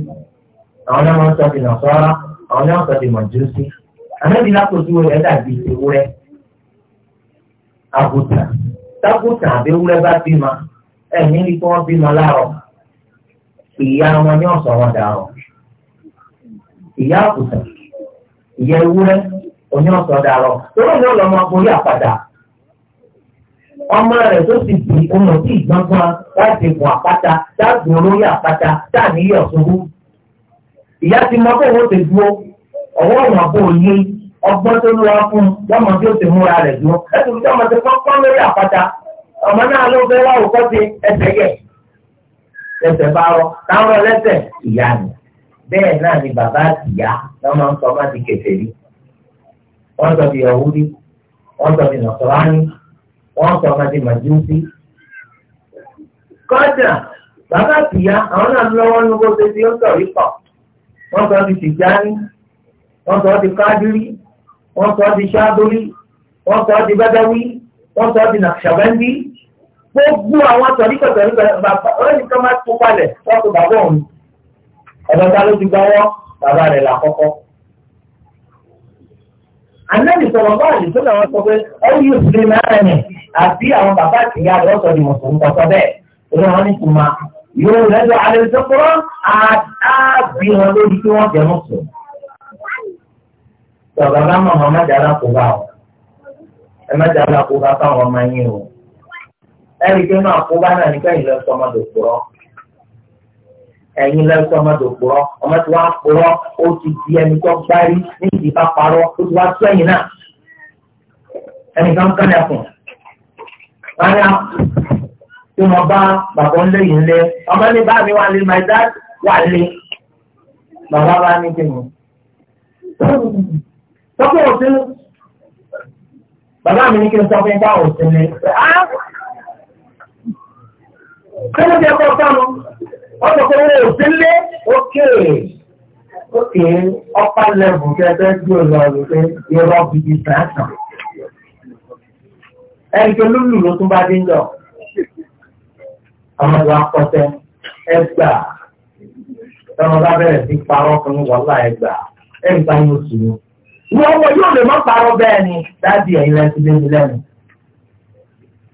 àwọn náà sọ di nasara àwọn náà sọ di mọjúsí ànábi lápòjú rẹ dàbí ewúrẹ́ àgùtà tágùtà àbí ewúrẹ́ bá bímọ ẹmí ni kí wọn bímọ láàrọ̀ ìyá wọn ni ọsàn wọn dàrọ ìyá àgùtà ìyá ewúrẹ́ oní ọsàn dàrọ tó lóun ní ọlọmọ akórí àpàdà ọmọ rẹ̀ tó ti bì ọmọ tí ìgbọ́ngbọ́n láti gun àpáta dáàbò olórí àpáta dáàníyàn ṣubú. ìyá ti mọ bóun ó ti dúró ọwọ́ ọ̀nà bó o yé ọgbọ́n tó lọ́wọ́ fún lọ́mọ tí ó ti múra rẹ̀ dúró ẹ̀sùn tí ọmọ ti kọ́kọ́ lórí àpáta ọmọ náà ló fẹ́ wá òkọ́ ti ẹsẹ̀ yẹ̀ ẹsẹ̀ bá rọ táwọn ẹlẹ́sẹ̀ ìyá ni bẹ́ẹ̀ náà ni bàbá àtìyá lọ́ máa ń sọ ọmọ ti kẹfẹ́ rí wọ́n sọ ti yahudi wọ́n sọ ti nọ̀sọ̀rọ̀ wọ́n sọ ọmọdé màjúsí. kọ́dà bàbá àtìyá àwọn náà lọ́wọ́ ní owó tẹ́tí ó sọ̀rí pọ̀ wọ́n sọ ti tìjáni wọ́n sọ ti kádírí wọ́n sọ ti ṣáàdórí wọ́n sọ ti bádáwí wọ́n sọ ti nàṣàbẹ́ndí gbogbo àwọn tọ̀ríkọ̀ tọ̀ríkọ̀ ọ̀rẹ́ nìkan máa tó palẹ̀ wọ́n sọ bàbá òun ẹ̀dọ́ta ló ti gbọ́wọ́ bàbá rẹ̀ làkọ́kọ́. Ànábì sọ̀rọ̀ bá àdìsó náà wọ́n sọ pé ó yí òṣèré náà rẹ̀ àbí àwọn bàbá àti ìyá rẹ̀ ọ̀sọ̀ ni mùsùlùmí kọ̀ọ̀kan bẹ́ẹ̀. Ìlú wọn ní kùmà yóò lẹ́jọ́ alẹ́ ìṣọ́kọ́rọ́ àbí wọn lórí kí wọ́n jẹ́ mùsùlùmí. Sọ̀rọ̀ bá mọ̀ wọn má jẹ́ alákòóbá o. Ẹ má jẹ́ alákòóbá fáwọn ọmọ yín o. Ẹ rí i pé náà àkóbá náà ní ẹ̀yin lẹ́sọ̀ ọmọdé òpùrọ̀ ọmọ tí wọ́n á purọ́ ó ti di ẹni tó gbárí ní ìdìbà parọ́ ó ti wá tó ẹ̀yìn náà ẹni kan kán ẹkùn rárá tí wọ́n bá bàbá ńlẹ̀ yìí ńlẹ̀ ọmọ ní bá mi wà lé my dad wà lé bàbá bá ní kí ni. sọ́kùn òsín bàbá mi ní kí n sọ fún yín òsín ni. kí ló dé kọ́ sọ́nu? wọ́n sọ pé wọ́n ò sílé ókè ókè ọ̀pá lẹ́bù kẹfẹ́ tí ó lọ rẹ̀ pé irọ́ gidi sàásàn. ẹni tó lùlù ló tún bá dín lọ ọmọdé wa kọsẹ̀ ẹgbà ẹmọ bá bẹ̀rẹ̀ sí parọ́ fún wàhálà ẹgbà ẹgbà yóò sùn ní. ìwọ ọmọ yóò lè má parọ́ bẹ́ẹ̀ ni dáàbì ẹ̀yin lẹ́sìn lẹ́nu lẹ́nu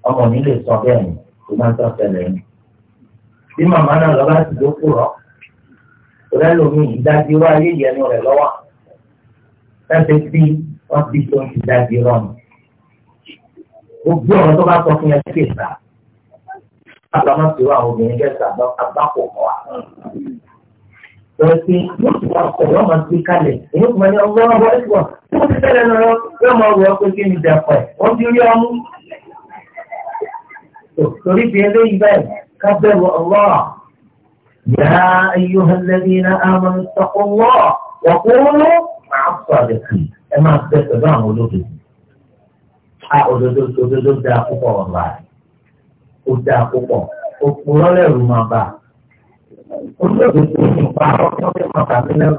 ọmọ mi lè sọ bẹ́ẹ̀ ni ìgbà tó ṣẹlẹ̀ bí màmá náà lọ bá sì ló kù rọ òrẹ́ lomi ìdájí wá ayé ìyẹnu rẹ̀ lọ́wọ́ láti fi wọ́n ti tó ìdájí rọ̀mù gbogbo ọ̀rọ̀ tó bá sọ fún yẹn kí èsà àbámọ́ sí àwọn obìnrin kẹsà lọ àbápò mọ́ wa. Lọ́sí yóò ti wá ọkọ̀ yóò máa gbé kalẹ̀ èyí kò máa ní ọgbọ́n ọgbọ́n ẹ̀sìn wọn tí ti tẹ́lẹ̀ náà yóò máa wọ ọkọ̀ kí ni ẹ̀ wọ́n ti rí ọmú. Torí fi eléyìí báyìí كبروا الله يا أيها الذين آمنوا اتقوا الله وقولوا مع الصادقين أما أصدقت بهم ولدهم òdodo dáa púpọ̀ ọ̀la ó dáa púpọ̀ òpùrọ̀ lẹ́rù máa bá olóògbé tó ń pa ọkọ tó máa bá mi lẹ́rù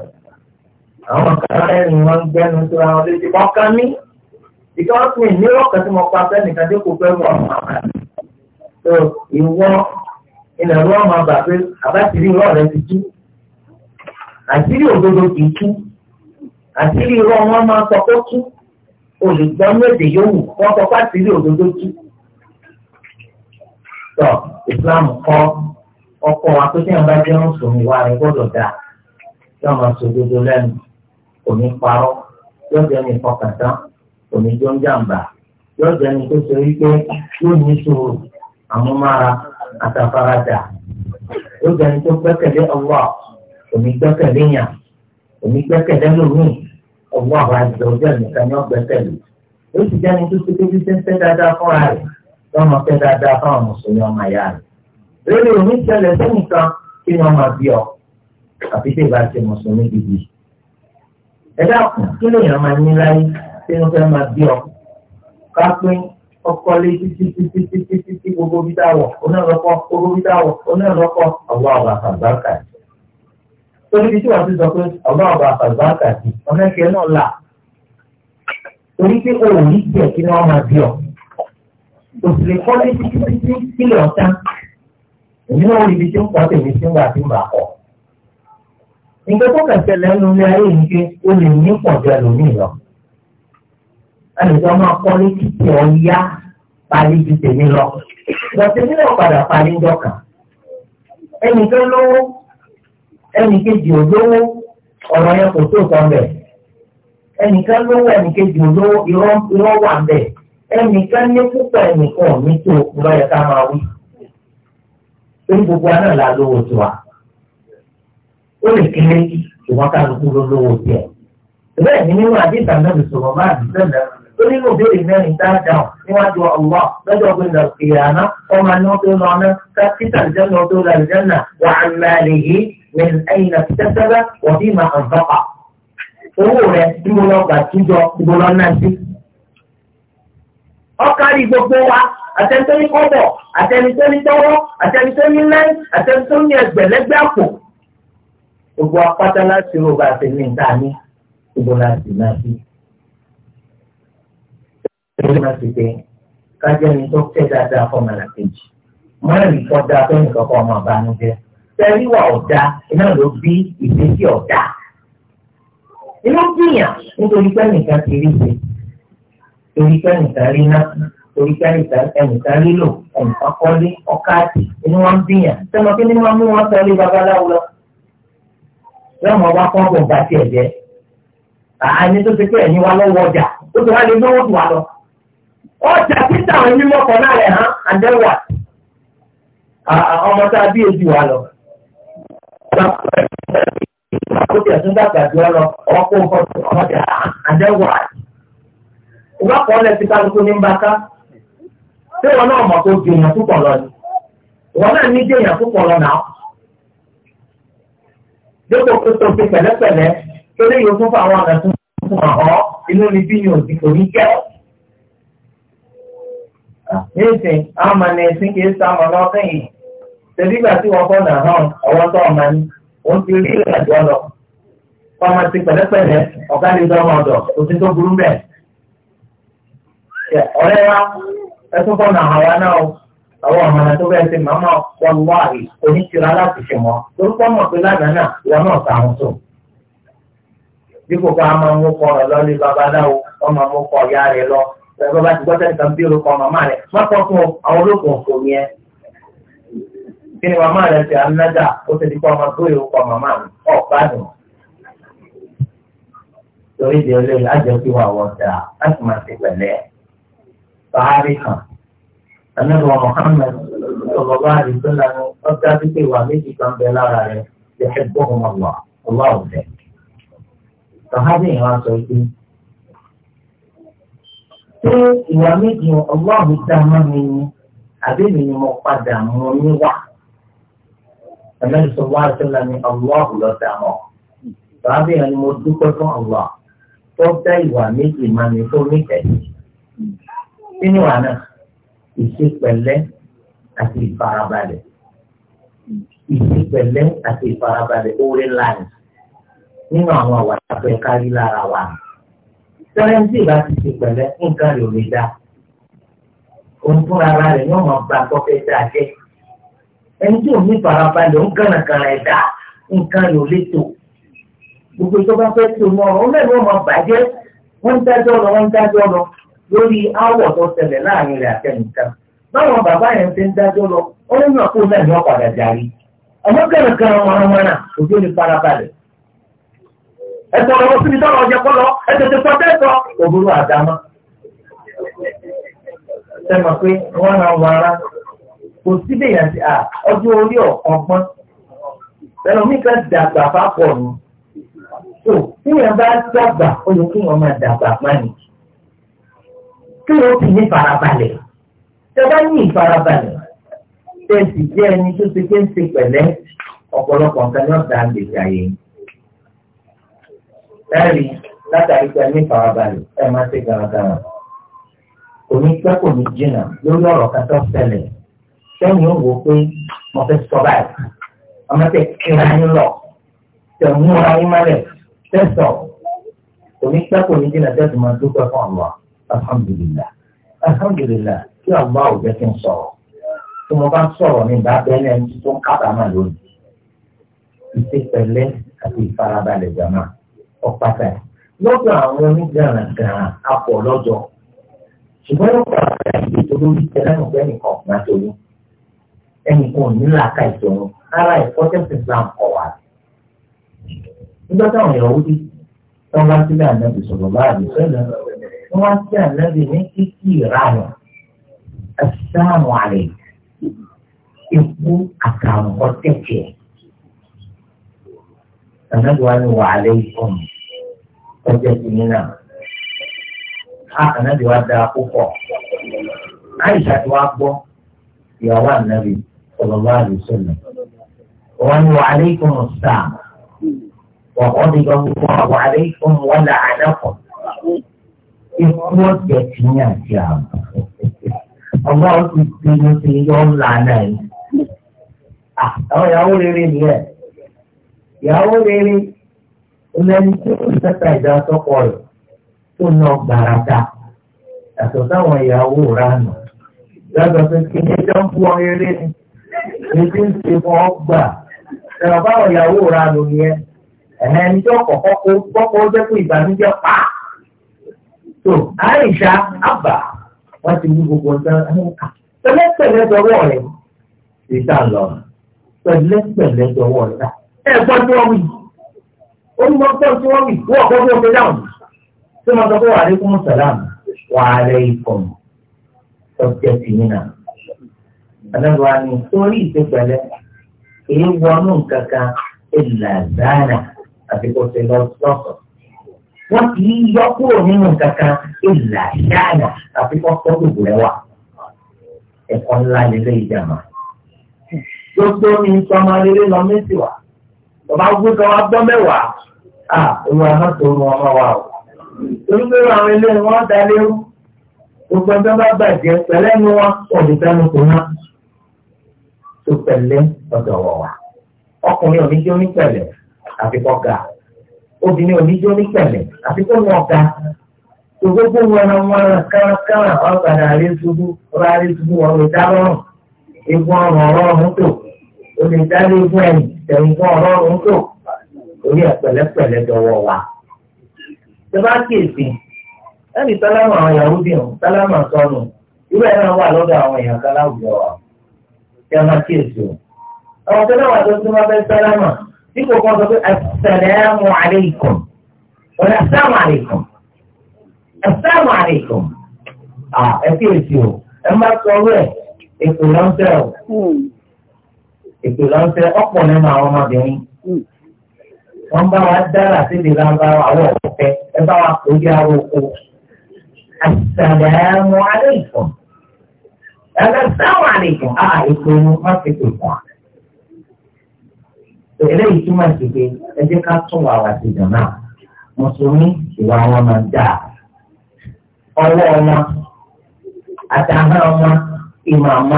àwọn kàrẹ́ ni wọ́n ń gbẹ́nu tó àwọn létí ọkà mi ìjọ ọ̀sìn ní ọ̀kà tí mo pa fẹ́ nìkan dé kò fẹ́ wọ̀ ọ̀hún àbá tó ìwọ ilẹ̀ ọ̀rọ̀ máa bà pé àbátìrí irọ́ rẹ ti tú àtìrí òdodo kì í tú àtìrí irọ́ wọn máa sọ pé tú olùgbọ́n méde yòówù wọ́n sọ pé àtìrí òdodo tú. tọ́ ìsìláàmù kọ́ ọkọ̀ wa pé téèyàn bá jẹ́ mùsùlùmí wa rẹ̀ gbọ́dọ̀ dà yóò máa sọ òdodo lẹ́nu kò ní parọ́ yóò jẹ́ ní ìfọkàntán kò ní jó ń jàǹbá yóò jẹ́ ní tó ṣe wípé yóò ní sùúrù àmúmára àtàfaradà ó jẹ́ ní tó gbẹ́kẹ̀lé ọwọ́ òní gbẹ́kẹ̀lé yàn òní gbẹ́kẹ̀lé lómi ọwọ́ àwọn àjọ ọjọ́ nìkan ní ọgbẹ́kẹ̀lé ó sì jẹ́ ní tó ṣe débi ṣe ń fẹ́ dáadáa fúnra rẹ̀ lọ́mọ fẹ́ dáadáa fáwọn mùsùlùmí ọmọ ìyá rẹ̀ rere òní ṣẹlẹ̀ sẹ́nìkan kí ni ọmọ bí ọ àfi tí ìbá ṣe mùsùlùmí gidi ẹ̀dá kí lèèyàn máa ní láyé tí wọ́n fẹ́ máa bí ọ ká pín ọkọ lé títí títí títí títí gbogbo bí dáwọ̀ onírọ̀kọ gbogbo bí dáwọ̀ onírọ̀kọ ọ̀gbọ́n ọ̀gbà àfàgbákà sí. torí bí tí wọ́n ti sọ pé ọ̀gbọ́n ọ̀gbà àfàgbákà sí ọ̀nẹ́kẹ́ náà là torí pé o ò ní tiẹ̀ kí wọ́n máa bí ọ. òsèlè kọ́ lé títí títí kílẹ̀ ọ̀tá èmi náà rí ibi tí ń pọ̀ tèmi tí ń gbà tí ń bà kọ̀. nǹkan tó kẹsẹ̀ lẹ́nu ilé ayé yìí pé o lè ní pọ̀ ẹnìkan máa kọ́ ní títẹ̀ ọ̀yá parí ju tèmi lọ. Ìgbọ̀nsẹ̀ mi náà padà parí ń dọ́kà. Ẹnìkan lówó, ẹnìkejì ò lówó, ọ̀rọ̀ yẹn kò tó sọ bẹ̀. Ẹnìkan lówó, ẹnìkejì ò lówó, irọ́ wà bẹ̀. Ẹnìkan ní púpọ̀ ẹnìkan mi tó lọ́yẹ ká máa wí. Torí gbogbo aná là lówó tiwa. Ó lè kéré ìwọ́n kálukú ló lówó tiẹ̀. Bẹ́ẹ̀ ni nínú àdìsá náà lè sọ̀rọ̀ máa dì sẹ́lẹ̀ onínú béèrè mẹ́rin dáadáa níwájú ọ̀wọ́ lọ́jọ́ gbẹ̀dọ̀ ìyànà ọmọ ní wọ́n tó lọ ná kápítà ìjọ́nà ọdún làlùjọ́nà wà á mẹ́rin yìí mẹ́rin ẹ̀yìn náà tẹ́tẹ́rẹ́ wọ́n bí mà ń bọ́pà. owó rẹ̀ níbo lọ gbà túnjọ níbo lọ náà sí. ọkàrí gbogbo wa àtẹnitóní kọ́bọ̀ àtẹnitóní tọ́wọ́ àtẹnitóní náírà àtẹnitóní ẹgbẹ̀lẹ́gbẹ̀ àpò. gbogbo apátá láti ro bàtẹ́ ní ìta ní ìbò láti náà sí ló máa ti dé kájẹ́ ni tó fẹ́ dáadáa fọmọ làkejì mọ́rin kọ́ dáa tó nìkan kọ́ ọmọ àbánú jẹ́ sẹ́ríwá ọ̀dà iná ló bí ìgbésí ọ̀dà inú gbìyàn nítorí pé nìkan ti rí ṣe torí pé nìkan rí náà torí pé ẹnìkan rí lò ẹnìkan kọ́lé ọ̀káàtì inú wọn gbìyàn sẹ́wọ́n kí ni wọ́n mú wọn sọ lé babaláwo lọ lọ́mọ wa kọ́ bọ̀ bá tiẹ̀ jẹ́ àá ní tó ti pé ẹ̀yin wa lọ́wọ́ ọjà ó ti wá lé lọ́wọ́ tó wà lọ. ọjà títà àwọn mímọ́ kan náà rẹ̀ hàn and a bí ojú wa lọ. ó ti ẹ̀sùn dàgbà jù ọ lọ ọwọ́ kó nǹkan tó ọmọ tẹ̀ and ní ṣé wọn náà ni náà ní púpọ̀ lọ náà. tó fi pẹ̀lẹ́pẹ̀lẹ́ torí yóò fún àwọn tó fún ọ̀họ́ inú nísìn àwọn ọmọ ẹ̀sìn kì í sá ọmọ lọ́kàn yìí tẹ̀sígbà tí wọ́n kọ́ hàn ọwọ́ tó ọmọ ní ti rí ìrìnàjò lọ ọmọ ti pẹ̀lẹ́pẹ̀lẹ́ ọ̀gá lè dán ọ̀dọ̀ òsín tó burú bẹ́ẹ̀. ọ̀rẹ́ wa kọ́ náà o àwọn ọmọ náà tó bẹ́ẹ̀ ti láti náà ìyá tẹ̀sán bá ti gbọ́ sẹ́ni kan bí orúkọ màmá rẹ̀ má kọ́ fún àwọn olóògùn òfò yẹn. kí ni màmá rẹ̀ ti ànájà ó ti di kọ́ ọmọ tó yẹ orúkọ màmá rẹ̀ ọ̀ gbádùn. torí ìdí olóyè àjọpín wà wọ́n dà láti máa ti pẹ̀lẹ́ báárì kan. anáwó Muhammad ọ̀bọ̀ báárì tó lanu ó dájú pé ìwà méjì kan bẹ lára rẹ̀ yẹ pé ìwà méjì ọlọ́run dá mọ́ mi ni àbí mi ni mo padà mọ́ mi wà. Ẹ̀mẹ́rin sọ wá sílẹ̀ ni ọlọ́run lọ dá mọ́. Bàbá yẹn ni mo dúpẹ́ fún ọ̀la tó dá ìwà méjì mọ́ mi fún mi tẹ̀lé. Nínú ìwà náà, ìṣepẹ̀lẹ́ àti ìfarabalẹ̀. Ìṣepẹ̀lẹ́ àti ìfarabalẹ̀ orí láàyè nínú àwọn àwàdà pẹ̀kárí lára wa tọ́lẹ́ǹtì bá ti ti pẹ̀lẹ́ nǹkan rẹ̀ ò lè dá òun fún ara rẹ̀ yóò máa gba tọ́fẹ́ dáa jẹ́ ẹni tí òun ní farabalẹ̀ òun gànà kan rẹ̀ dá nǹkan rẹ̀ ò lè tò gbogbo ìjọba fẹ́ tó mọ ọ̀rọ̀ ó lẹ́nu ọmọ bàjẹ́ wọ́n ń dájọ́ lọ wọ́n ń dájọ́ lọ lórí áwọ̀ tó ṣẹlẹ̀ láàrin rẹ̀ àtẹnìkan báwọn bàbá yẹn ti ń dájọ́ lọ ó lẹ́nu àpò náà ní ọ̀padà jàre ọmọ gànà kan wọn wọn náà òjò ní farabalẹ̀ ẹ̀sọ́ lọ́wọ́ síbi tọ́lọ̀ ọ̀jẹ̀ kọ́lọ́ ẹ̀sọ́ ti sọ bẹ́ẹ̀ sọ òbúrú àdámá. sẹ́mọ̀ pé wọ́n náà wọ ara kò síbẹ̀ yẹn ti à ọjọ́ orí ọ̀pọ̀n ẹlòmí kan dàgbà fápọ̀ ni tó tíyẹn bá dàgbà ó yẹ kí wọ́n máa dàgbà pánì kí wọ́n sì ní farabalẹ̀ tẹ bá ní ìfarabalẹ̀ tẹ sì jẹ́ ẹni tó ti ké ń ṣe pẹ̀lẹ́ ọ̀pọ̀lọpọ̀ nǹkan ní ọ̀dà àgbègbè ẹ̀rí látàrí pé ẹni farabalẹ̀ ẹ máa ṣe garagara kò ní pẹ́ kò ní jìnnà lórí ọ̀rọ̀ kan tó ṣẹlẹ̀ sẹ́yìn ó wò pé mo fẹ́ sọ báyìí ọmọ tẹ kíra yín lọ tẹ múra yín mọ́lẹ̀ tẹ sọ kò ní pẹ́ kò ní jìnnà tẹ́sí máa dúpẹ́ fún ọ̀rọ̀ alhamdulilah alhamdulilah kí ọgbà ò kí n sọ̀rọ̀ tí mo bá sọ̀rọ̀ ní ìgbà tó ń kábàámà lónìí ìṣe ọ̀pàtà lọ́dọ̀ àwọn onígbàràngàrà apọ̀ lọ́jọ́ ṣùgbọ́n lọ́pọ̀ àgbà ìdí tó lórí tẹ́lẹ̀mù bẹ́ẹ̀ nìkan máa torí ẹnìkan ò ní làákà ìṣòro ara ìfọ́tẹ́sì Islam kọ̀ wá. nígbà táwọn ìyàwó dé wọ́n wá sílẹ̀ ànábì sọ̀rọ̀ bá àbí sẹ́lẹ̀ wọ́n wá sílẹ̀ ànábì ní kíkì ìranù asáàmù àlè ikú àtàwọn ọ̀tẹ̀kẹ̀ ànábì wa ni wà á ọjọ́ ti ní náà. Ànábì wa dáa púpọ̀. Àìsà tí wàá gbọ́ ìyàwó ànábì sallallahu alaihi wasallam. Wọ́n ní wa alaykum assalam. Wọ́n kọ́ ní gbogbo àwọn alaykum wa la'anakum. Ikú ọ̀jẹ̀ ti ní àti àbọ̀. Ọgbà ó ti ní ti yọ ńlá náà yìí. Ah, àwọn ìyàwó rere nìyẹn. Ìyàwó rere ìlẹ́ni tí ó sẹ́ta ìdá sọ́kọ rẹ̀ tó ná gbàràtà yàtọ̀ táwọn ìyàwó ránù yàtọ̀ pé kí ni ẹjọ́ ń fún ọ eré ni ètí ń ṣe fún ọ gbà ẹ̀rọ báwọn ìyàwó ránù yẹn ẹ̀hẹ́ ẹni tó kọ̀kọ́ kó kọ́kọ́ jẹ́ pé ìbànújẹ́ pa tó àìsà àbà wọ́n ti wí gbogbo ọ̀sán pẹ̀lẹ́pẹ̀lẹ́ dọwọ́ rẹ̀ ìta lọ pẹ̀lẹ́pẹ̀lẹ́ dọwọ́ rẹ̀ ẹ̀ gbọ́dọ̀ wí olùkọ́ pọ̀ tí wọ́n wì wọ́n kọ́ bí wọ́n ṣe dáhùn tí wọ́n sọ pé wà á lékún sàlámù wà á lẹ́ ikùn ọ̀jẹ̀ sí ni sórí ìṣèpẹ̀lẹ̀ èyí wọnú kankan ìlà dáná àti kò ṣe lọ́sọ̀tọ̀. Wọ́n ti yọ kúrò nínú kankan ìlà dáná àti kò sọ gbogbo rẹ̀ wà. Ẹ̀kọ́ ńlá lélẹ̀ ìjàmà. Gbogbo mi sọmọ lélẹ̀ lọ mí wa. Bàbá gbé kan gbọ́ mẹ́wàá. A àmọ́ tó ọmọ wa o. Onye àwọn ilé wọn Gbogbo ọjọ́ bá bàjẹ́ pẹ̀lẹ́ wọn kò ná. Tó pẹ̀lẹ́ ọ̀dọ̀ wọ̀ wá. Ọkùnrin ní ga. Obìnrin ní pẹ̀lẹ́ Gbogbo wọn wọn ṣubú ṣubú Egun ọ̀rọ̀ ọ̀rọ̀ Olè egun ẹ̀yìn orí ẹ̀pẹ̀lẹ́pẹ̀lẹ́ dọwọ́ wa. ṣé bá kíyèsí ẹnì sálámù àwọn yahudi hàn sálámù àtọ́nù irú ẹ̀ wà lọ́dọ̀ àwọn èèyàn kan láwùjọ wa. ṣé máa kíyèsí o. àwọn tó náà wà tó tún máa fẹ́ sálámù tí kò kọ́ sọ pé ẹ kíyèsí o ẹ sọ hmm. ọ̀pọ̀ wọ́n bá wa dára síbi lágbára àwọn ọ̀pẹ ẹ bá wa kó yá oko. Assalamu alaykum. Assalamu alaykum. a ètò inú má fi pè fún wa. eléyìí túmọ̀ sí pé ẹ jẹ́ ká tún wà wá sí jọ̀nà mùsùlùmí ìwà wọn máa dà ọwọ́ ọmọ àtàhán ọmọ ìmọ̀ ọmọ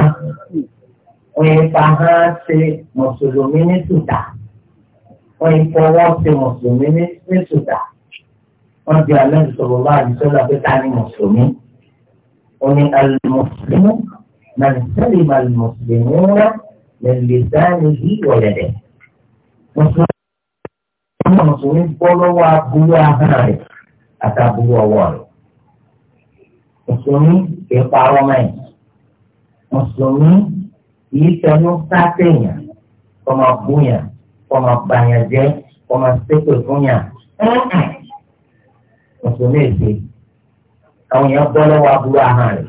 òye fàhán ṣe mùsùlùmí ní tùtà wọ́n yí fọ́ wọ́n ti mùsùlùmí ní sùdà wọ́n di alẹ́ ìṣòro bá àdìsọ́lá pé ta ni mùsùlùmí wọ́n ní alùmùsùlùmí màá sẹ́lẹ̀ màá mùsùlùmí rẹ̀ lè lè sáyẹn yí ọ̀lẹ̀dẹ̀ mùsùlùmí mùsùlùmí bọ́ lọ́wọ́ aburú ahọ́n rẹ̀ àtàbúrú ọwọ́ rẹ̀ mùsùlùmí kì parọ́ mẹ́yìn mùsùlùmí kì í tẹnu sátéèyàn kọ́mọ búyàn kọ́ máa bàyàn jẹ́ kọ́ máa ṣépè fún yàn. mùsùlùmí èdè àwọn èèyàn bọ́ lọ́wọ́ aburú ahọ́n rẹ̀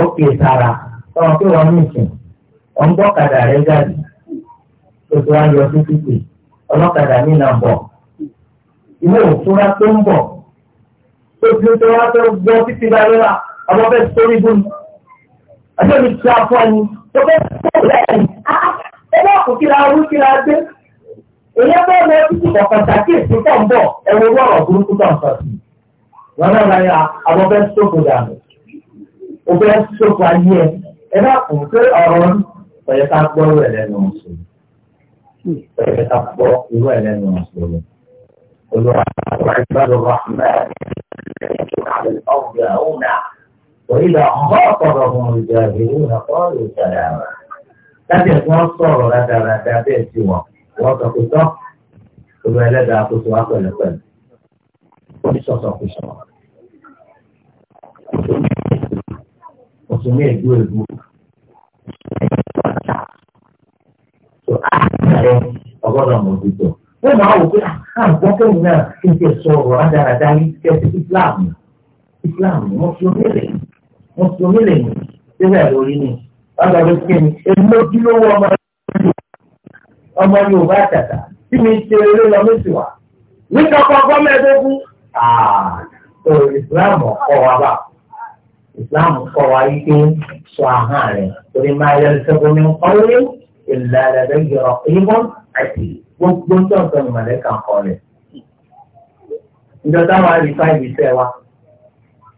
ó kì í sára tọ́wọ́n pé wọ́n ní ìsìn wọ́n gbọ́ kàdà rẹ̀ gàdì tuntun wa yọ títí pé ọlọ́kadà mi nà bọ̀ ìwé òfúra tó ń bọ̀ tó ti tó wá tó gbọ́ títí báyìí wá ọmọ bẹ́ẹ̀ sórí bùn àti omi tí a fọ́ ni tó bẹ́ẹ̀ tó bẹ́ẹ̀ kù kí la rú kí la dé èyí bá ọmọ títí kọ̀ọ̀kan ṣàkíyèsí tó ń bọ̀ ẹ̀rọ owó ọ̀rọ̀ burúkú tó ń sọ sí wọn náà láyé àwọn bẹ́ẹ̀ sọ́kò dànù ó bẹ́ẹ̀ sọ́kò ayé ẹ ẹ bá kù pé ọ̀rọ̀ ọ̀yẹ́ ká gbọ́ irú ẹ̀ lẹ́nu ọ̀sùn ọ̀yẹ́ ká gbọ́ irú ẹ̀ lẹ́nu ọ̀sùn olùwà àgbàdo rahman ọ̀gbà ọ̀nà òyìnbó ọ̀gbà ọ̀pọ̀lọpọ̀ ìjà ìlú nàkọ́ ìjà yàrá lábẹ́ wọn sọ̀rọ̀ rádaràda bẹ́ẹ̀ tí wọn wọ́n sọ pé tọ́ olùwà ẹlẹ́dàá àkóso wa pẹ̀lẹ́pẹ̀lẹ́ wọ́n ti sọ̀sọ̀ kò sọ̀ òsùnmí ègbó ègbó tó a rẹ ọgọ́dọ̀ mọ̀tòtò wọ́n máa wò pé àgbọ̀n ah, kẹ́yìn náà kí n ti sọ̀rọ̀ rádaràda yìí kẹ́sì Islam Islam mùsùlùmí lè mùsùlùmí lè ní síbẹ̀ lórí ni ọlọ́run kí ni èmi ojúlówó ọmọ ọmọ Yorùbá tàtà tí mi ṣe eré lọ méjì wá ní kankan ọgbọ́n mẹ́ẹ̀ẹ́dógún tó ìsìláàmù ọkọ wa bá ìsìláàmù kọ́ wa yí pé sọ ahọ́n rẹ̀ torí máa yẹ ìṣẹ́gun ní ọ̀rẹ́ ìlànà ìyọ̀rọ̀ ìbọn àti gbogbo tó ń mọ̀lẹ́kà kọ́ rẹ̀. ìjọba wa rí fáìlì iṣẹ́ wa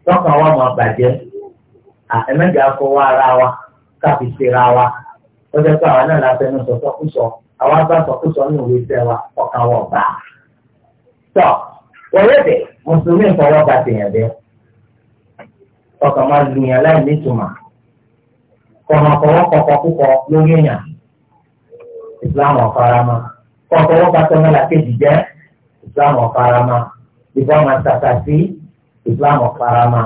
tọkàn wa máa bàjẹ́ àtẹnẹ́jà fọwọ́ ara wa káfi ṣera wa ó jẹ́ pé àwọn náà la fẹnu sọ̀sọ́kùsọ àwọn bá sọ̀kùsọ ní òwe tẹ wa ọkàn wọ̀ bá. tọ́ wọlé dẹ̀ mùsùlùmí ìfọwọ́ bá tèèyàn dẹ́ ọkàn máa lu yàn láì nítumọ̀ kọ̀mọ̀kọ̀wọ́ kọ̀kọ́ púpọ̀ lórí èèyàn ìsìláàmù ọ̀farama kọ̀ọ̀kọ̀wọ́ bá tọ́ mẹ́la kejì jẹ́ ìsìláàmù ọ̀farama ìbọn máa tàkà sí ìsìláàmù ọ̀farama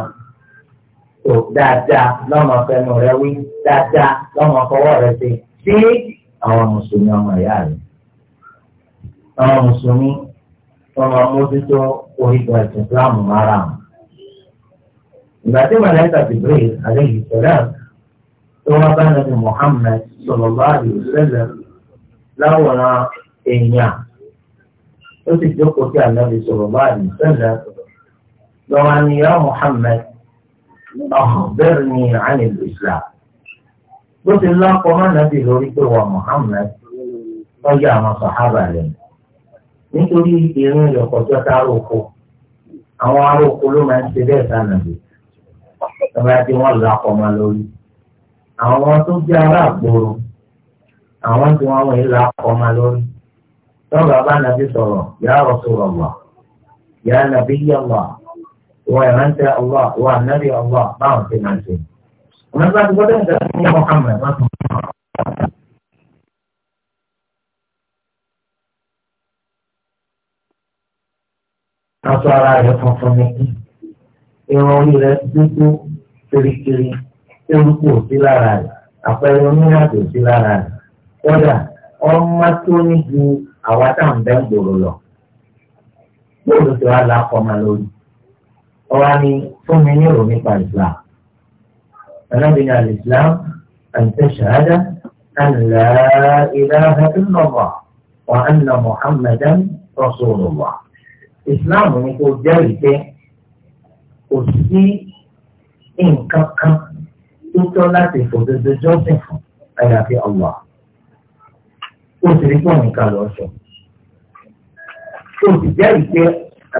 tó dáadáa lọ́mọ fẹnu rẹ wí dáadáa lọ́mọ fọwọ́ rẹ ṣe sí àwọn mùsùlùmí ọmọ ìyá rẹ àwọn mùsùlùmí ọmọ mójútó orígun ẹ̀sìn Islámù mara hàn. ìgbà tí mọ̀lẹ́ta ti bèrè àléyìí sẹ́lẹ̀ tó wá bá nàbì Muhammad sallallahu alaihi wasallam láwòrán èèyàn ó sì jókòó sí ànábì sallallahu alaihi wasallam lọ́wọ́ ni yá Muhammad. أخبرني عن الإسلام قلت الله قمان نبي لوريك ومحمد ọjà àwọn sàhábà a roko àwọn aróko ló máa ń ṣe bẹ́ẹ̀ sànàbí ọba tí tó jẹ́ ará àwọn tí wọ́n wọ̀nyí là kọ́ lórí tọ́wọ́ bàbá nàbí sọ̀rọ̀ nàbí ìwọ ìrántí ọlọ́ ìwọ ànábì ọlọ́ báwọn ti máa ṣe. Àwọn ẹgbẹ́ àtúgbọ́dọ̀ ìjà sí Mọ́hàmmad máa tún fún ọ. Aṣọ ara rẹ̀ funfun ni kí. Irun orí rẹ̀ dúdú kirikiri. Eruku ò sí lára rẹ̀. Àpẹẹrẹ onírìnàjò sí lára rẹ̀. Kódà, ọmọ tó ní ju àwa táwọn bẹ́ẹ̀ gbòòrò lọ. Bóòlù tí wàá lápọ̀ máa lórí. ọwọ́ ni fún mi ní ìròyìn nípa islam anábìnrin àlè islam àti ṣahada an la ilaha illallah wa anna muhammadan rasulullah islam ni kò jẹ́rìí pé kò sí nǹkan kan tó tọ́ láti fòdodo jọ́sìn fún àyàfi allah ó ti rí fún nǹkan lọ́sọ̀ọ́. Ó ti jẹ́rìí pé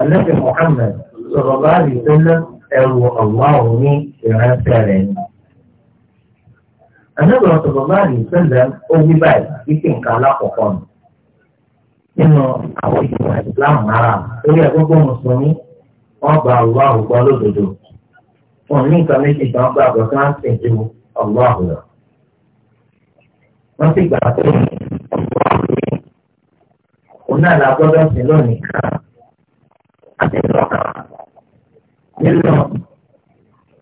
àlẹ́ fi muhammed. sọ̀rọ̀ bá rí sẹ́lẹ̀ ẹrù ọ̀wáhùn ní ìránṣẹ́ rẹ̀ ni. Àdébọ̀ sọ̀rọ̀ bá rí sẹ́lẹ̀ ó wí báyìí títí nǹkan alákọ̀ọ́kọ́ nù. Nínú àwọn ìgbà ìsìláàmù ara torí ẹ̀gbọ́gbọ́ mùsùlùmí wọ́n gba ọ̀wáhùn gbọ́ lódodo. Wọ́n ní nǹkan méjì kan gba àbọ̀tán ṣe ju ọ̀wáhùn lọ. Wọ́n sì gbà pé ọ̀wáhùn àti lọ́kàn nínú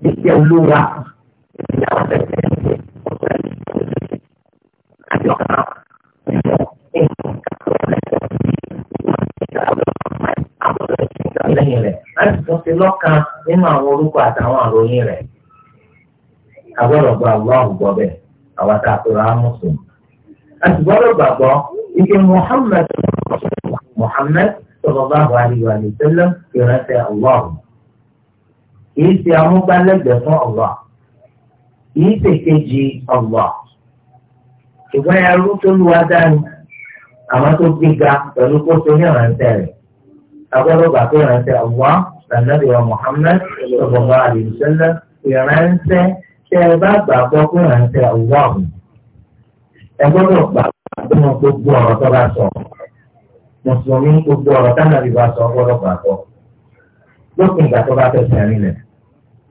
iṣẹ́ olúwa ìyàwó tẹ̀sẹ̀ ṣe ọ̀sẹ̀ ìṣẹ̀lẹ̀ àti ọ̀kan nínú nǹkan tó lẹ́sẹ̀ sí ìgbà àwọn ìṣẹ̀lẹ̀ lẹ́yìn rẹ̀ láti tún ṣe lọ́kàn nínú àwọn sallallahu alaihi wa sallam ìrẹsẹ̀ Allah kìí ṣe amúgbálẹ́gbẹ̀ẹ́ fún Allah kìí ṣe kejì Allah ṣùgbọ́n ẹrú tó lu adáni àwọn tó gbéga pẹ̀lú kó tó ní ìrẹsẹ̀ rẹ̀ agbọ́dọ̀ gbà pé ìrẹsẹ̀ Allah sànàbí wa Muhammad sallallahu alaihi wa sallam ìrẹsẹ̀ tẹ ẹ bá gbàgbọ́ pé ìrẹsẹ̀ Allah ẹ gbọ́dọ̀ gbà pé wọn gbogbo ọ̀rọ̀ tó bá sọ̀rọ̀ mùsùlùmí gbogbo ọ̀rọ̀ táwọn àbí bá sọ ọgbọ́dọ̀ gbà gbọ́ lópin ìgbà tó bá fẹsẹ̀ rìn lẹ̀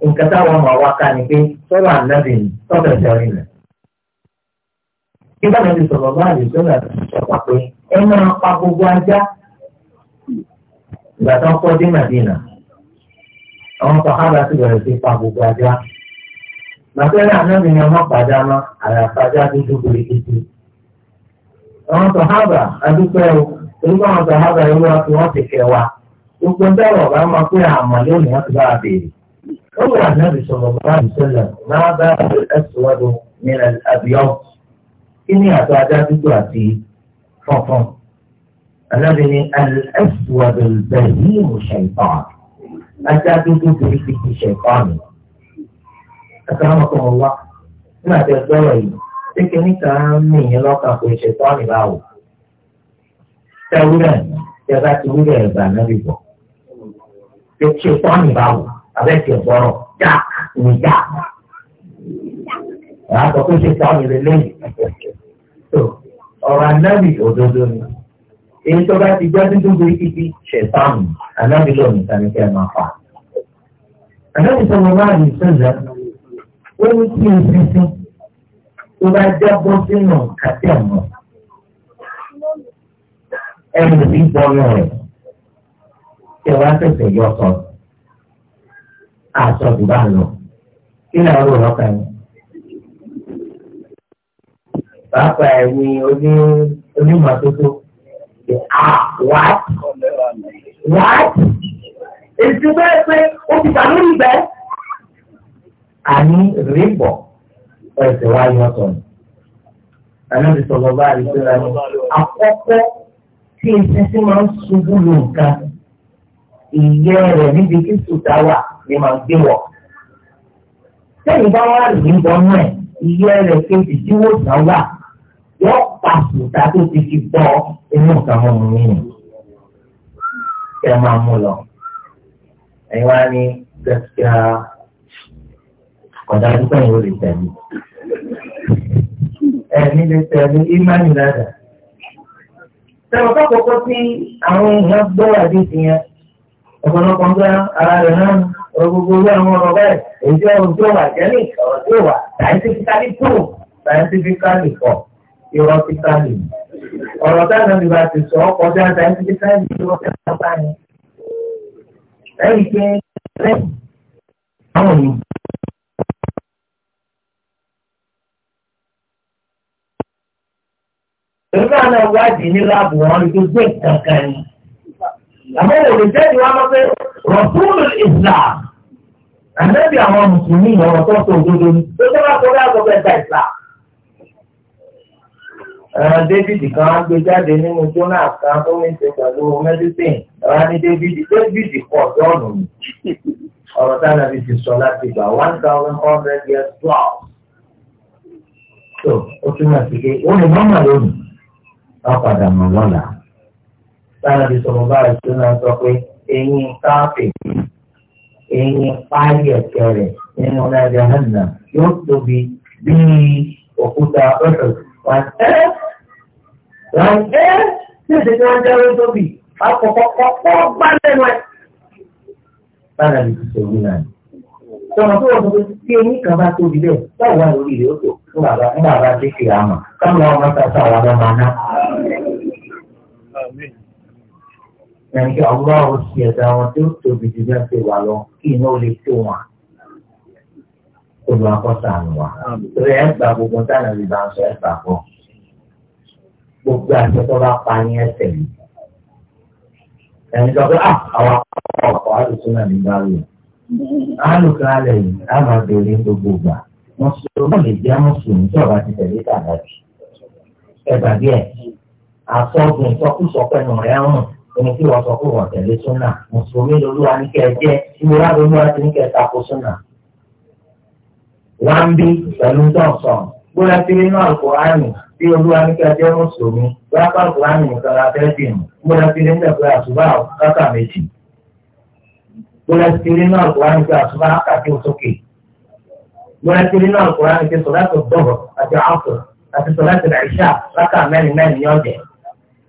nǹkan táwọn ọmọ wa ká ni pé sọ́dọ̀ ànábì tó fẹsẹ̀ rìn lẹ̀. nígbà tí sọ̀rọ̀ bá àlè tó là sọ pa pé ẹ máa pa gbogbo ajá ìgbà tó ń kọ́ dé màdínà àwọn sọ̀hábà sì bẹ̀rẹ̀ sí pa gbogbo ajá. màtẹ́rẹ́ ànábì ni ọmọ padà mọ́ dúdú gbèrè nígbà wọn sọ hábà irú wọn fi wọn ti kẹ wa gbogbo dáwọ ọba máa pé àmọ́ lónìí wọn ti bá a béèrè wọn wà nábì sọlọ bá a sọlọ náà bá ẹsùn wọn lọ nílẹ̀ àbíọ kí ni àtọ ajá dúdú àti fọfọn anábì ni ẹsùn wọn lọ bẹ́ẹ̀ yìí ajá dúdú torí ti ti ṣe ìtàn mi wa nígbà tí ẹ tẹ wúrẹ̀ tẹ bá ti wúrẹ̀ ẹ̀gbà náà lè bọ̀. Ṣé ṣe tọ́ni Abẹ́tì ọ̀gbọ́rọ̀ já ní já. Wàá ṣe tọ́ni rẹ lẹ́yìn. Ọ̀rọ̀ anábì òdodo ni. Èyí tó bá ti jáde dúdú ibi ṣẹ̀tọ́nù, anábì lò ní sanitẹ́ máa fà. Anábì sọ̀rọ̀ máa ní sọ̀rọ̀ ó ní kí n sísí tó bá jábọ́ sínú kàtí ẹnu ti gbọ́nù rẹ̀ tí wọ́n á tẹ̀sẹ̀ yọ sọ àṣọ ìbá lọ kí ni àwọn olùrọ̀kà yẹn. pàápàá ẹ̀mí oní onímọ̀tótó ṣe à wáàt wáàt èsì bẹ́ẹ̀ pé ó ti bà lórí ìgbẹ́. àní rìbọ̀ ẹsẹ̀ wáyé ọ̀tọ̀ ni. àná ti sọ̀rọ̀ báyìí pé àkọ́kọ́ tí iṣẹ́ tí máa ń ṣubú lu nǹkan ìyẹ́ rẹ̀ níbi tí sùtà wà ni máa gbé wọ̀. sẹ́yìn bá wà rí bọ́nú ẹ̀ ìyẹ́ rẹ̀ kejì tí wò sàn wà yọ pa sùtà tó ti fi bọ́ inú nǹkan mọ́ mi nìyẹn. ẹ máa mú lọ. ẹ̀yin wá ní gẹ́gẹ́ kọ̀dá dúpẹ́ yìí ó lè tẹ̀lé. ẹ̀ nílé tẹ̀lé ìmánì dáadáa sọ̀rọ̀ kọ́kọ́kọ́ tí àwọn èèyàn gbọ́ àdéhùn yẹn ọ̀pọ̀lọpọ̀ ńlá ara rẹ̀ náà ọ̀rọ̀ gbogbo orí àwọn ọ̀rọ̀ bẹ́ẹ̀ èyí tí ọ̀rọ̀ tó wà jẹ́lì ọ̀rọ̀ tó wà scientifically true scientifically kọ̀ theoretically ọ̀rọ̀ táwọn ọ̀rọ̀ bá ti sọ ọkọ̀ bí scientifically ló fẹ́ sọ báyìí lẹ́yìn pé lẹ́yìn àwọn pẹ̀lú náà náà wádìí ní láàbù wọn ní gbogbo nǹkan kan ni. àmọ́ olùjẹ́ni wa máa fẹ́ rọ̀túnù islam ànábì àwọn mùsùlùmí ọ̀rọ̀ tó tó òdodo ni tó tó bá tó bá tó bẹ́ẹ̀ ta islam. ẹ̀rọ david kan á gbé jáde nínú jóná kan tó ní ṣe pẹ̀lú mẹ́dísìn ẹ̀rọ ní david david kọ̀ dọ́ọ̀nù mi. ọ̀rọ̀ táwọn àbí ti sọ láti gbà one thousand hundred years twelve. tó o túmọ̀ sí pé ó lè mọ́mọ́ lónìí ọ̀padà mọ̀ lọ́la. Sáàbì sọ̀rọ̀ báyìí tó náà sọ pé eyín káfí eyín páálí ẹ̀kẹ́ rẹ̀ nínú náírà hànà yóò tóbi bíi òkúta ọ̀rọ̀ wọn ẹ́ wọn ẹ́ tí èdè tí wọ́n jáwé tóbi akọ̀kọ̀kọ̀ gbá lẹ́nu ẹ̀. Sáàbì sọ̀rọ̀ náà sọ̀rọ̀ tó wọ́n sọ pé tí eyín kan bá tóbi bẹ́ẹ̀ báwo wà lórí rẹ̀ ó nígbà bá dé kì í àmà káwọn ọmọ tata wà lọ máa ná. Ẹ̀yin kí ọlọ́ ò sí ẹ̀dá wọn tó tóbi jù bá ti wà lọ kí iná ó lè tó wọn. Olú akọ́sà àmì wa. Rẹ̀ ẹ̀ gbà gbogbo táwọn ẹ̀rí bá sọ ẹ̀ gbà pọ̀. Gbogbo àti ẹ̀kọ́ bá pa ní ẹsẹ̀ yìí. Ẹ̀yin sọ pé ah, àwọn ọkọ̀ àdùsùn náà ní bá rí. Àlùkò alẹ̀ yìí á máa bèèrè gbogbo gbà mùsùlùmí lè jẹ́ mùsùlùmí tí ọba ti tẹ̀lé tàbí ẹgbà díẹ̀ àsọ̀gùn ìsọkúsọ pẹ̀lú rẹ̀ ń rùn ẹni tí wọ́n sọ pé wọ́n tẹ̀lé súnà mùsùlùmí lolúwa ní kẹ́ ẹ jẹ́ ìmúra lolúwa ti ní kẹ́ ẹ tako súnà. wọ́n ń bí pẹ̀lú tọ̀sán gbọ́dọ̀ sí nínú àlùkòránì tí olúwa ní kẹ́ ẹ jẹ́ mùsùlùmí gbọ́dọ̀ àlùkòránì nìkan la fẹ́ bì mù gbọ́dọ̀ sí nínú ẹ̀kọ́ àtúbà kákà méjì gbọ́dọ̀ sí nínú àlùkòránì kí àtúbà kàkí òsókè lọ́la ti rí náà kóra ní ti sọ̀rọ̀ àti ọ̀dọ́bọ̀ àti ọ̀fọ̀ àti sọ̀rọ̀ àti ìṣá rákà mẹ́rin mẹ́rin ní ọ̀dẹ̀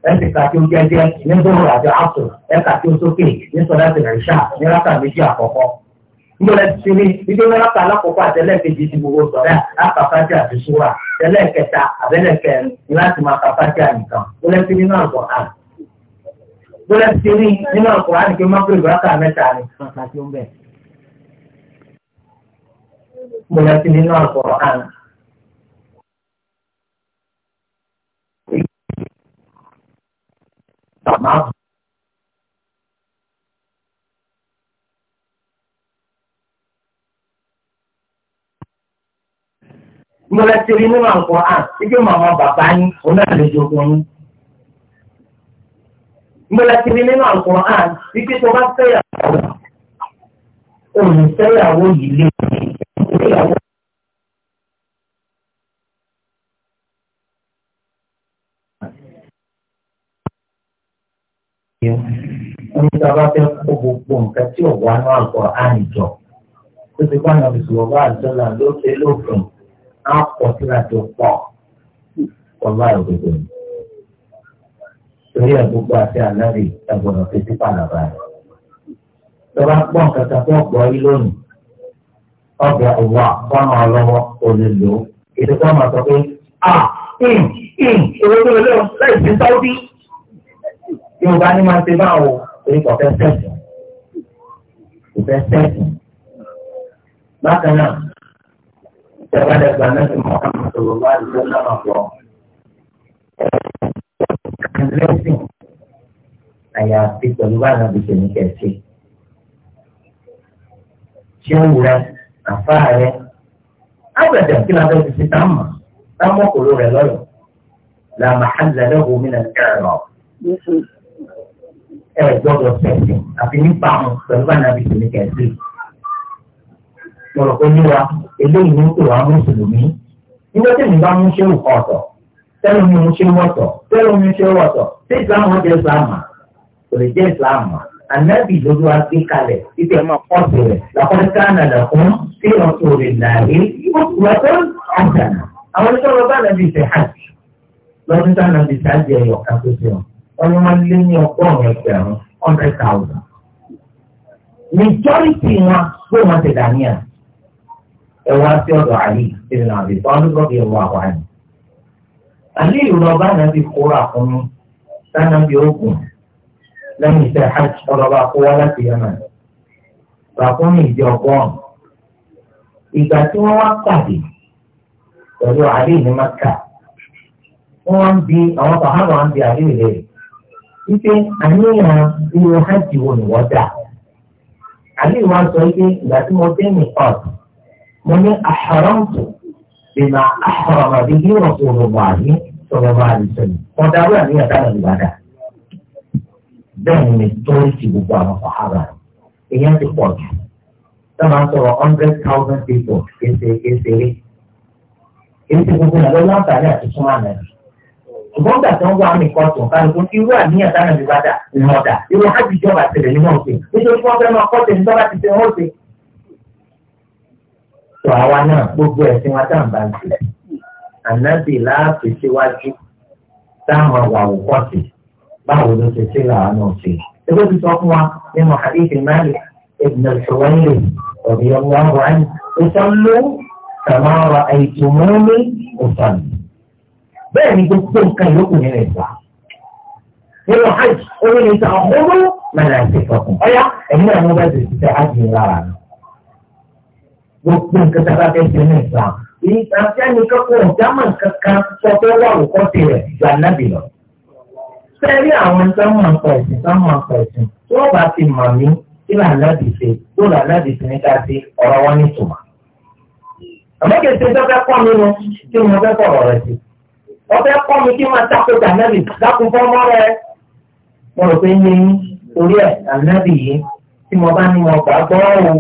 ẹ̀sìn kàkí ojú ẹjẹ́ ní gbòòrò àti ọ̀fọ̀ ẹ̀ka tí ó sókè ní sọ̀rọ̀ àti ìṣá ní rákà méjì àkọ́kọ́. lọ́la ti ti rí ibi rákà alákọ̀ọ́kọ́ àtẹlẹ́kejì ti gbogbo sọ̀rọ̀ àkàfájì àti súra tẹlẹ́kẹta àbẹ́lẹ́kẹrin láti máa kàfájì àyíkan lọ́la ti rí náà ti rí nínú àkùrá nìkan mákùrẹ́ ìbúrákà mẹ́ta ni mo lọ sí nínú àgbọ̀ hàn. Màmá mo lọ sí nínú àgbọ̀ hàn ibi màmá bàbá yín òun náà lè jogun yín. Mo lọ sí nínú àgbọ̀ hàn ibi tó bá fẹ́yàwó òun fẹ́yàwó yìí lé. yẹn ní sábà fẹ́ kó gbogbo nǹkan tí òwò àná àgọ́ àìjọ tó ti bá nàbì sọ̀rọ̀ bá àdúrà ló ṣe lófin á pọ̀ síra tó pọ̀ ọlá òdodo ni torí ẹ̀ gbogbo àti àlárè ẹ̀gbọ́dọ̀ fi sí pàlàbà rẹ̀ tọ́ba pọ̀ nǹkan kan tó gbọ́ yí lónìí ọgbà ìwà fọ́nà ọlọ́wọ́ olè lò èdè kan sọ pé ah ìn ìn ìwé tó lè lọ láì sí sáwọ́dí. Yorùbá ní máa ń ṣe báwo èyí kò fẹ́ sẹ́sìn kò fẹ́ sẹ́sìn. Bákan náà ìjọba dẹ̀gbà náà ti mọ̀ káàmù sọ̀rọ̀ wá ìjọ náà pọ̀. Kàndínlẹ́sìn àyàfi pẹ̀lú bá náà bìtẹ̀ ní kẹ̀sì. Ṣé ó wúra àfáà rẹ̀? Àgbẹ̀dẹ̀ kí la fẹ́ fi sí táàmù táàmù kòró rẹ̀ lọ́yọ̀. La mahalla lahu min al-i'rab ẹ gbọ́dọ̀ sẹ̀sìn àfi nípa àwọn pẹ̀lú bànàbí tòní kẹ̀sì. Lọ́rọ̀ pé níwa eléyìí ní kò wá mùsùlùmí. Nígbà tí mi bá mú ṣé òkò ọ̀tọ̀, tẹ́lẹ̀ mi mú ṣé wọ̀tọ̀, tẹ́lẹ̀ mi ṣé wọ̀tọ̀, ṣé ìsìlámù wọn jẹ́ ìsìlámù? Kò lè jẹ́ ìsìlámù. Ànábì lójú wa gbé kalẹ̀ títí ẹ̀ máa pọ̀ sí rẹ̀. Làkọ́ni káànà lẹ̀kún sí ọ̀tún rẹ̀ láàyè. Ìwọ́sùwọ́sọ́ ọ̀gànà. Àwọn oníṣòwò bá nàbì ṣe hajj. Lọ́dún sáà nàbì ṣe hajj ẹ̀yọ̀ kan tó ṣe wọn ọmọ máa lé ní ọgọ́rùn-ún ẹgbẹ̀rún hundred thousand. majority wọn ló wọn ti dàníyà ẹ wá sí ọ̀dọ̀ àlè ìrìnà àbíkọ́ ọlọ́dọ̀dọ̀ ẹ̀wọ̀ àwọn àyè. àlè ìrọ̀lọ́ bá náà ti kóra fún mi sáná bí ogun lẹ́yìn iṣẹ́ hajj ọlọ́ba kó wá láti yamma ràkúnmí ìdí ọgọ́rùn ìgbà tí wọ́n wá pàdé pẹ̀lú àlè ní maka wọ́n ń bi àwọn sàhánà ń bi àlè rẹ̀ wípé àníyàn ilé hajj wo ni wọ́n dà àbí wọ́n sọ wípé ìgbà tí mo dé ní ọ̀d mo ní àhàrọ̀ǹtò bìnnà àhàrọ̀mà bíi bí wọ́n sọ̀rọ̀ wà ní sọ̀rọ̀ wà ní sọ̀rọ̀ wọ́n dá wíwà níyàn dáná ìgbà dà bẹ́ẹ̀ ni torí ti gbogbo àwọn sàhábà ìyẹn ti pọ̀ jù sábà sọ̀rọ̀ hundred thousand people kéṣe kéṣeré kéṣe gbogbo ìyàwó láǹfààní àti súnmọ́ àná yìí ṣùgbọ́n gbà tó ń wá mi kan sùn kálukú irú àníyàn dáná mi bá dà ìmọ̀ dà irú hajj ìjọba tẹ̀lé ní wọ́n ṣe nítorí wọ́n fẹ́ máa kọ́ tẹ̀lé nígbà tí tẹ̀ wọ́n ṣe. sọ àwa náà gbogbo ẹ̀sìn wa tá à ń bá ń ṣe ànábì láàfin síwájú táwọn àwà òkọ́ sí báwo ló ṣe ṣe làwọn náà ṣe. ẹgbẹ́ ti sọ fún wa nínú hadithi Malik ibn al-Huwairi radiyallahu anhu ìsọ̀lú kama ra'aytumuni usalli bẹ́ẹ̀ ni gbogbo nǹkan ìlókù nínú ìgbà nínú hajj olú ní ta ọ̀húnrú mẹ́rin àti ìfọ̀kùn ọ̀yá ẹ̀mí àwọn bá ti ṣiṣẹ́ hajj lára rẹ̀ gbogbo nǹkan tá a bá fẹ́ ṣe ní ìgbà àti ẹnìkan kò jámà kankan sọ́tọ́ wà lóko tirẹ̀ gbà nábì lọ. sẹ́rí àwọn tó ń mọ̀ ọ̀pọ̀ ẹ̀sìn tó ń mọ̀ ọ̀pọ̀ ẹ̀sìn tí wọ́n bá ti mọ̀ mí kí làǹdàbì ṣe tó làǹdàbì ṣe ní ká sí ọ̀rọ̀ wọn nítumọ̀. àmọ́ kìí ṣe tó fẹ́ kọ́ mi nu kí ni ọ̀fẹ́ kọ́ mi kí n máa tako dànàbì dákun fọ́mọ́ rẹ. mo rò pé ní orí ẹ̀ dànàbì yìí tí mo bá ní mo gbà gbọ́ o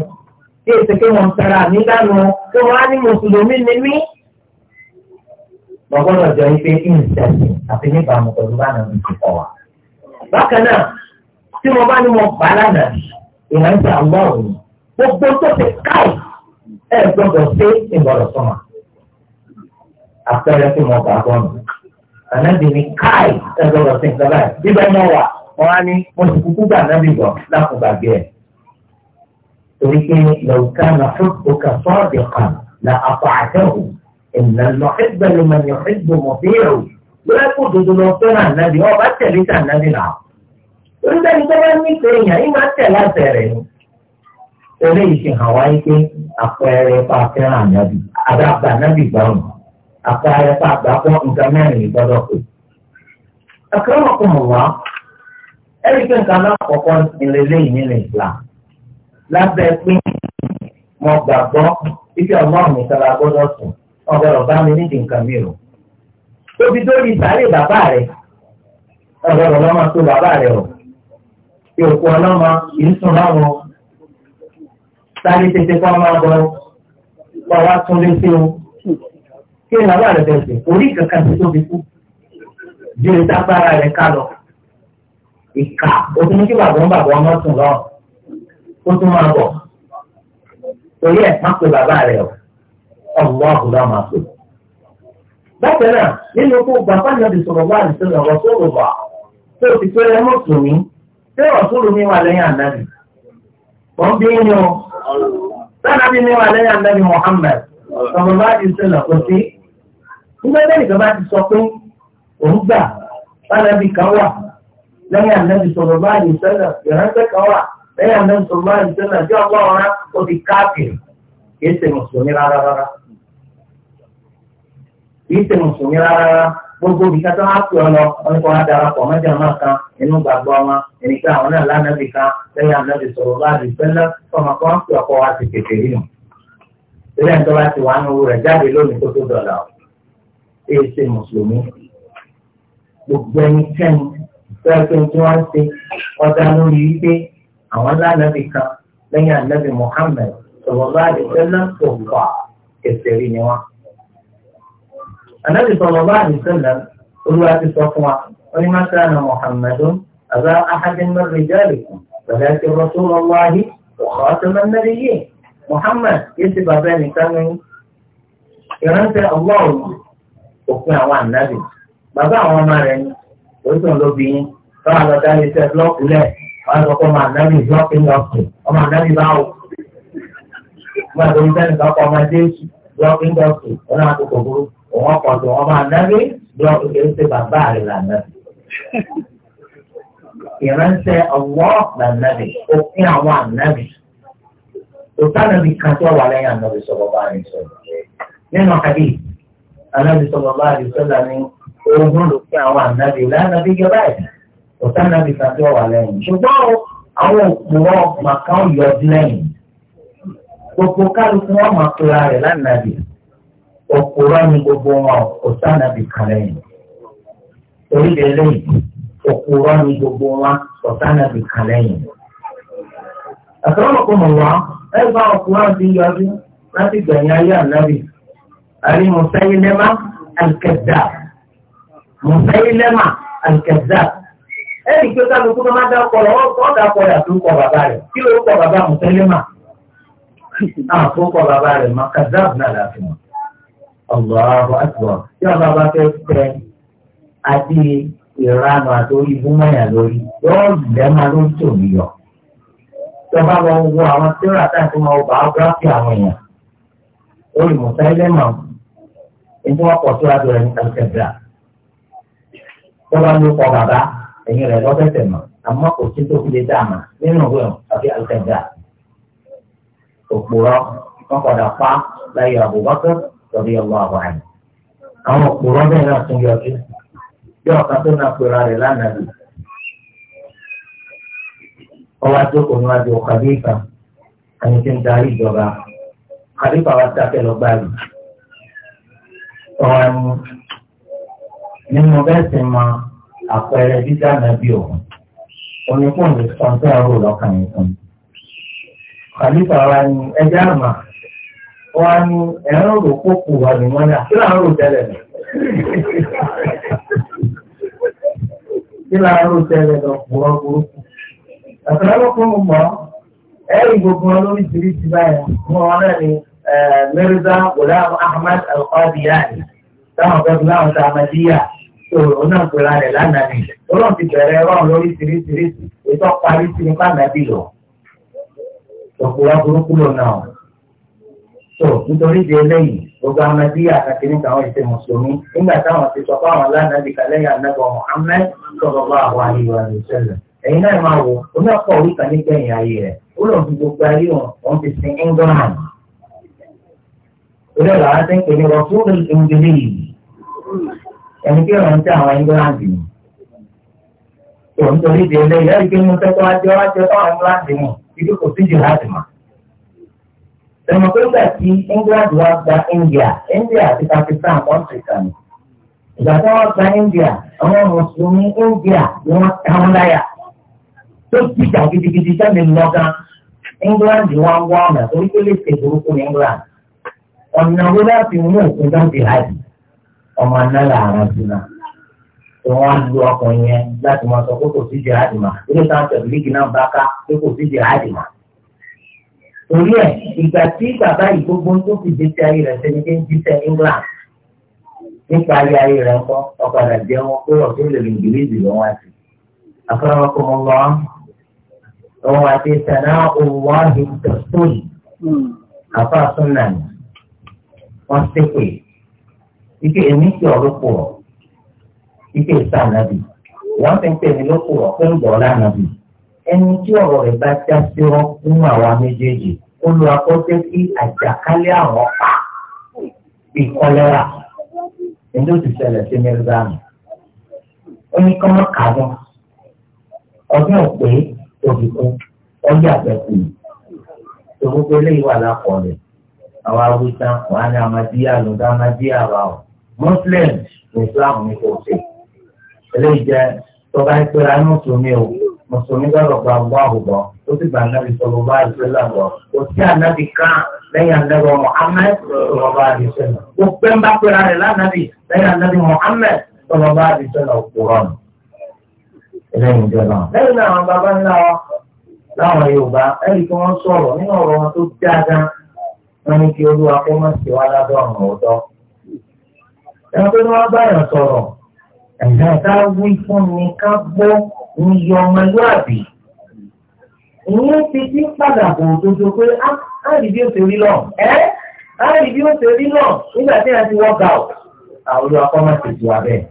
bí èsì pé mo ń tara mi lánàá tó wá ní mùsùlùmí ni mí. mo gbọ́dọ̀ jọ ife ìǹsẹ̀sì àti níbàámu pẹ̀lú bánà mi ti kọ̀ wá. bákan náà tí mo bá ní mo gbà lánàá ìrántí àwọn ọ̀rùn gbogbo tó ti káì ẹ̀ gbọ́dọ̀ ṣe ìgbọ̀dọ̀ sọ́mà àpẹẹrẹ tí mo bá bọ́ mi. Ànábì ni káì ẹ̀rọ lọ sí nǹkan báyìí. Bíbẹ́ mọ̀ wà, wọ́n á ní mo sì kúkú gbà nábì lọ lákùngbàgbé ẹ̀. Torí pé lọ́ọ̀ká na fúnpọ̀ kà sọ́ọ̀dì kan na àpò àtẹ̀wò. Ìnà lọ ẹgbẹ́ ló máa yàn ẹgbẹ́ mọ̀ bí ẹ̀rù. Lọ́ọ̀ dodo lọ fẹ́ràn ànábì, ọ bá tẹ̀lé tà ànábì náà. Torí sẹ́ni tó bá ní pé èèyàn yín tẹ̀ láti ni. Eléyìí fi wáyé pé àpẹẹrẹ pa fẹ́ràn ànábì. Àdàbà ànábì gbà àpẹẹrẹ tá a gbà fún nǹkan mẹ́rin ìgbọ́dọ̀ pé. ẹ̀kọ́ ọ̀kùn wá ẹ̀rí pé nǹkan alákọ̀ọ́kọ́ ìrẹ̀lẹ̀ yìí nílẹ̀ ìgbà lábẹ́ pé mo gbàgbọ́ ibi ọlọ́run mi sára gbọ́dọ̀ sùn ọgbọ́dọ̀ bá mi nídìí nǹkan mi rò. tóbi dórí sàárè bàbá rẹ̀ ọgbọ́dọ̀ lọ́mọ tó bàbá rẹ̀ rò ìòkú ọlọ́mọ ìsùn láwọn sáré tètè kọ́ ọmọ ọgbọ́n kí ni bàbá rẹ̀ bẹ̀rẹ̀ orí kankan tó tóbi kú ju ìtagbára rẹ̀ ká lọ. ìka òtún kí ọmọ lọ tún máa bọ̀ torí ẹ̀ má pe bàbá rẹ̀ o ọ̀gbọ́n àbúrò bákan náà nínú kó bàbá ti sọ̀rọ̀ lọ́wọ́ tó rò wá tó ti sọ̀rọ̀ bá nígbà tí ẹnìkan bá ti sọ pé òun gbà bánabi kan wà lẹ́yìn ànábi sọ̀rọ̀ báyìí sẹ́lẹ̀ ìránṣẹ́ kan wà lẹ́yìn ànábi sọ̀rọ̀ báyìí sẹ́lẹ̀ bí ọgbà ọ̀rá ó ti káàkiri kì í ṣe mùsùlùmí rárá rárá kì í ṣe mùsùlùmí rárá rárá gbogbo ìka tó wá pè ọ lọ ọlọ́pàá wa darapọ̀ mẹ́jọ náà kan inú gbàgbọ́ wọn ẹnìkan àwọn náà lánàbì kan lẹ́yìn ànábì sọ̀rọ̀ báàbì pẹ́lẹ́ ọmọ kan pè ọkọ wa ti tètè rí nù. ilé ẹ̀ńtọ́ bá ti wà nù rẹ̀ jáde lónìí tó tó dọ̀là o èsè mùsùlùmí gbogbo ẹnikẹ́ni fẹ́ẹ́ tí wọ́n ń ṣe ọ̀dà lórí wípé àwọn lánàbì kan lẹ́yìn ànábì Muhammad sọ̀rọ̀lá àdìsẹ́lá tó fà kẹsẹ̀rí ni wọ́n. ànábì sọ̀rọ̀lá àdìsẹ́lá olúwa ti sọ fún wa wọ́n ní máa sáà na Muhammadun àbá ahadimá rìjálì bàbá ti rọ́tò ọ̀họ́ tó máa mẹ́rin yìí Muhammad yìí ti bàbá ẹnìkan ní ìrántí ọlọ́run òpin àwọn ànábì bàbá àwọn ọmọ rẹ ni orísun ló bí yín lọ́wọ́ lè tẹ búlọ́ọ̀kù lẹ̀ wọ́n á sọ pé ọmọ ànábì búlọ́ọ̀kù ní ọmọ ànábì báwo wọ́n àti orísun nìkan kọ́ ọmọ jésù búlọ́ọ̀kù ní ọ̀sùn wọn kókò burú òun ọkọ̀ tó ọmọ ànábì ṣe bàbá rẹ lànà anábì sọ̀rọ̀ bá àdìsọ́là ní ogún ló pé àwọn ànábì lánàbí yọ báyìí ọ̀tá ànábì tàbí ọ̀wà lẹ́yìn ṣùgbọ́n àwọn òpùrọ̀ màkàn yọ lẹ́yìn gbogbo kálukú wọn máa pera rẹ̀ lánàbì òpùrọ̀ ni gbogbo wọn ọ̀tá ànábì kan lẹ́yìn orílẹ̀ lẹ́yìn ni gbogbo wọn ọ̀tá ànábì kan lẹ́yìn. àtọ́wọ́n kò mọ̀ wá ẹ bá ọkùnrin àti ìyọ̀dún láti gbẹ̀yìn ayé ànábì àrí Musaylama al-Kazzab Musaylama al-Kazzab ẹnì pé kálukú tó máa dákọ̀ rẹ̀ wọ́n dákọ̀ rẹ̀ àtúnkọ̀ bàbá rẹ̀ kí ló kọ̀ bàbá Musaylama àtúnkọ̀ bàbá rẹ̀ mọ́ Kazzab náà láti mọ̀ Allahu Akbar tí ọba bá fẹ́ tẹ àti ìranù àtòrí búmọ̀yà lórí yóò lẹ́mà lórí tòun yọ tọba lọ wo àwọn tíra táà tí wọn bá gíráfì àwọn èèyàn olùmọ̀sáílẹ́mà èyí wọn kọ síra tó rẹ ní alùpẹ̀dà tọ́ba ló kọ bàbá ẹ̀yìn rẹ lọ́fẹ̀sẹ̀ mọ̀ àmọ́ kò sí tó fi lè dá àmà nínú ìwé ọ̀ àbí alùpẹ̀dà òpùrọ̀ wọn padà pa láyé àbúbákẹ́ tọ́bi ọgbà àwọn àyè àwọn òpùrọ̀ bẹ́ẹ̀ náà tún yọjú bí ọ̀kan tó náà pera rẹ̀ lánàá bì ọwọ́ àjókòó níwájú ọ̀kadì ìkà àyè tí ń darí ìjọba kàdífà wa dákẹ́ lọ gbáàlì ọwọ́ um, ni nínú bẹ́ẹ̀ sì mọ àpẹẹrẹ dídá nàbí òun oníkùn lè sọ tó ẹrù lọ́kàn yìí fún un. Khalifa wa ni ẹja àmà wa ni ẹ̀rọ rò kókò wà ní mọ́lá kí là ń rò tẹ́lẹ̀ lọ. Kí là ń rò tẹ́lẹ̀ lọ púrọ́ burúkú. Àtàlọ́kùnrin mọ̀ ẹ́rì gbogbo olóríṣiríṣi báyìí mọ́ ọ náà ni. Mirza Ghulam Ahmad Al-Qadiyani táwọn ọ̀gá ìlú àwọn sàmàdíyà sọ̀rọ̀ náà gbọ́ra rẹ̀ lánàá ni lọ́rọ̀ ti bẹ̀rẹ̀ rọrùn lórí tìrìtìrìtì ètò parí sí nípa nàbí lọ. Ìjọba burúkú lò náà. So nítorí di eléyìí gbogbo amadíyà àtàkìní káwọn ìṣe mùsùlùmí nígbà táwọn ti sọ pé àwọn alánàbí kalẹ́yà nàbọ̀ Muhammad sallallahu alaihi wa sallam ẹ̀yin náà máa wò ó náà pọ̀ orí nígbẹ̀yìn ayé rẹ̀ ó lọ́n fi gbogbo ayé wọn ti sin England orí ọ̀la wọn ti ń pè ní rọ́fúrú ìgbélé yìí ẹni tí ọ̀rọ̀ ń tẹ àwọn england ni tòun torí di ẹlẹ́yìí ẹ̀rí pé mo tẹ́kọ̀ ajọ́ ajọ́ táwọn england mọ̀ ibi kò sí jù láti mọ̀ tẹmọ pé nígbà tí england wá gba india india àti pakistan kọ́ńtì kan ìgbà tí wọ́n gba india àwọn mùsùlùmí india ni wọ́n táwọn láyà tó gbìjà gidigidi jáde lọ́gán england wọn wọ́n ọ̀nà torí pé lè ṣe burúkú ní england ọ̀nà wo láti mú òkun jáde hajj ọmọ náírà àwọn sinà tí wọ́n lu ọkùnrin yẹn láti máa sọ pé kò sí jihad mà ilé táwọn tẹ̀lifíkì náà bá ká pé kò sí jihad mà. torí ẹ̀ ìgbà tí bàbá yìí gbogbo tó fi gbèsè ayé rẹ̀ sẹ́ni pé ń jíṣẹ́ England nípa ayé ayé rẹ̀ ńkọ́ ọ̀padà jẹ́ wọn pé ọ̀tún lè lòdì lézì lọ́wọ́ àti. àfẹ́rẹ́ kò mọ lọ òun àti sànà òun wọ́n á hìtọ̀ sóyè àfẹ́ wọ́n ṣépè ike èmi kì ọ́ lóko rọ̀ ike ìta ànábì wọ́n ti ń pè mí lóko rọ̀ pé ń bọ̀ ọ́ lánàbì ẹni tí ọ̀rọ̀ rẹ̀ bá já sí wọn fún àwa méjèèjì ó lo akọ́jẹ́ kí àjàkálẹ̀ àwọn pa ìkọlẹ́ra ẹni ó ti ṣẹlẹ̀ sí mẹ́rìndínláàmù ó ní kọ́mọ́ kàdún ọdún òpè òbí kú ọjà pẹ̀kú ìṣòro pé eléyìí wà rẹ̀ àwọn awúsá wọn á ní amadíyà lọ́dọ̀ amadíyà wa o muslims ní islam ní kò sí eléyìí jẹ tọ́ba ìpera ní mùsùlùmí o mùsùlùmí gbọ́dọ̀ gba ọgbà àwùbọ̀ ó sì gba anábì sọ̀rọ̀ bá àdìsẹ́là bọ̀ kò sí anábì kan lẹ́yìn anábì Muhammad sọ̀rọ̀ bá àdìsẹ́là ó pẹ́ ń bá pera rẹ̀ lánàbì lẹ́yìn anábì Muhammad sọ̀rọ̀ bá àdìsẹ́là òkúrọ̀ nù eléyìí jẹ náà lẹ́yìn náà àwọn baba ńlá wa láwọn Yorùbá ẹ̀rí tí wọ́n sọ̀rọ̀ nínú ọ̀rọ̀ wọn tó dáadáa wọ́n ní kí olúwa kó má sí wa ládọ́rùn ọ̀dọ́. ẹ̀rọ tó ní wọ́n bá yàn sọ̀rọ̀ ẹ̀dá ká wí fún mi ká gbọ́ ní iye ọmọlúàbí. ìyẹn ti ti padà bò dodo pé á ah, rí bí ó ṣe rí lọ ẹ́ á rí bí ó ṣe rí lọ nígbà tí a ti work out. àwọn olúwa kó má sì ju wa bẹ́ẹ̀.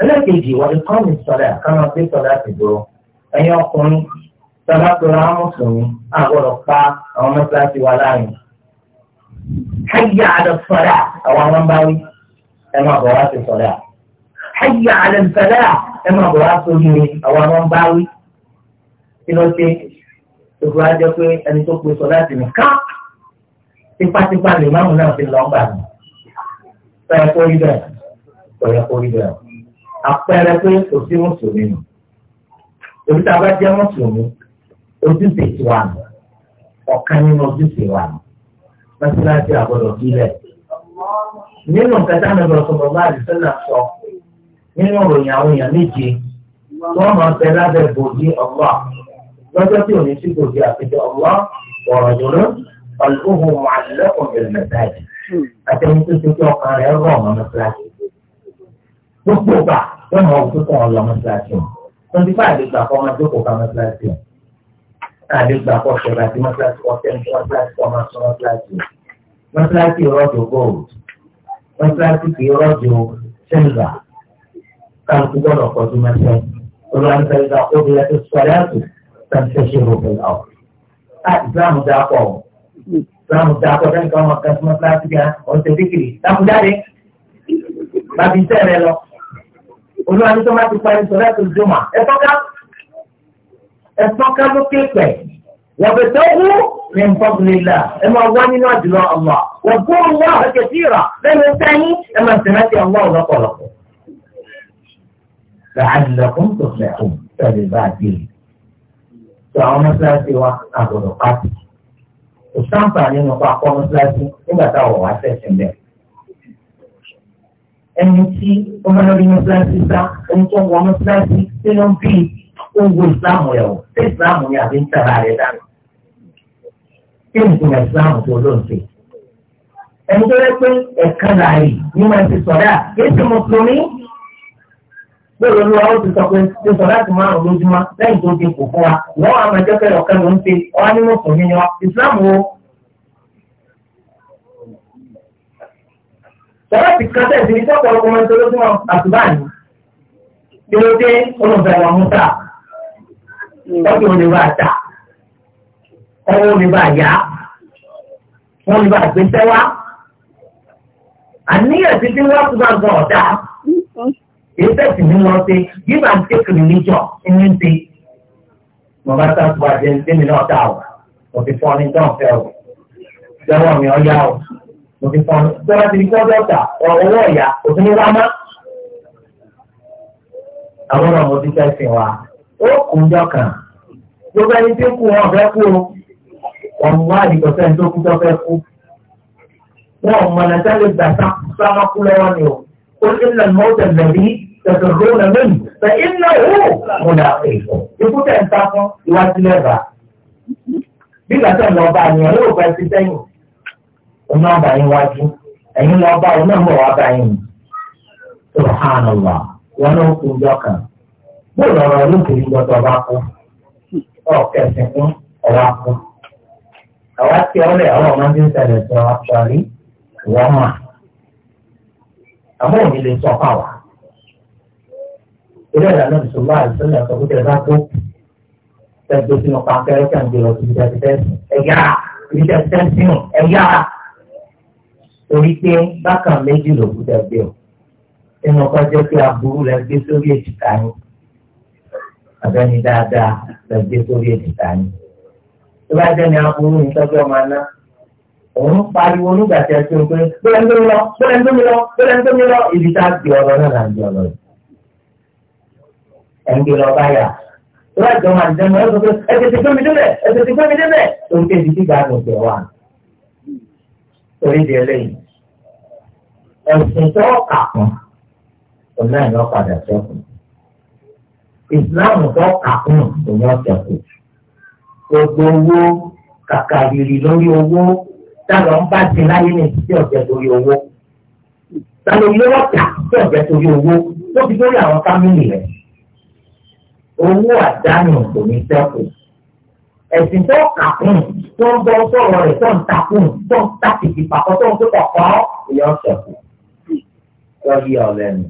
ẹlẹ́kejì wọ́n ní kọ́ọ̀mù sọ̀rọ̀ àkànná pé sọ̀rọ̀ àtìgbò sábà pẹ̀lú àwọn mùsùlùmí àgbọ̀dọ̀ pa àwọn mọ́sálásí wa láàyè. Hayya ala salah àwọn amábáwí ẹ máa bọ̀ wá sí sọ̀rọ̀ à. Hayya ala falah ẹ máa bọ̀ wá sórí àwọn amábáwí. Kí ló ṣe? Ìgbà jẹ́ pé ẹni tó pe sọ̀rọ̀ àti nìkan tipátipá lè máàmù náà fi lọ́ gbà mí. Pẹ̀lẹ́ kó rí bẹ́ẹ̀, pẹ̀lẹ́ kó rí bẹ́ẹ̀. Àpẹẹrẹ pé kò sí mùsùlùmí nù. tá a bá jẹ́ mùsùlùmí, ojúṣe ti wà nù ọ̀kan nínú ojúṣe wà nù mọ́sálásí àgbọ̀dọ̀ bílẹ̀. nínú kẹta ní ọ̀rọ̀ sọ̀rọ̀ bá àdìsẹ́là sọ nínú ìròyìn àwọn èèyàn méje wọ́n máa bẹ lábẹ́ bòdì ọ̀wọ́ lọ́jọ́ tí òní sí bòdì àfijọ́ ọ̀wọ́ ọ̀rọ̀ dùnú ọ̀lùkùnrin màálùlẹ́kùn bẹ̀rẹ̀ mẹ́tàjì àtẹni tó ti kí ọkàn rẹ̀ rọ̀ ọ̀mọ́ mọ́sálásí. gbogbo gbà wọ́n máa wù àbí gbà kọ́ sọ̀rọ̀ àti mọ́tíláṣí ọ̀fẹ́ ní mọ́tíláṣí kọ́ máa sọ mọ́tíláṣí mọ́tíláṣí rọ́jò gold mọ́tíláṣí kì í rọ́jò silver káàkiri gbọ́dọ̀ kọjú mẹ́sẹ̀ olùwàntẹ́lẹ́dà obìnrin tó sọ̀rọ̀ àtò tàbíṣẹ́ṣẹ́ rògbòlá ọ̀. ìsìláàmù dápọ̀ ìsìláàmù dápọ̀ lẹ́yìn kan wọn kan tí wọ́n kíláàsì gan ọ̀sẹ̀ bíkìrì dákúdáre bàbí iṣẹ́ rẹ lọ olùwàntẹ́lẹ́dà máa ti parí sọ̀rọ̀ àtò jọmọ̀ ẹ̀sán kálókè pẹ̀ wọ̀bẹ̀tẹ́wù ní nfọ̀bùnilà ẹ máa wá nínú àdúrà ọmọ wọ̀gbọ́n wá àkẹ́kẹ́ ìrà lẹ́nu sẹ́yìn ẹ máa tẹ̀lé ti ọmọ ọ̀lọ́pọ̀lọpọ̀. làálùlọ́kùn tó fẹ́ òun tẹ̀lé bá a dé tó àwọn mọ́sálásí wa àgọ̀dọ̀ pàtì kò sáǹpà nínú pa akọ́ mọ́sálásí nígbà táwọn wà sẹ̀sìn bẹ́ẹ̀. ẹni tí ọmọ lórí mọ́sálásí sá ẹni tó wọ mọ́sálásí tí ló ń bíi ó ń wo o ṣé ìsìláàmù ni àbí ń tara rẹ̀ dànù kí ni ìpìlẹ̀ ìsìláàmù tó ló ń ṣe. ẹni tó yẹ pé ẹ̀ka láàyè ní máa ti sọ̀dá kìí ṣe mùsùlùmí gbọ́dọ̀ ló àwọn ti sọ pé ṣe sọ̀dá ti máa rùn lójúmọ́ lẹ́yìn tó dín kù fún wa wọ́n á máa jẹ́kẹ́ ọ̀kẹ́ ló ń ṣe ọ̀hán ní mùsùlùmí ni wọ́n ìsìláàmù o. sọ̀rọ̀ ti kan tẹ̀sí ní sọ́kọ̀ ọkùnrin tó lójúmọ́ àtúbà ní ọdún ní bá ta ọwọ́ ní bá yá wọ́n ní bá gbé sẹ́wá àníyàn títí wọ́n tún bá gan ọ̀dà ìfẹ̀sì ni wọ́n ṣe yíba ń tẹ́kì rìlíjọ̀ ní ń ṣe bàbá sáfù àjẹ ìdẹ́mi náà dà o mo fi fọ́ ní dánfẹ́ o jẹ́wọ́ mi ọ̀yá o mo fi fọ́ ní sọ́wọ́ ti di kọ́ńtà owó ọ̀yà òtún wá mọ́ àwọn ọmọ òbí fẹ́ sìn wa. ó kùn jọ kàn gbogbo ẹni tí wọn o ọ̀hún àdìgbò sẹ́ni tó kú tó fẹ́ kú wọn gbà kú lọ́wọ́ ni o ó ní ìlànà mọ́tò lẹ́bí tẹ̀sán ló lẹ́ lónìí bẹ́ẹ̀ iná wò mo là pè ikú tẹ̀ ń ta fún iwájú lẹ́bà bí ń lọ bá a yóò sẹ́yìn yín wájú ẹ̀yin lọ bá bóyá ọ̀rọ̀ ló kéré gbọ́dọ̀ ọba kú ọ̀kẹ́ ẹ̀sìn fún ọba kú. àwa tí ọ̀rẹ́ àwọn ọmọ ní ìṣẹ̀lẹ̀ sọ àṣàrí wọ́n mà àmọ́ òní lè sọ fáwà. ilé ìlànà ìṣòwò àìsílẹ̀ sọ fún tẹ̀sán kú tẹ̀sán sínú pàǹkẹ́rẹ́ kẹ́ǹdé lọ sí ìjà tẹ̀sán ẹ̀yà ìjà tẹ̀sán ẹ̀yà torí pé bákan méjì lòkúta gbé o inú kan jẹ́ pé aburú rẹ̀ gbé sórí èjìká yín abẹ́ni dáadáa lọ́jọ́ sórí ètùtà ni. tó bá jẹ́ ni aburú ní tọ́jú ọmọ aná òun pariwo nígbà tí a ti ń pé bẹ́ẹ̀ ń tó mi lọ bẹ́ẹ̀ ń tó mi lọ bẹ́ẹ̀ ń tó mi lọ ibi tá a gbé ọ̀rọ̀ náà là ń gbé ọ̀rọ̀ yìí. ẹ̀ ń gbé lọ báyà tó bá jọ máa ń dẹ́nu ẹ̀ sọ pé ẹ̀ tètè gbé mi débẹ̀ ẹ̀ tètè gbé mi débẹ̀ tó ń tẹ̀sí sí gbàgbọ́ ìgbẹ́ wa. torí di eléyìí ẹ̀sìn tó kà fún òun náà lọ́ padà sẹ́kùn ìsìláàmù tó kàkún òun ọ̀tẹ̀kù gbogbo owó kàkàrìrì lórí owó táwọn ń bá ti láyé ní ìsìtì ọ̀jẹ̀ torí owó táwọn ilé wọ́tà sí ọ̀jẹ̀ torí owó tó fi lórí àwọn fámìlì rẹ̀ owó àdánù kò ní sẹ́kù ẹ̀sìn tó kàkún tó ń bọ́ sọ̀rọ̀ rẹ̀ tó ń takùn tó ń tàkìtì pàkọ́ tó ń tó kọ̀kọ́ ìyọ̀ sẹ̀kù lọ́ọ́ yí ọ lẹ́nu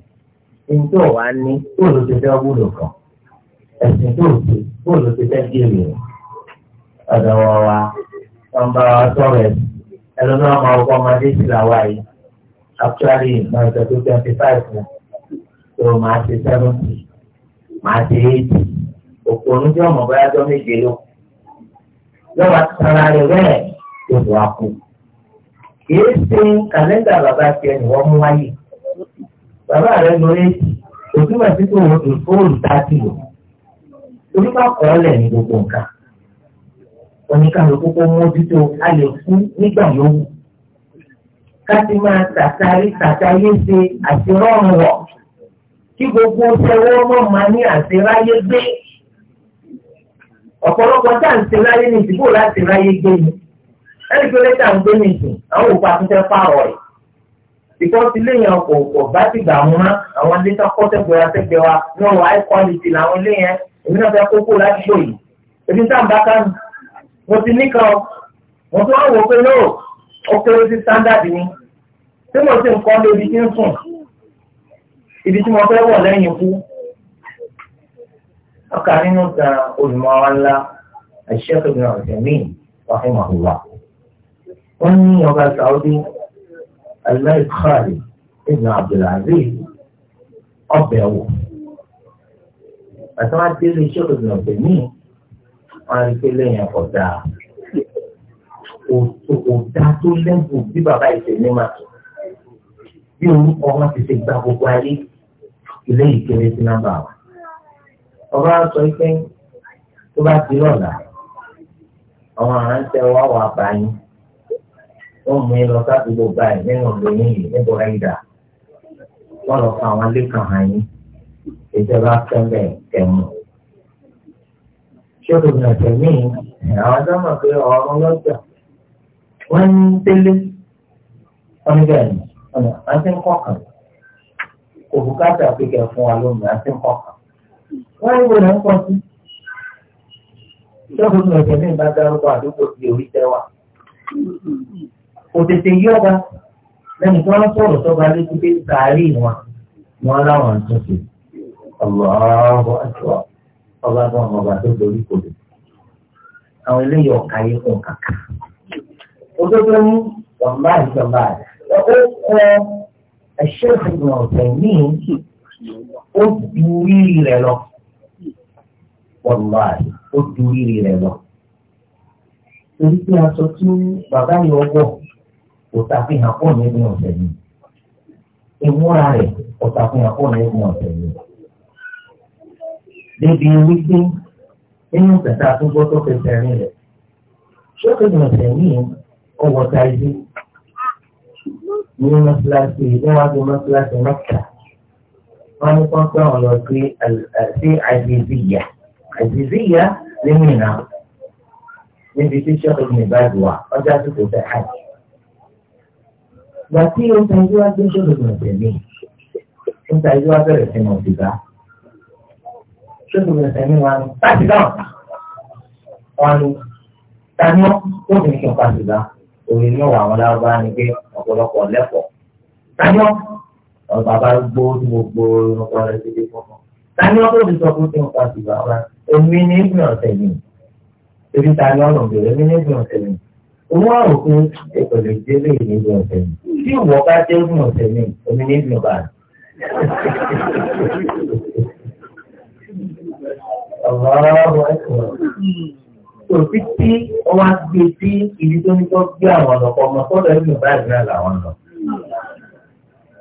nítorí wàá ní tó ló ti fẹ́ wúlò kan ẹ̀sìn tó ṣe bóòlù ti fẹ́ kí èrè ọ̀dọ̀ wọ̀ wá wọ́n bá wa sọ̀rọ̀ ẹ̀sìn ẹlòmíràn máa wọ́pọ̀ ọmọdé sí làwa yìí actually máa ń sọ tó twenty five ni tó máa ṣe seventy máa ṣe eighty òkú oníjọ́ ọmọ bóyá jọ méje ló lọ́wọ́ tara rẹ̀ bẹ́ẹ̀ tó tó a kú kìí ṣe kàlẹ́ndà bàbá tiẹ̀ ni wọ́n mú wáyé bàbá rẹ̀ lórí èsì òtún àti tó wọ́n tó fóònù tá a ti lò onípa kọ́ọ̀lẹ̀ ní gbogbo nǹkan oníkàlùkù kó mójútó a lè kú nígbà yòówù ká ti máa tàtàrí tàtàyé ṣe àti rọrùn wọ̀ kí gbogbo ṣẹwọ́ mọ̀ máa ní àṣeráyé gbé ọ̀pọ̀lọpọ̀ tá à ń ṣeráyé ní ìdìbò láti ráyé gbé ni ẹni tó lé tá à ń gbé ní ìsìn àwọn òkú àtúntẹ́ pààrọ̀ rẹ̀ because ilé yẹn kò kò bá ti gbà wọn àwọn ilé tó kọ́ sẹ́gbẹ̀rẹ́ sẹ́gbẹ̀rẹ́ wa ní ọ̀rọ̀ high quality làwọn ilé yẹn èmi náà fẹ́ kókó láti ṣe yìí ebi sáà ń bá kánú mo ti ní kan mo tún wá wò pé yóò ó kéré sí standard ni tí mo ti ń kọ́ lórí tí ń sùn ibi tí mo fẹ́ wọ̀ lẹ́yìn kú ọkà nínú ta olùmọ̀ ńlá Sheikh Ibn Uthaymeen rahimahullah wọ́n ní ọba Saudi Al-Malik Khalid ibn Abdul Aziz ọbẹ̀ wò àti wọn dé lè ṣe òdùnnà tèmí wọn rí pé lẹ́yìn ọkọ dáa òdà tó lẹ́bùn bí bàbá ìṣẹ̀lẹ̀ máa tó bí orúkọ wọn ti ṣe gba gbogbo ayé ilé ìkéré sí nọ́mbà wa ọba sọ pé tó bá ti lọ́la àwọn àrántẹ wa wà báyìí wọn mú yín lọ sádùúgbò báyìí nínú ìlú yìí níbo ẹ̀yìn dà wọn lọ fa àwọn lẹ́kàn hàn yín ìjọba kẹlẹ̀ kẹmọ. ṣé obìnrin ọ̀sẹ̀ míì àwọn dámọ̀ pé ọ̀run lọ́jà wọ́n ń délé wọ́n ń bẹ̀rẹ̀ ọ̀nà àti ńkọ̀kan kò bùkátà pé kẹ̀ fún wa lómi àti ńkọ̀kan. wọ́n ń wọlé ńkọ̀ sí. ṣé obìnrin ọ̀sẹ̀ míì bá dárúkọ àdúgbò ti orí tẹ́wà. òtètè yọ̀ọ̀ba lẹ́nu tí wọ́n sọ̀rọ̀ sọ́ba létí pé sàárì wọn wọn láwọn àtúnṣe. Allahu akbar ọba náà ọba tó dorí kodò àwọn eléyìí ọ̀ka yìí kún kàkà òdodo ní wàmbá ìjọba ó kọ ẹṣẹ ìgbìmọ̀ ọ̀sẹ̀ ní ó dúrí rẹ̀ lọ wàmbá ó dúrí rẹ̀ lọ torí pé aṣọ tí bàbá yìí ọwọ́ kò ṣàfihàn pọ̀ nínú ọ̀sẹ̀ yìí ìmúra rẹ̀ kò ṣàfihàn pọ̀ nínú ọ̀sẹ̀ yìí débi wípé nínú kẹta àtúgbọ́ tó fẹsẹ̀ rìn rẹ̀ ṣọ́kẹ́dùn ọ̀sẹ̀ yìí ọwọ́ táyé ní mọ́sálásí níwájú mọ́sálásí mọ́kà wọ́n ní kó pé àwọn lọ sí eh, sí àzìzíyà àzìzíyà ní mìíràn níbi tí ṣọ́kẹ́dùn ìbáàdì wà ọjà tó tó fẹ́ hajj. gbàtí ó ń tajú wá gbé ṣọ́kẹ́dùn ọ̀sẹ̀ yìí ń tajú wá bẹ̀rẹ̀ sí mọ̀ sí báà ṣéèkù rẹ̀ tẹ̀mí wa ni láti dáhùn wọn ni tani ó fi ṣe nǹkan ṣùgbọ́n òye ní ọ̀wọ́ àwọn lárúbá ni pé ọ̀pọ̀lọpọ̀ lẹ́kọ̀ọ́ tani ọ̀ bàbá gbó gbogbo ọkọ̀ rẹ̀ ti dé fọ́fọ́ tani ó fi sọ pé ṣe nǹkan ṣùgbọ́n èmi ní ìgbìn ọ̀sẹ̀ yìí torí tani ọ̀nà òbẹ̀rẹ̀ èmi ní ìgbìn ọ̀sẹ̀ yìí owó àrùn pé ètò lè dé ìní ìgbìn ọ̀sẹ̀ yìí tí ìwọ bá dé ìgbìn ọ̀sẹ̀ yìí èmi ní ìgbìn ọ̀bà Allahu Akbar. Tòsí tí wọ́n á gbé sí ibi tó ní tó gbé àwọn ọ̀dọ̀kọ̀ ọmọ sọ́dọ̀ ẹ̀mí báyìí náà làwọn lọ.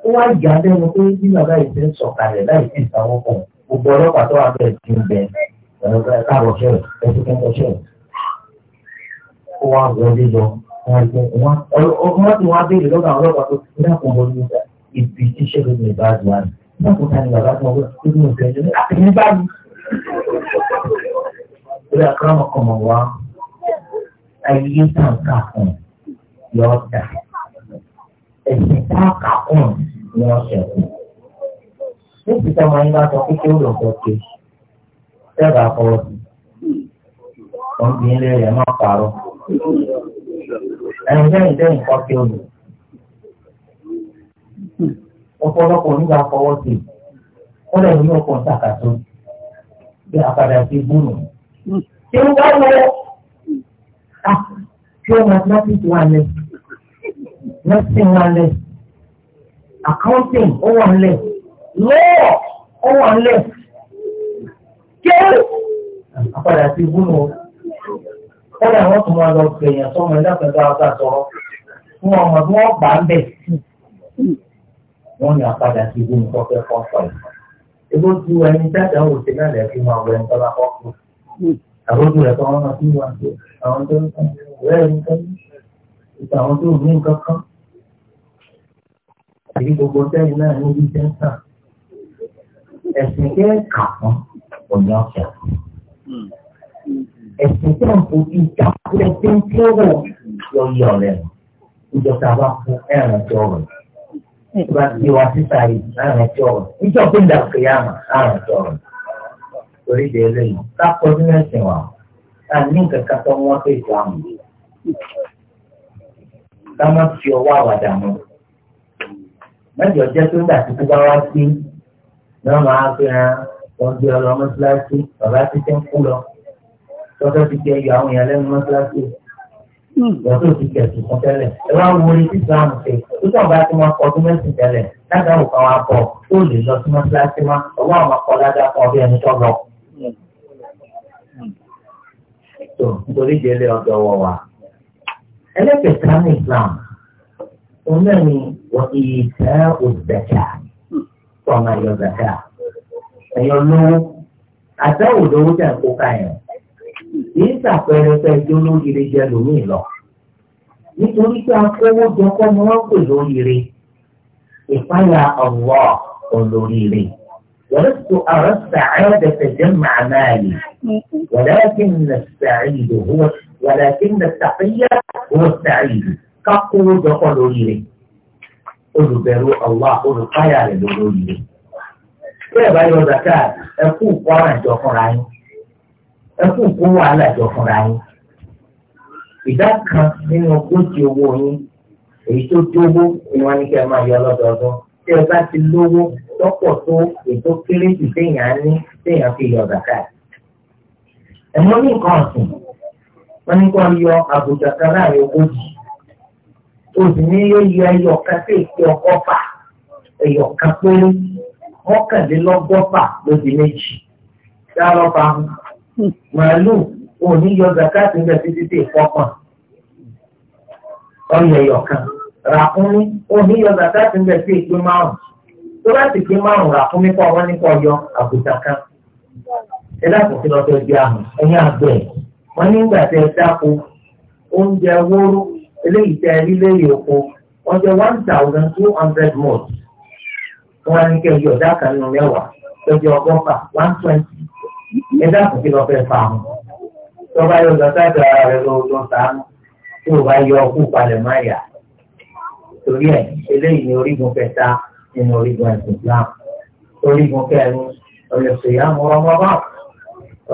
Ó wá yà á lẹ́nu pé bí bàbá yìí ti ń sọ̀kalẹ̀ láì sí ìsanwó kan, gbogbo ọlọ́pàá tó wà bẹ́ẹ̀ ti ń bẹ ẹ̀rọ káàbọ̀ ṣẹ̀ ẹ̀sìn kẹ́kọ̀ọ́ ṣẹ̀. Ó wá wọlé lọ, wọ́n ti wá béèrè lọ́dọ̀ àwọn ọlọ́pàá tó ń dákun wọlé ibi tíṣẹ́ ni bàbá tó Ilé akọ́rọ́mọ kọ̀ mọ̀ wá. Ayé tàǹkà kùn yọ dà. Ẹ̀sìn tàǹkà kùn yọ ṣẹ̀kù. Ní ìsìnkú ọmọ yín bá sọ pé kí ó lọ sọ pé sẹ́ẹ̀bà fọwọ́ sí. Wọ́n bí ilé rẹ̀ máa pààrọ̀. Ẹ̀yin lẹ́yìn lẹ́yìn kan kí ó lò. Ọ̀pọ̀lọpọ̀ nígbà fọwọ́ sí. Ó lẹ́yìn ní ọkọ̀ ń tàkà bí àpàdà ti búrò. Ṣé ń bá wọ ṣé mathematics wà lẹ̀? Nursing wà lẹ̀? Accounting ó wà lẹ̀? Law ó wà lẹ̀? Ṣé àpàdà ti búrò? Kọ́dà wọ́n tún wọn lọ gbèyàn sọ́mọ ẹ̀dáfẹ́fẹ́ ọ̀gá sọ̀rọ̀ fún ọmọ tí wọ́n gbà ń bẹ̀. Hmm. Wọ́n ní àpàdà ti búrò kọ́kẹ́ fọ́fọ́ yìí ebó hmm. tu ẹni dáadáa wò sí náà lẹ́ẹ̀kí wọn àwọn ẹ̀ńtọ́ bá kọ́ kú àbójú rẹ̀ kọ́ wọn máa fi wọn ṣe àwọn tó ń kọ́ rẹ̀ ń kọ́ ìta àwọn tó ní nǹkan kan àti gbogbo sẹ́yìn náà níbi jẹ́ ń tàn ẹ̀sìn kẹ́ kà fún òní ọ̀sẹ̀ ẹ̀sìn tẹ̀ ń fojú ìjà kúrẹ́ tí ń tí ó ìjọba fún ẹ̀rọ̀ tí tí ìgbà tí wà síta yìí láàrin ẹjọ́ ọ̀rọ̀ ìjọ pé ńlá kìyàmà láàrin ẹjọ́ ọ̀rọ̀ torí ìdè eléyìí kápọ nínú ẹsìn wa náà ní nǹkan kan tó wọn pé ìtàn yìí ká má fi ọwọ́ àwàdà mọ́ mẹ́jọ jẹ́ pé ńgbà tí kúbá wá sí náà máa fi hàn wọn gbé ọ lọ mọ́ṣáláṣí bàbá títí ń kú lọ tọ́tọ́ ti jẹ́ yọ àwọn èèyàn lẹ́nu mọ́ṣáláṣí Hmm. ìgbọ́n tó ti kẹ̀sùn kan tẹ́lẹ̀ ẹ wá wo orí islam ṣe tó sọ̀rọ̀ tí wọ́n kọ ọdún mẹ́sìn tẹ́lẹ̀ ládàá òkan wa bọ̀ tó lè lọ sí mọ́tíláṣí má ọwọ́ àwọn akọ ládàá kan bí ẹni tó lọ. tó nítorí délé ọ̀dọ̀ wọ̀ wá. ẹlẹ́kẹ̀ẹ́ta ní islam òun náà ni wọ́n iye tẹ́ òzùbẹ̀kà tó ọmọ ẹ̀yọ zàkà ẹ̀yọ lówó àtẹ́wò lówó tẹ̀ ń kó káyọ̀ kì í ṣàpẹẹrẹ pé ẹjọ́ lóríire jẹ lómìn lọ nítorí pé akówó jọkọ ni wọ́n pè lóríire ìpáyà ọwọ olóríire. ولست أرى السعادة جمع مالي ولكن السعيد هو ولكن التقي هو السعيد kákó jọkọ lórí rẹ̀ olùbẹ̀rù Allah olùkáyà rẹ̀ lórí rẹ̀. Bẹ́ẹ̀ bá zakat ẹ kọ́ra ìjọ fúnra yín ẹ kú kó wàhálà jọ fúnra yín ìdá kan nínú ogójì owó yín èyí tó dówó ni wọ́n ní kí ẹ máa yọ lọ́dọọdún tí ẹ bá ti lówó lọ́pọ̀ tó ètò kéré jù téèyàn á ní téèyàn fi yọ zakat ẹ̀mọ́ ní nǹkan ọ̀sìn wọ́n ní kí wọ́n yọ àbùjá kan láàrin ogójì oṣù ní yóò yọ ẹyọ kan sí ìpín ọgọ́fà ẹyọ kan péré mọ́kànlélọ́gọ́fà lóṣù méjì dá lọ́ba màálù òní yọ zakati ńbẹ títí tí ìfọkàn ràkúnmí òní yọ zakati tí ti pín márùn ràkúnmí wọn nípa ọyọ àgùntàn kan ẹ dákun sí lọ́dọ̀ ẹgbẹ́ àmì ẹ̀yìn àgbẹ̀ wọn nígbà tẹ ẹ dáko oúnjẹ wóró one thousand two hundred wọn ní dákan one twenty. ẹ dákun kí lọ fẹ́ fa àwọn tó bá yọ zakata ara rẹ lọ lọ sàánù tí o bá yọ ọkú palẹ̀ má yà torí ẹ eléyìí ni orígun kẹta nínú orígun ẹ̀sìn Islam orígun kẹrin ọ̀lẹ́sọ̀ yà mọ́ ọmọ bá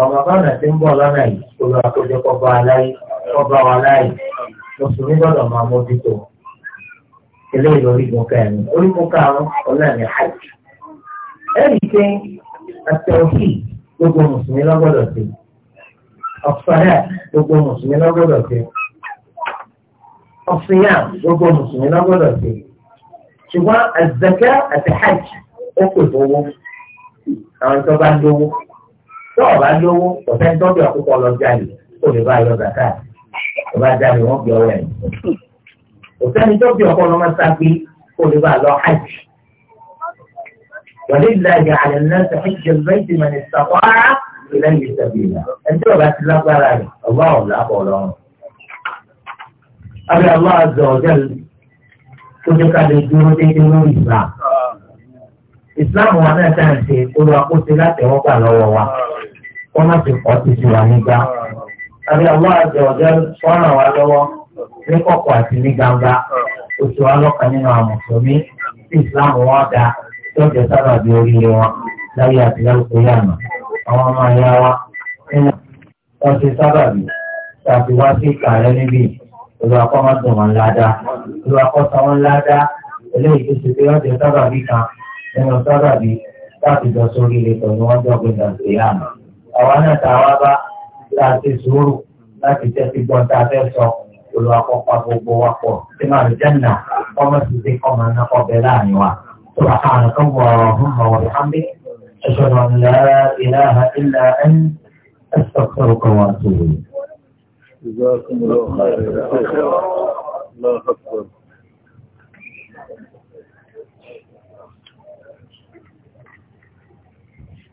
ọmọ bá nà ti ń bọ̀ lọ́nà yìí olú àkójọ kọ́ bá aláì kọ́ bá wa láì mùsùlùmí gbọ́dọ̀ máa mójútó eléyìí orígun kẹrin orígun karùn-ún ọ̀nà ni hajj ẹ̀rí pé gbogbo mùsùlùmí lọ́gbọ́dọ̀ sí ọ̀sọ̀rẹ́ gbogbo mùsùlùmí lọ́gbọ́dọ̀ sí ọ̀sìyàn gbogbo mùsùlùmí lọ́gbọ́dọ̀ sí ṣùgbọ́n àzẹ̀kẹ́ àti hajj ó pè fowó àwọn tó bá lówó tó ọ̀bá lówó kò fẹ́ tọ́jú àkókò lọ jáde kó lè bá yọ gàkà tó bá jáde wọ́n fi ọwọ́ ẹ̀ kò sẹ́ni tó fi ọkọ lọ́mọ sáfì lè bá lọ hajj. ولله على الناس حج البيت من استطاع إليه سبيلا أنت بس لا ضرر الله لا قولون أبي الله عز وجل كنت قد يدور تدور إسلام إسلام وانا تنسي قل وقلت لا توقع لو وما تقوتي سوانيك أبي الله عز وجل صنع ولو نقوق واتني جنبا وسؤالك من المسلمين إسلام واضح yóò jẹ́ sábà bí oríire wọn láyé àti lárúkọ yá àmà àwọn ọmọ ayá wa nínú wọn ṣe sábà bí tàbí wá sí ìkàrẹ níbí olùwàkọ́ máa dùn wọn ládàá olùwàkọ́ san wọn ládàá eléyìí tó ṣe pé wọ́n jẹ́ sábà bí kan nínú sábà bí láti jọ sórí ilé pẹ̀lú wọn jọ pé dàgbé yá àmà àwa náà tá a wá bá láti sùúrù láti jẹ́ sí tá a fẹ́ sọ olùwàkọ́ pa gbogbo wa pọ̀ sínú àlùjànnà kọ́mọ̀sí sí kọ́mọ̀ náà kọ́ bẹ́ẹ̀ láàrin wa. سبحانك اللهم وبحمدك أشهد أن لا إله إلا أنت أستغفرك وأتوب إليك جزاكم الله خيرا الله أكبر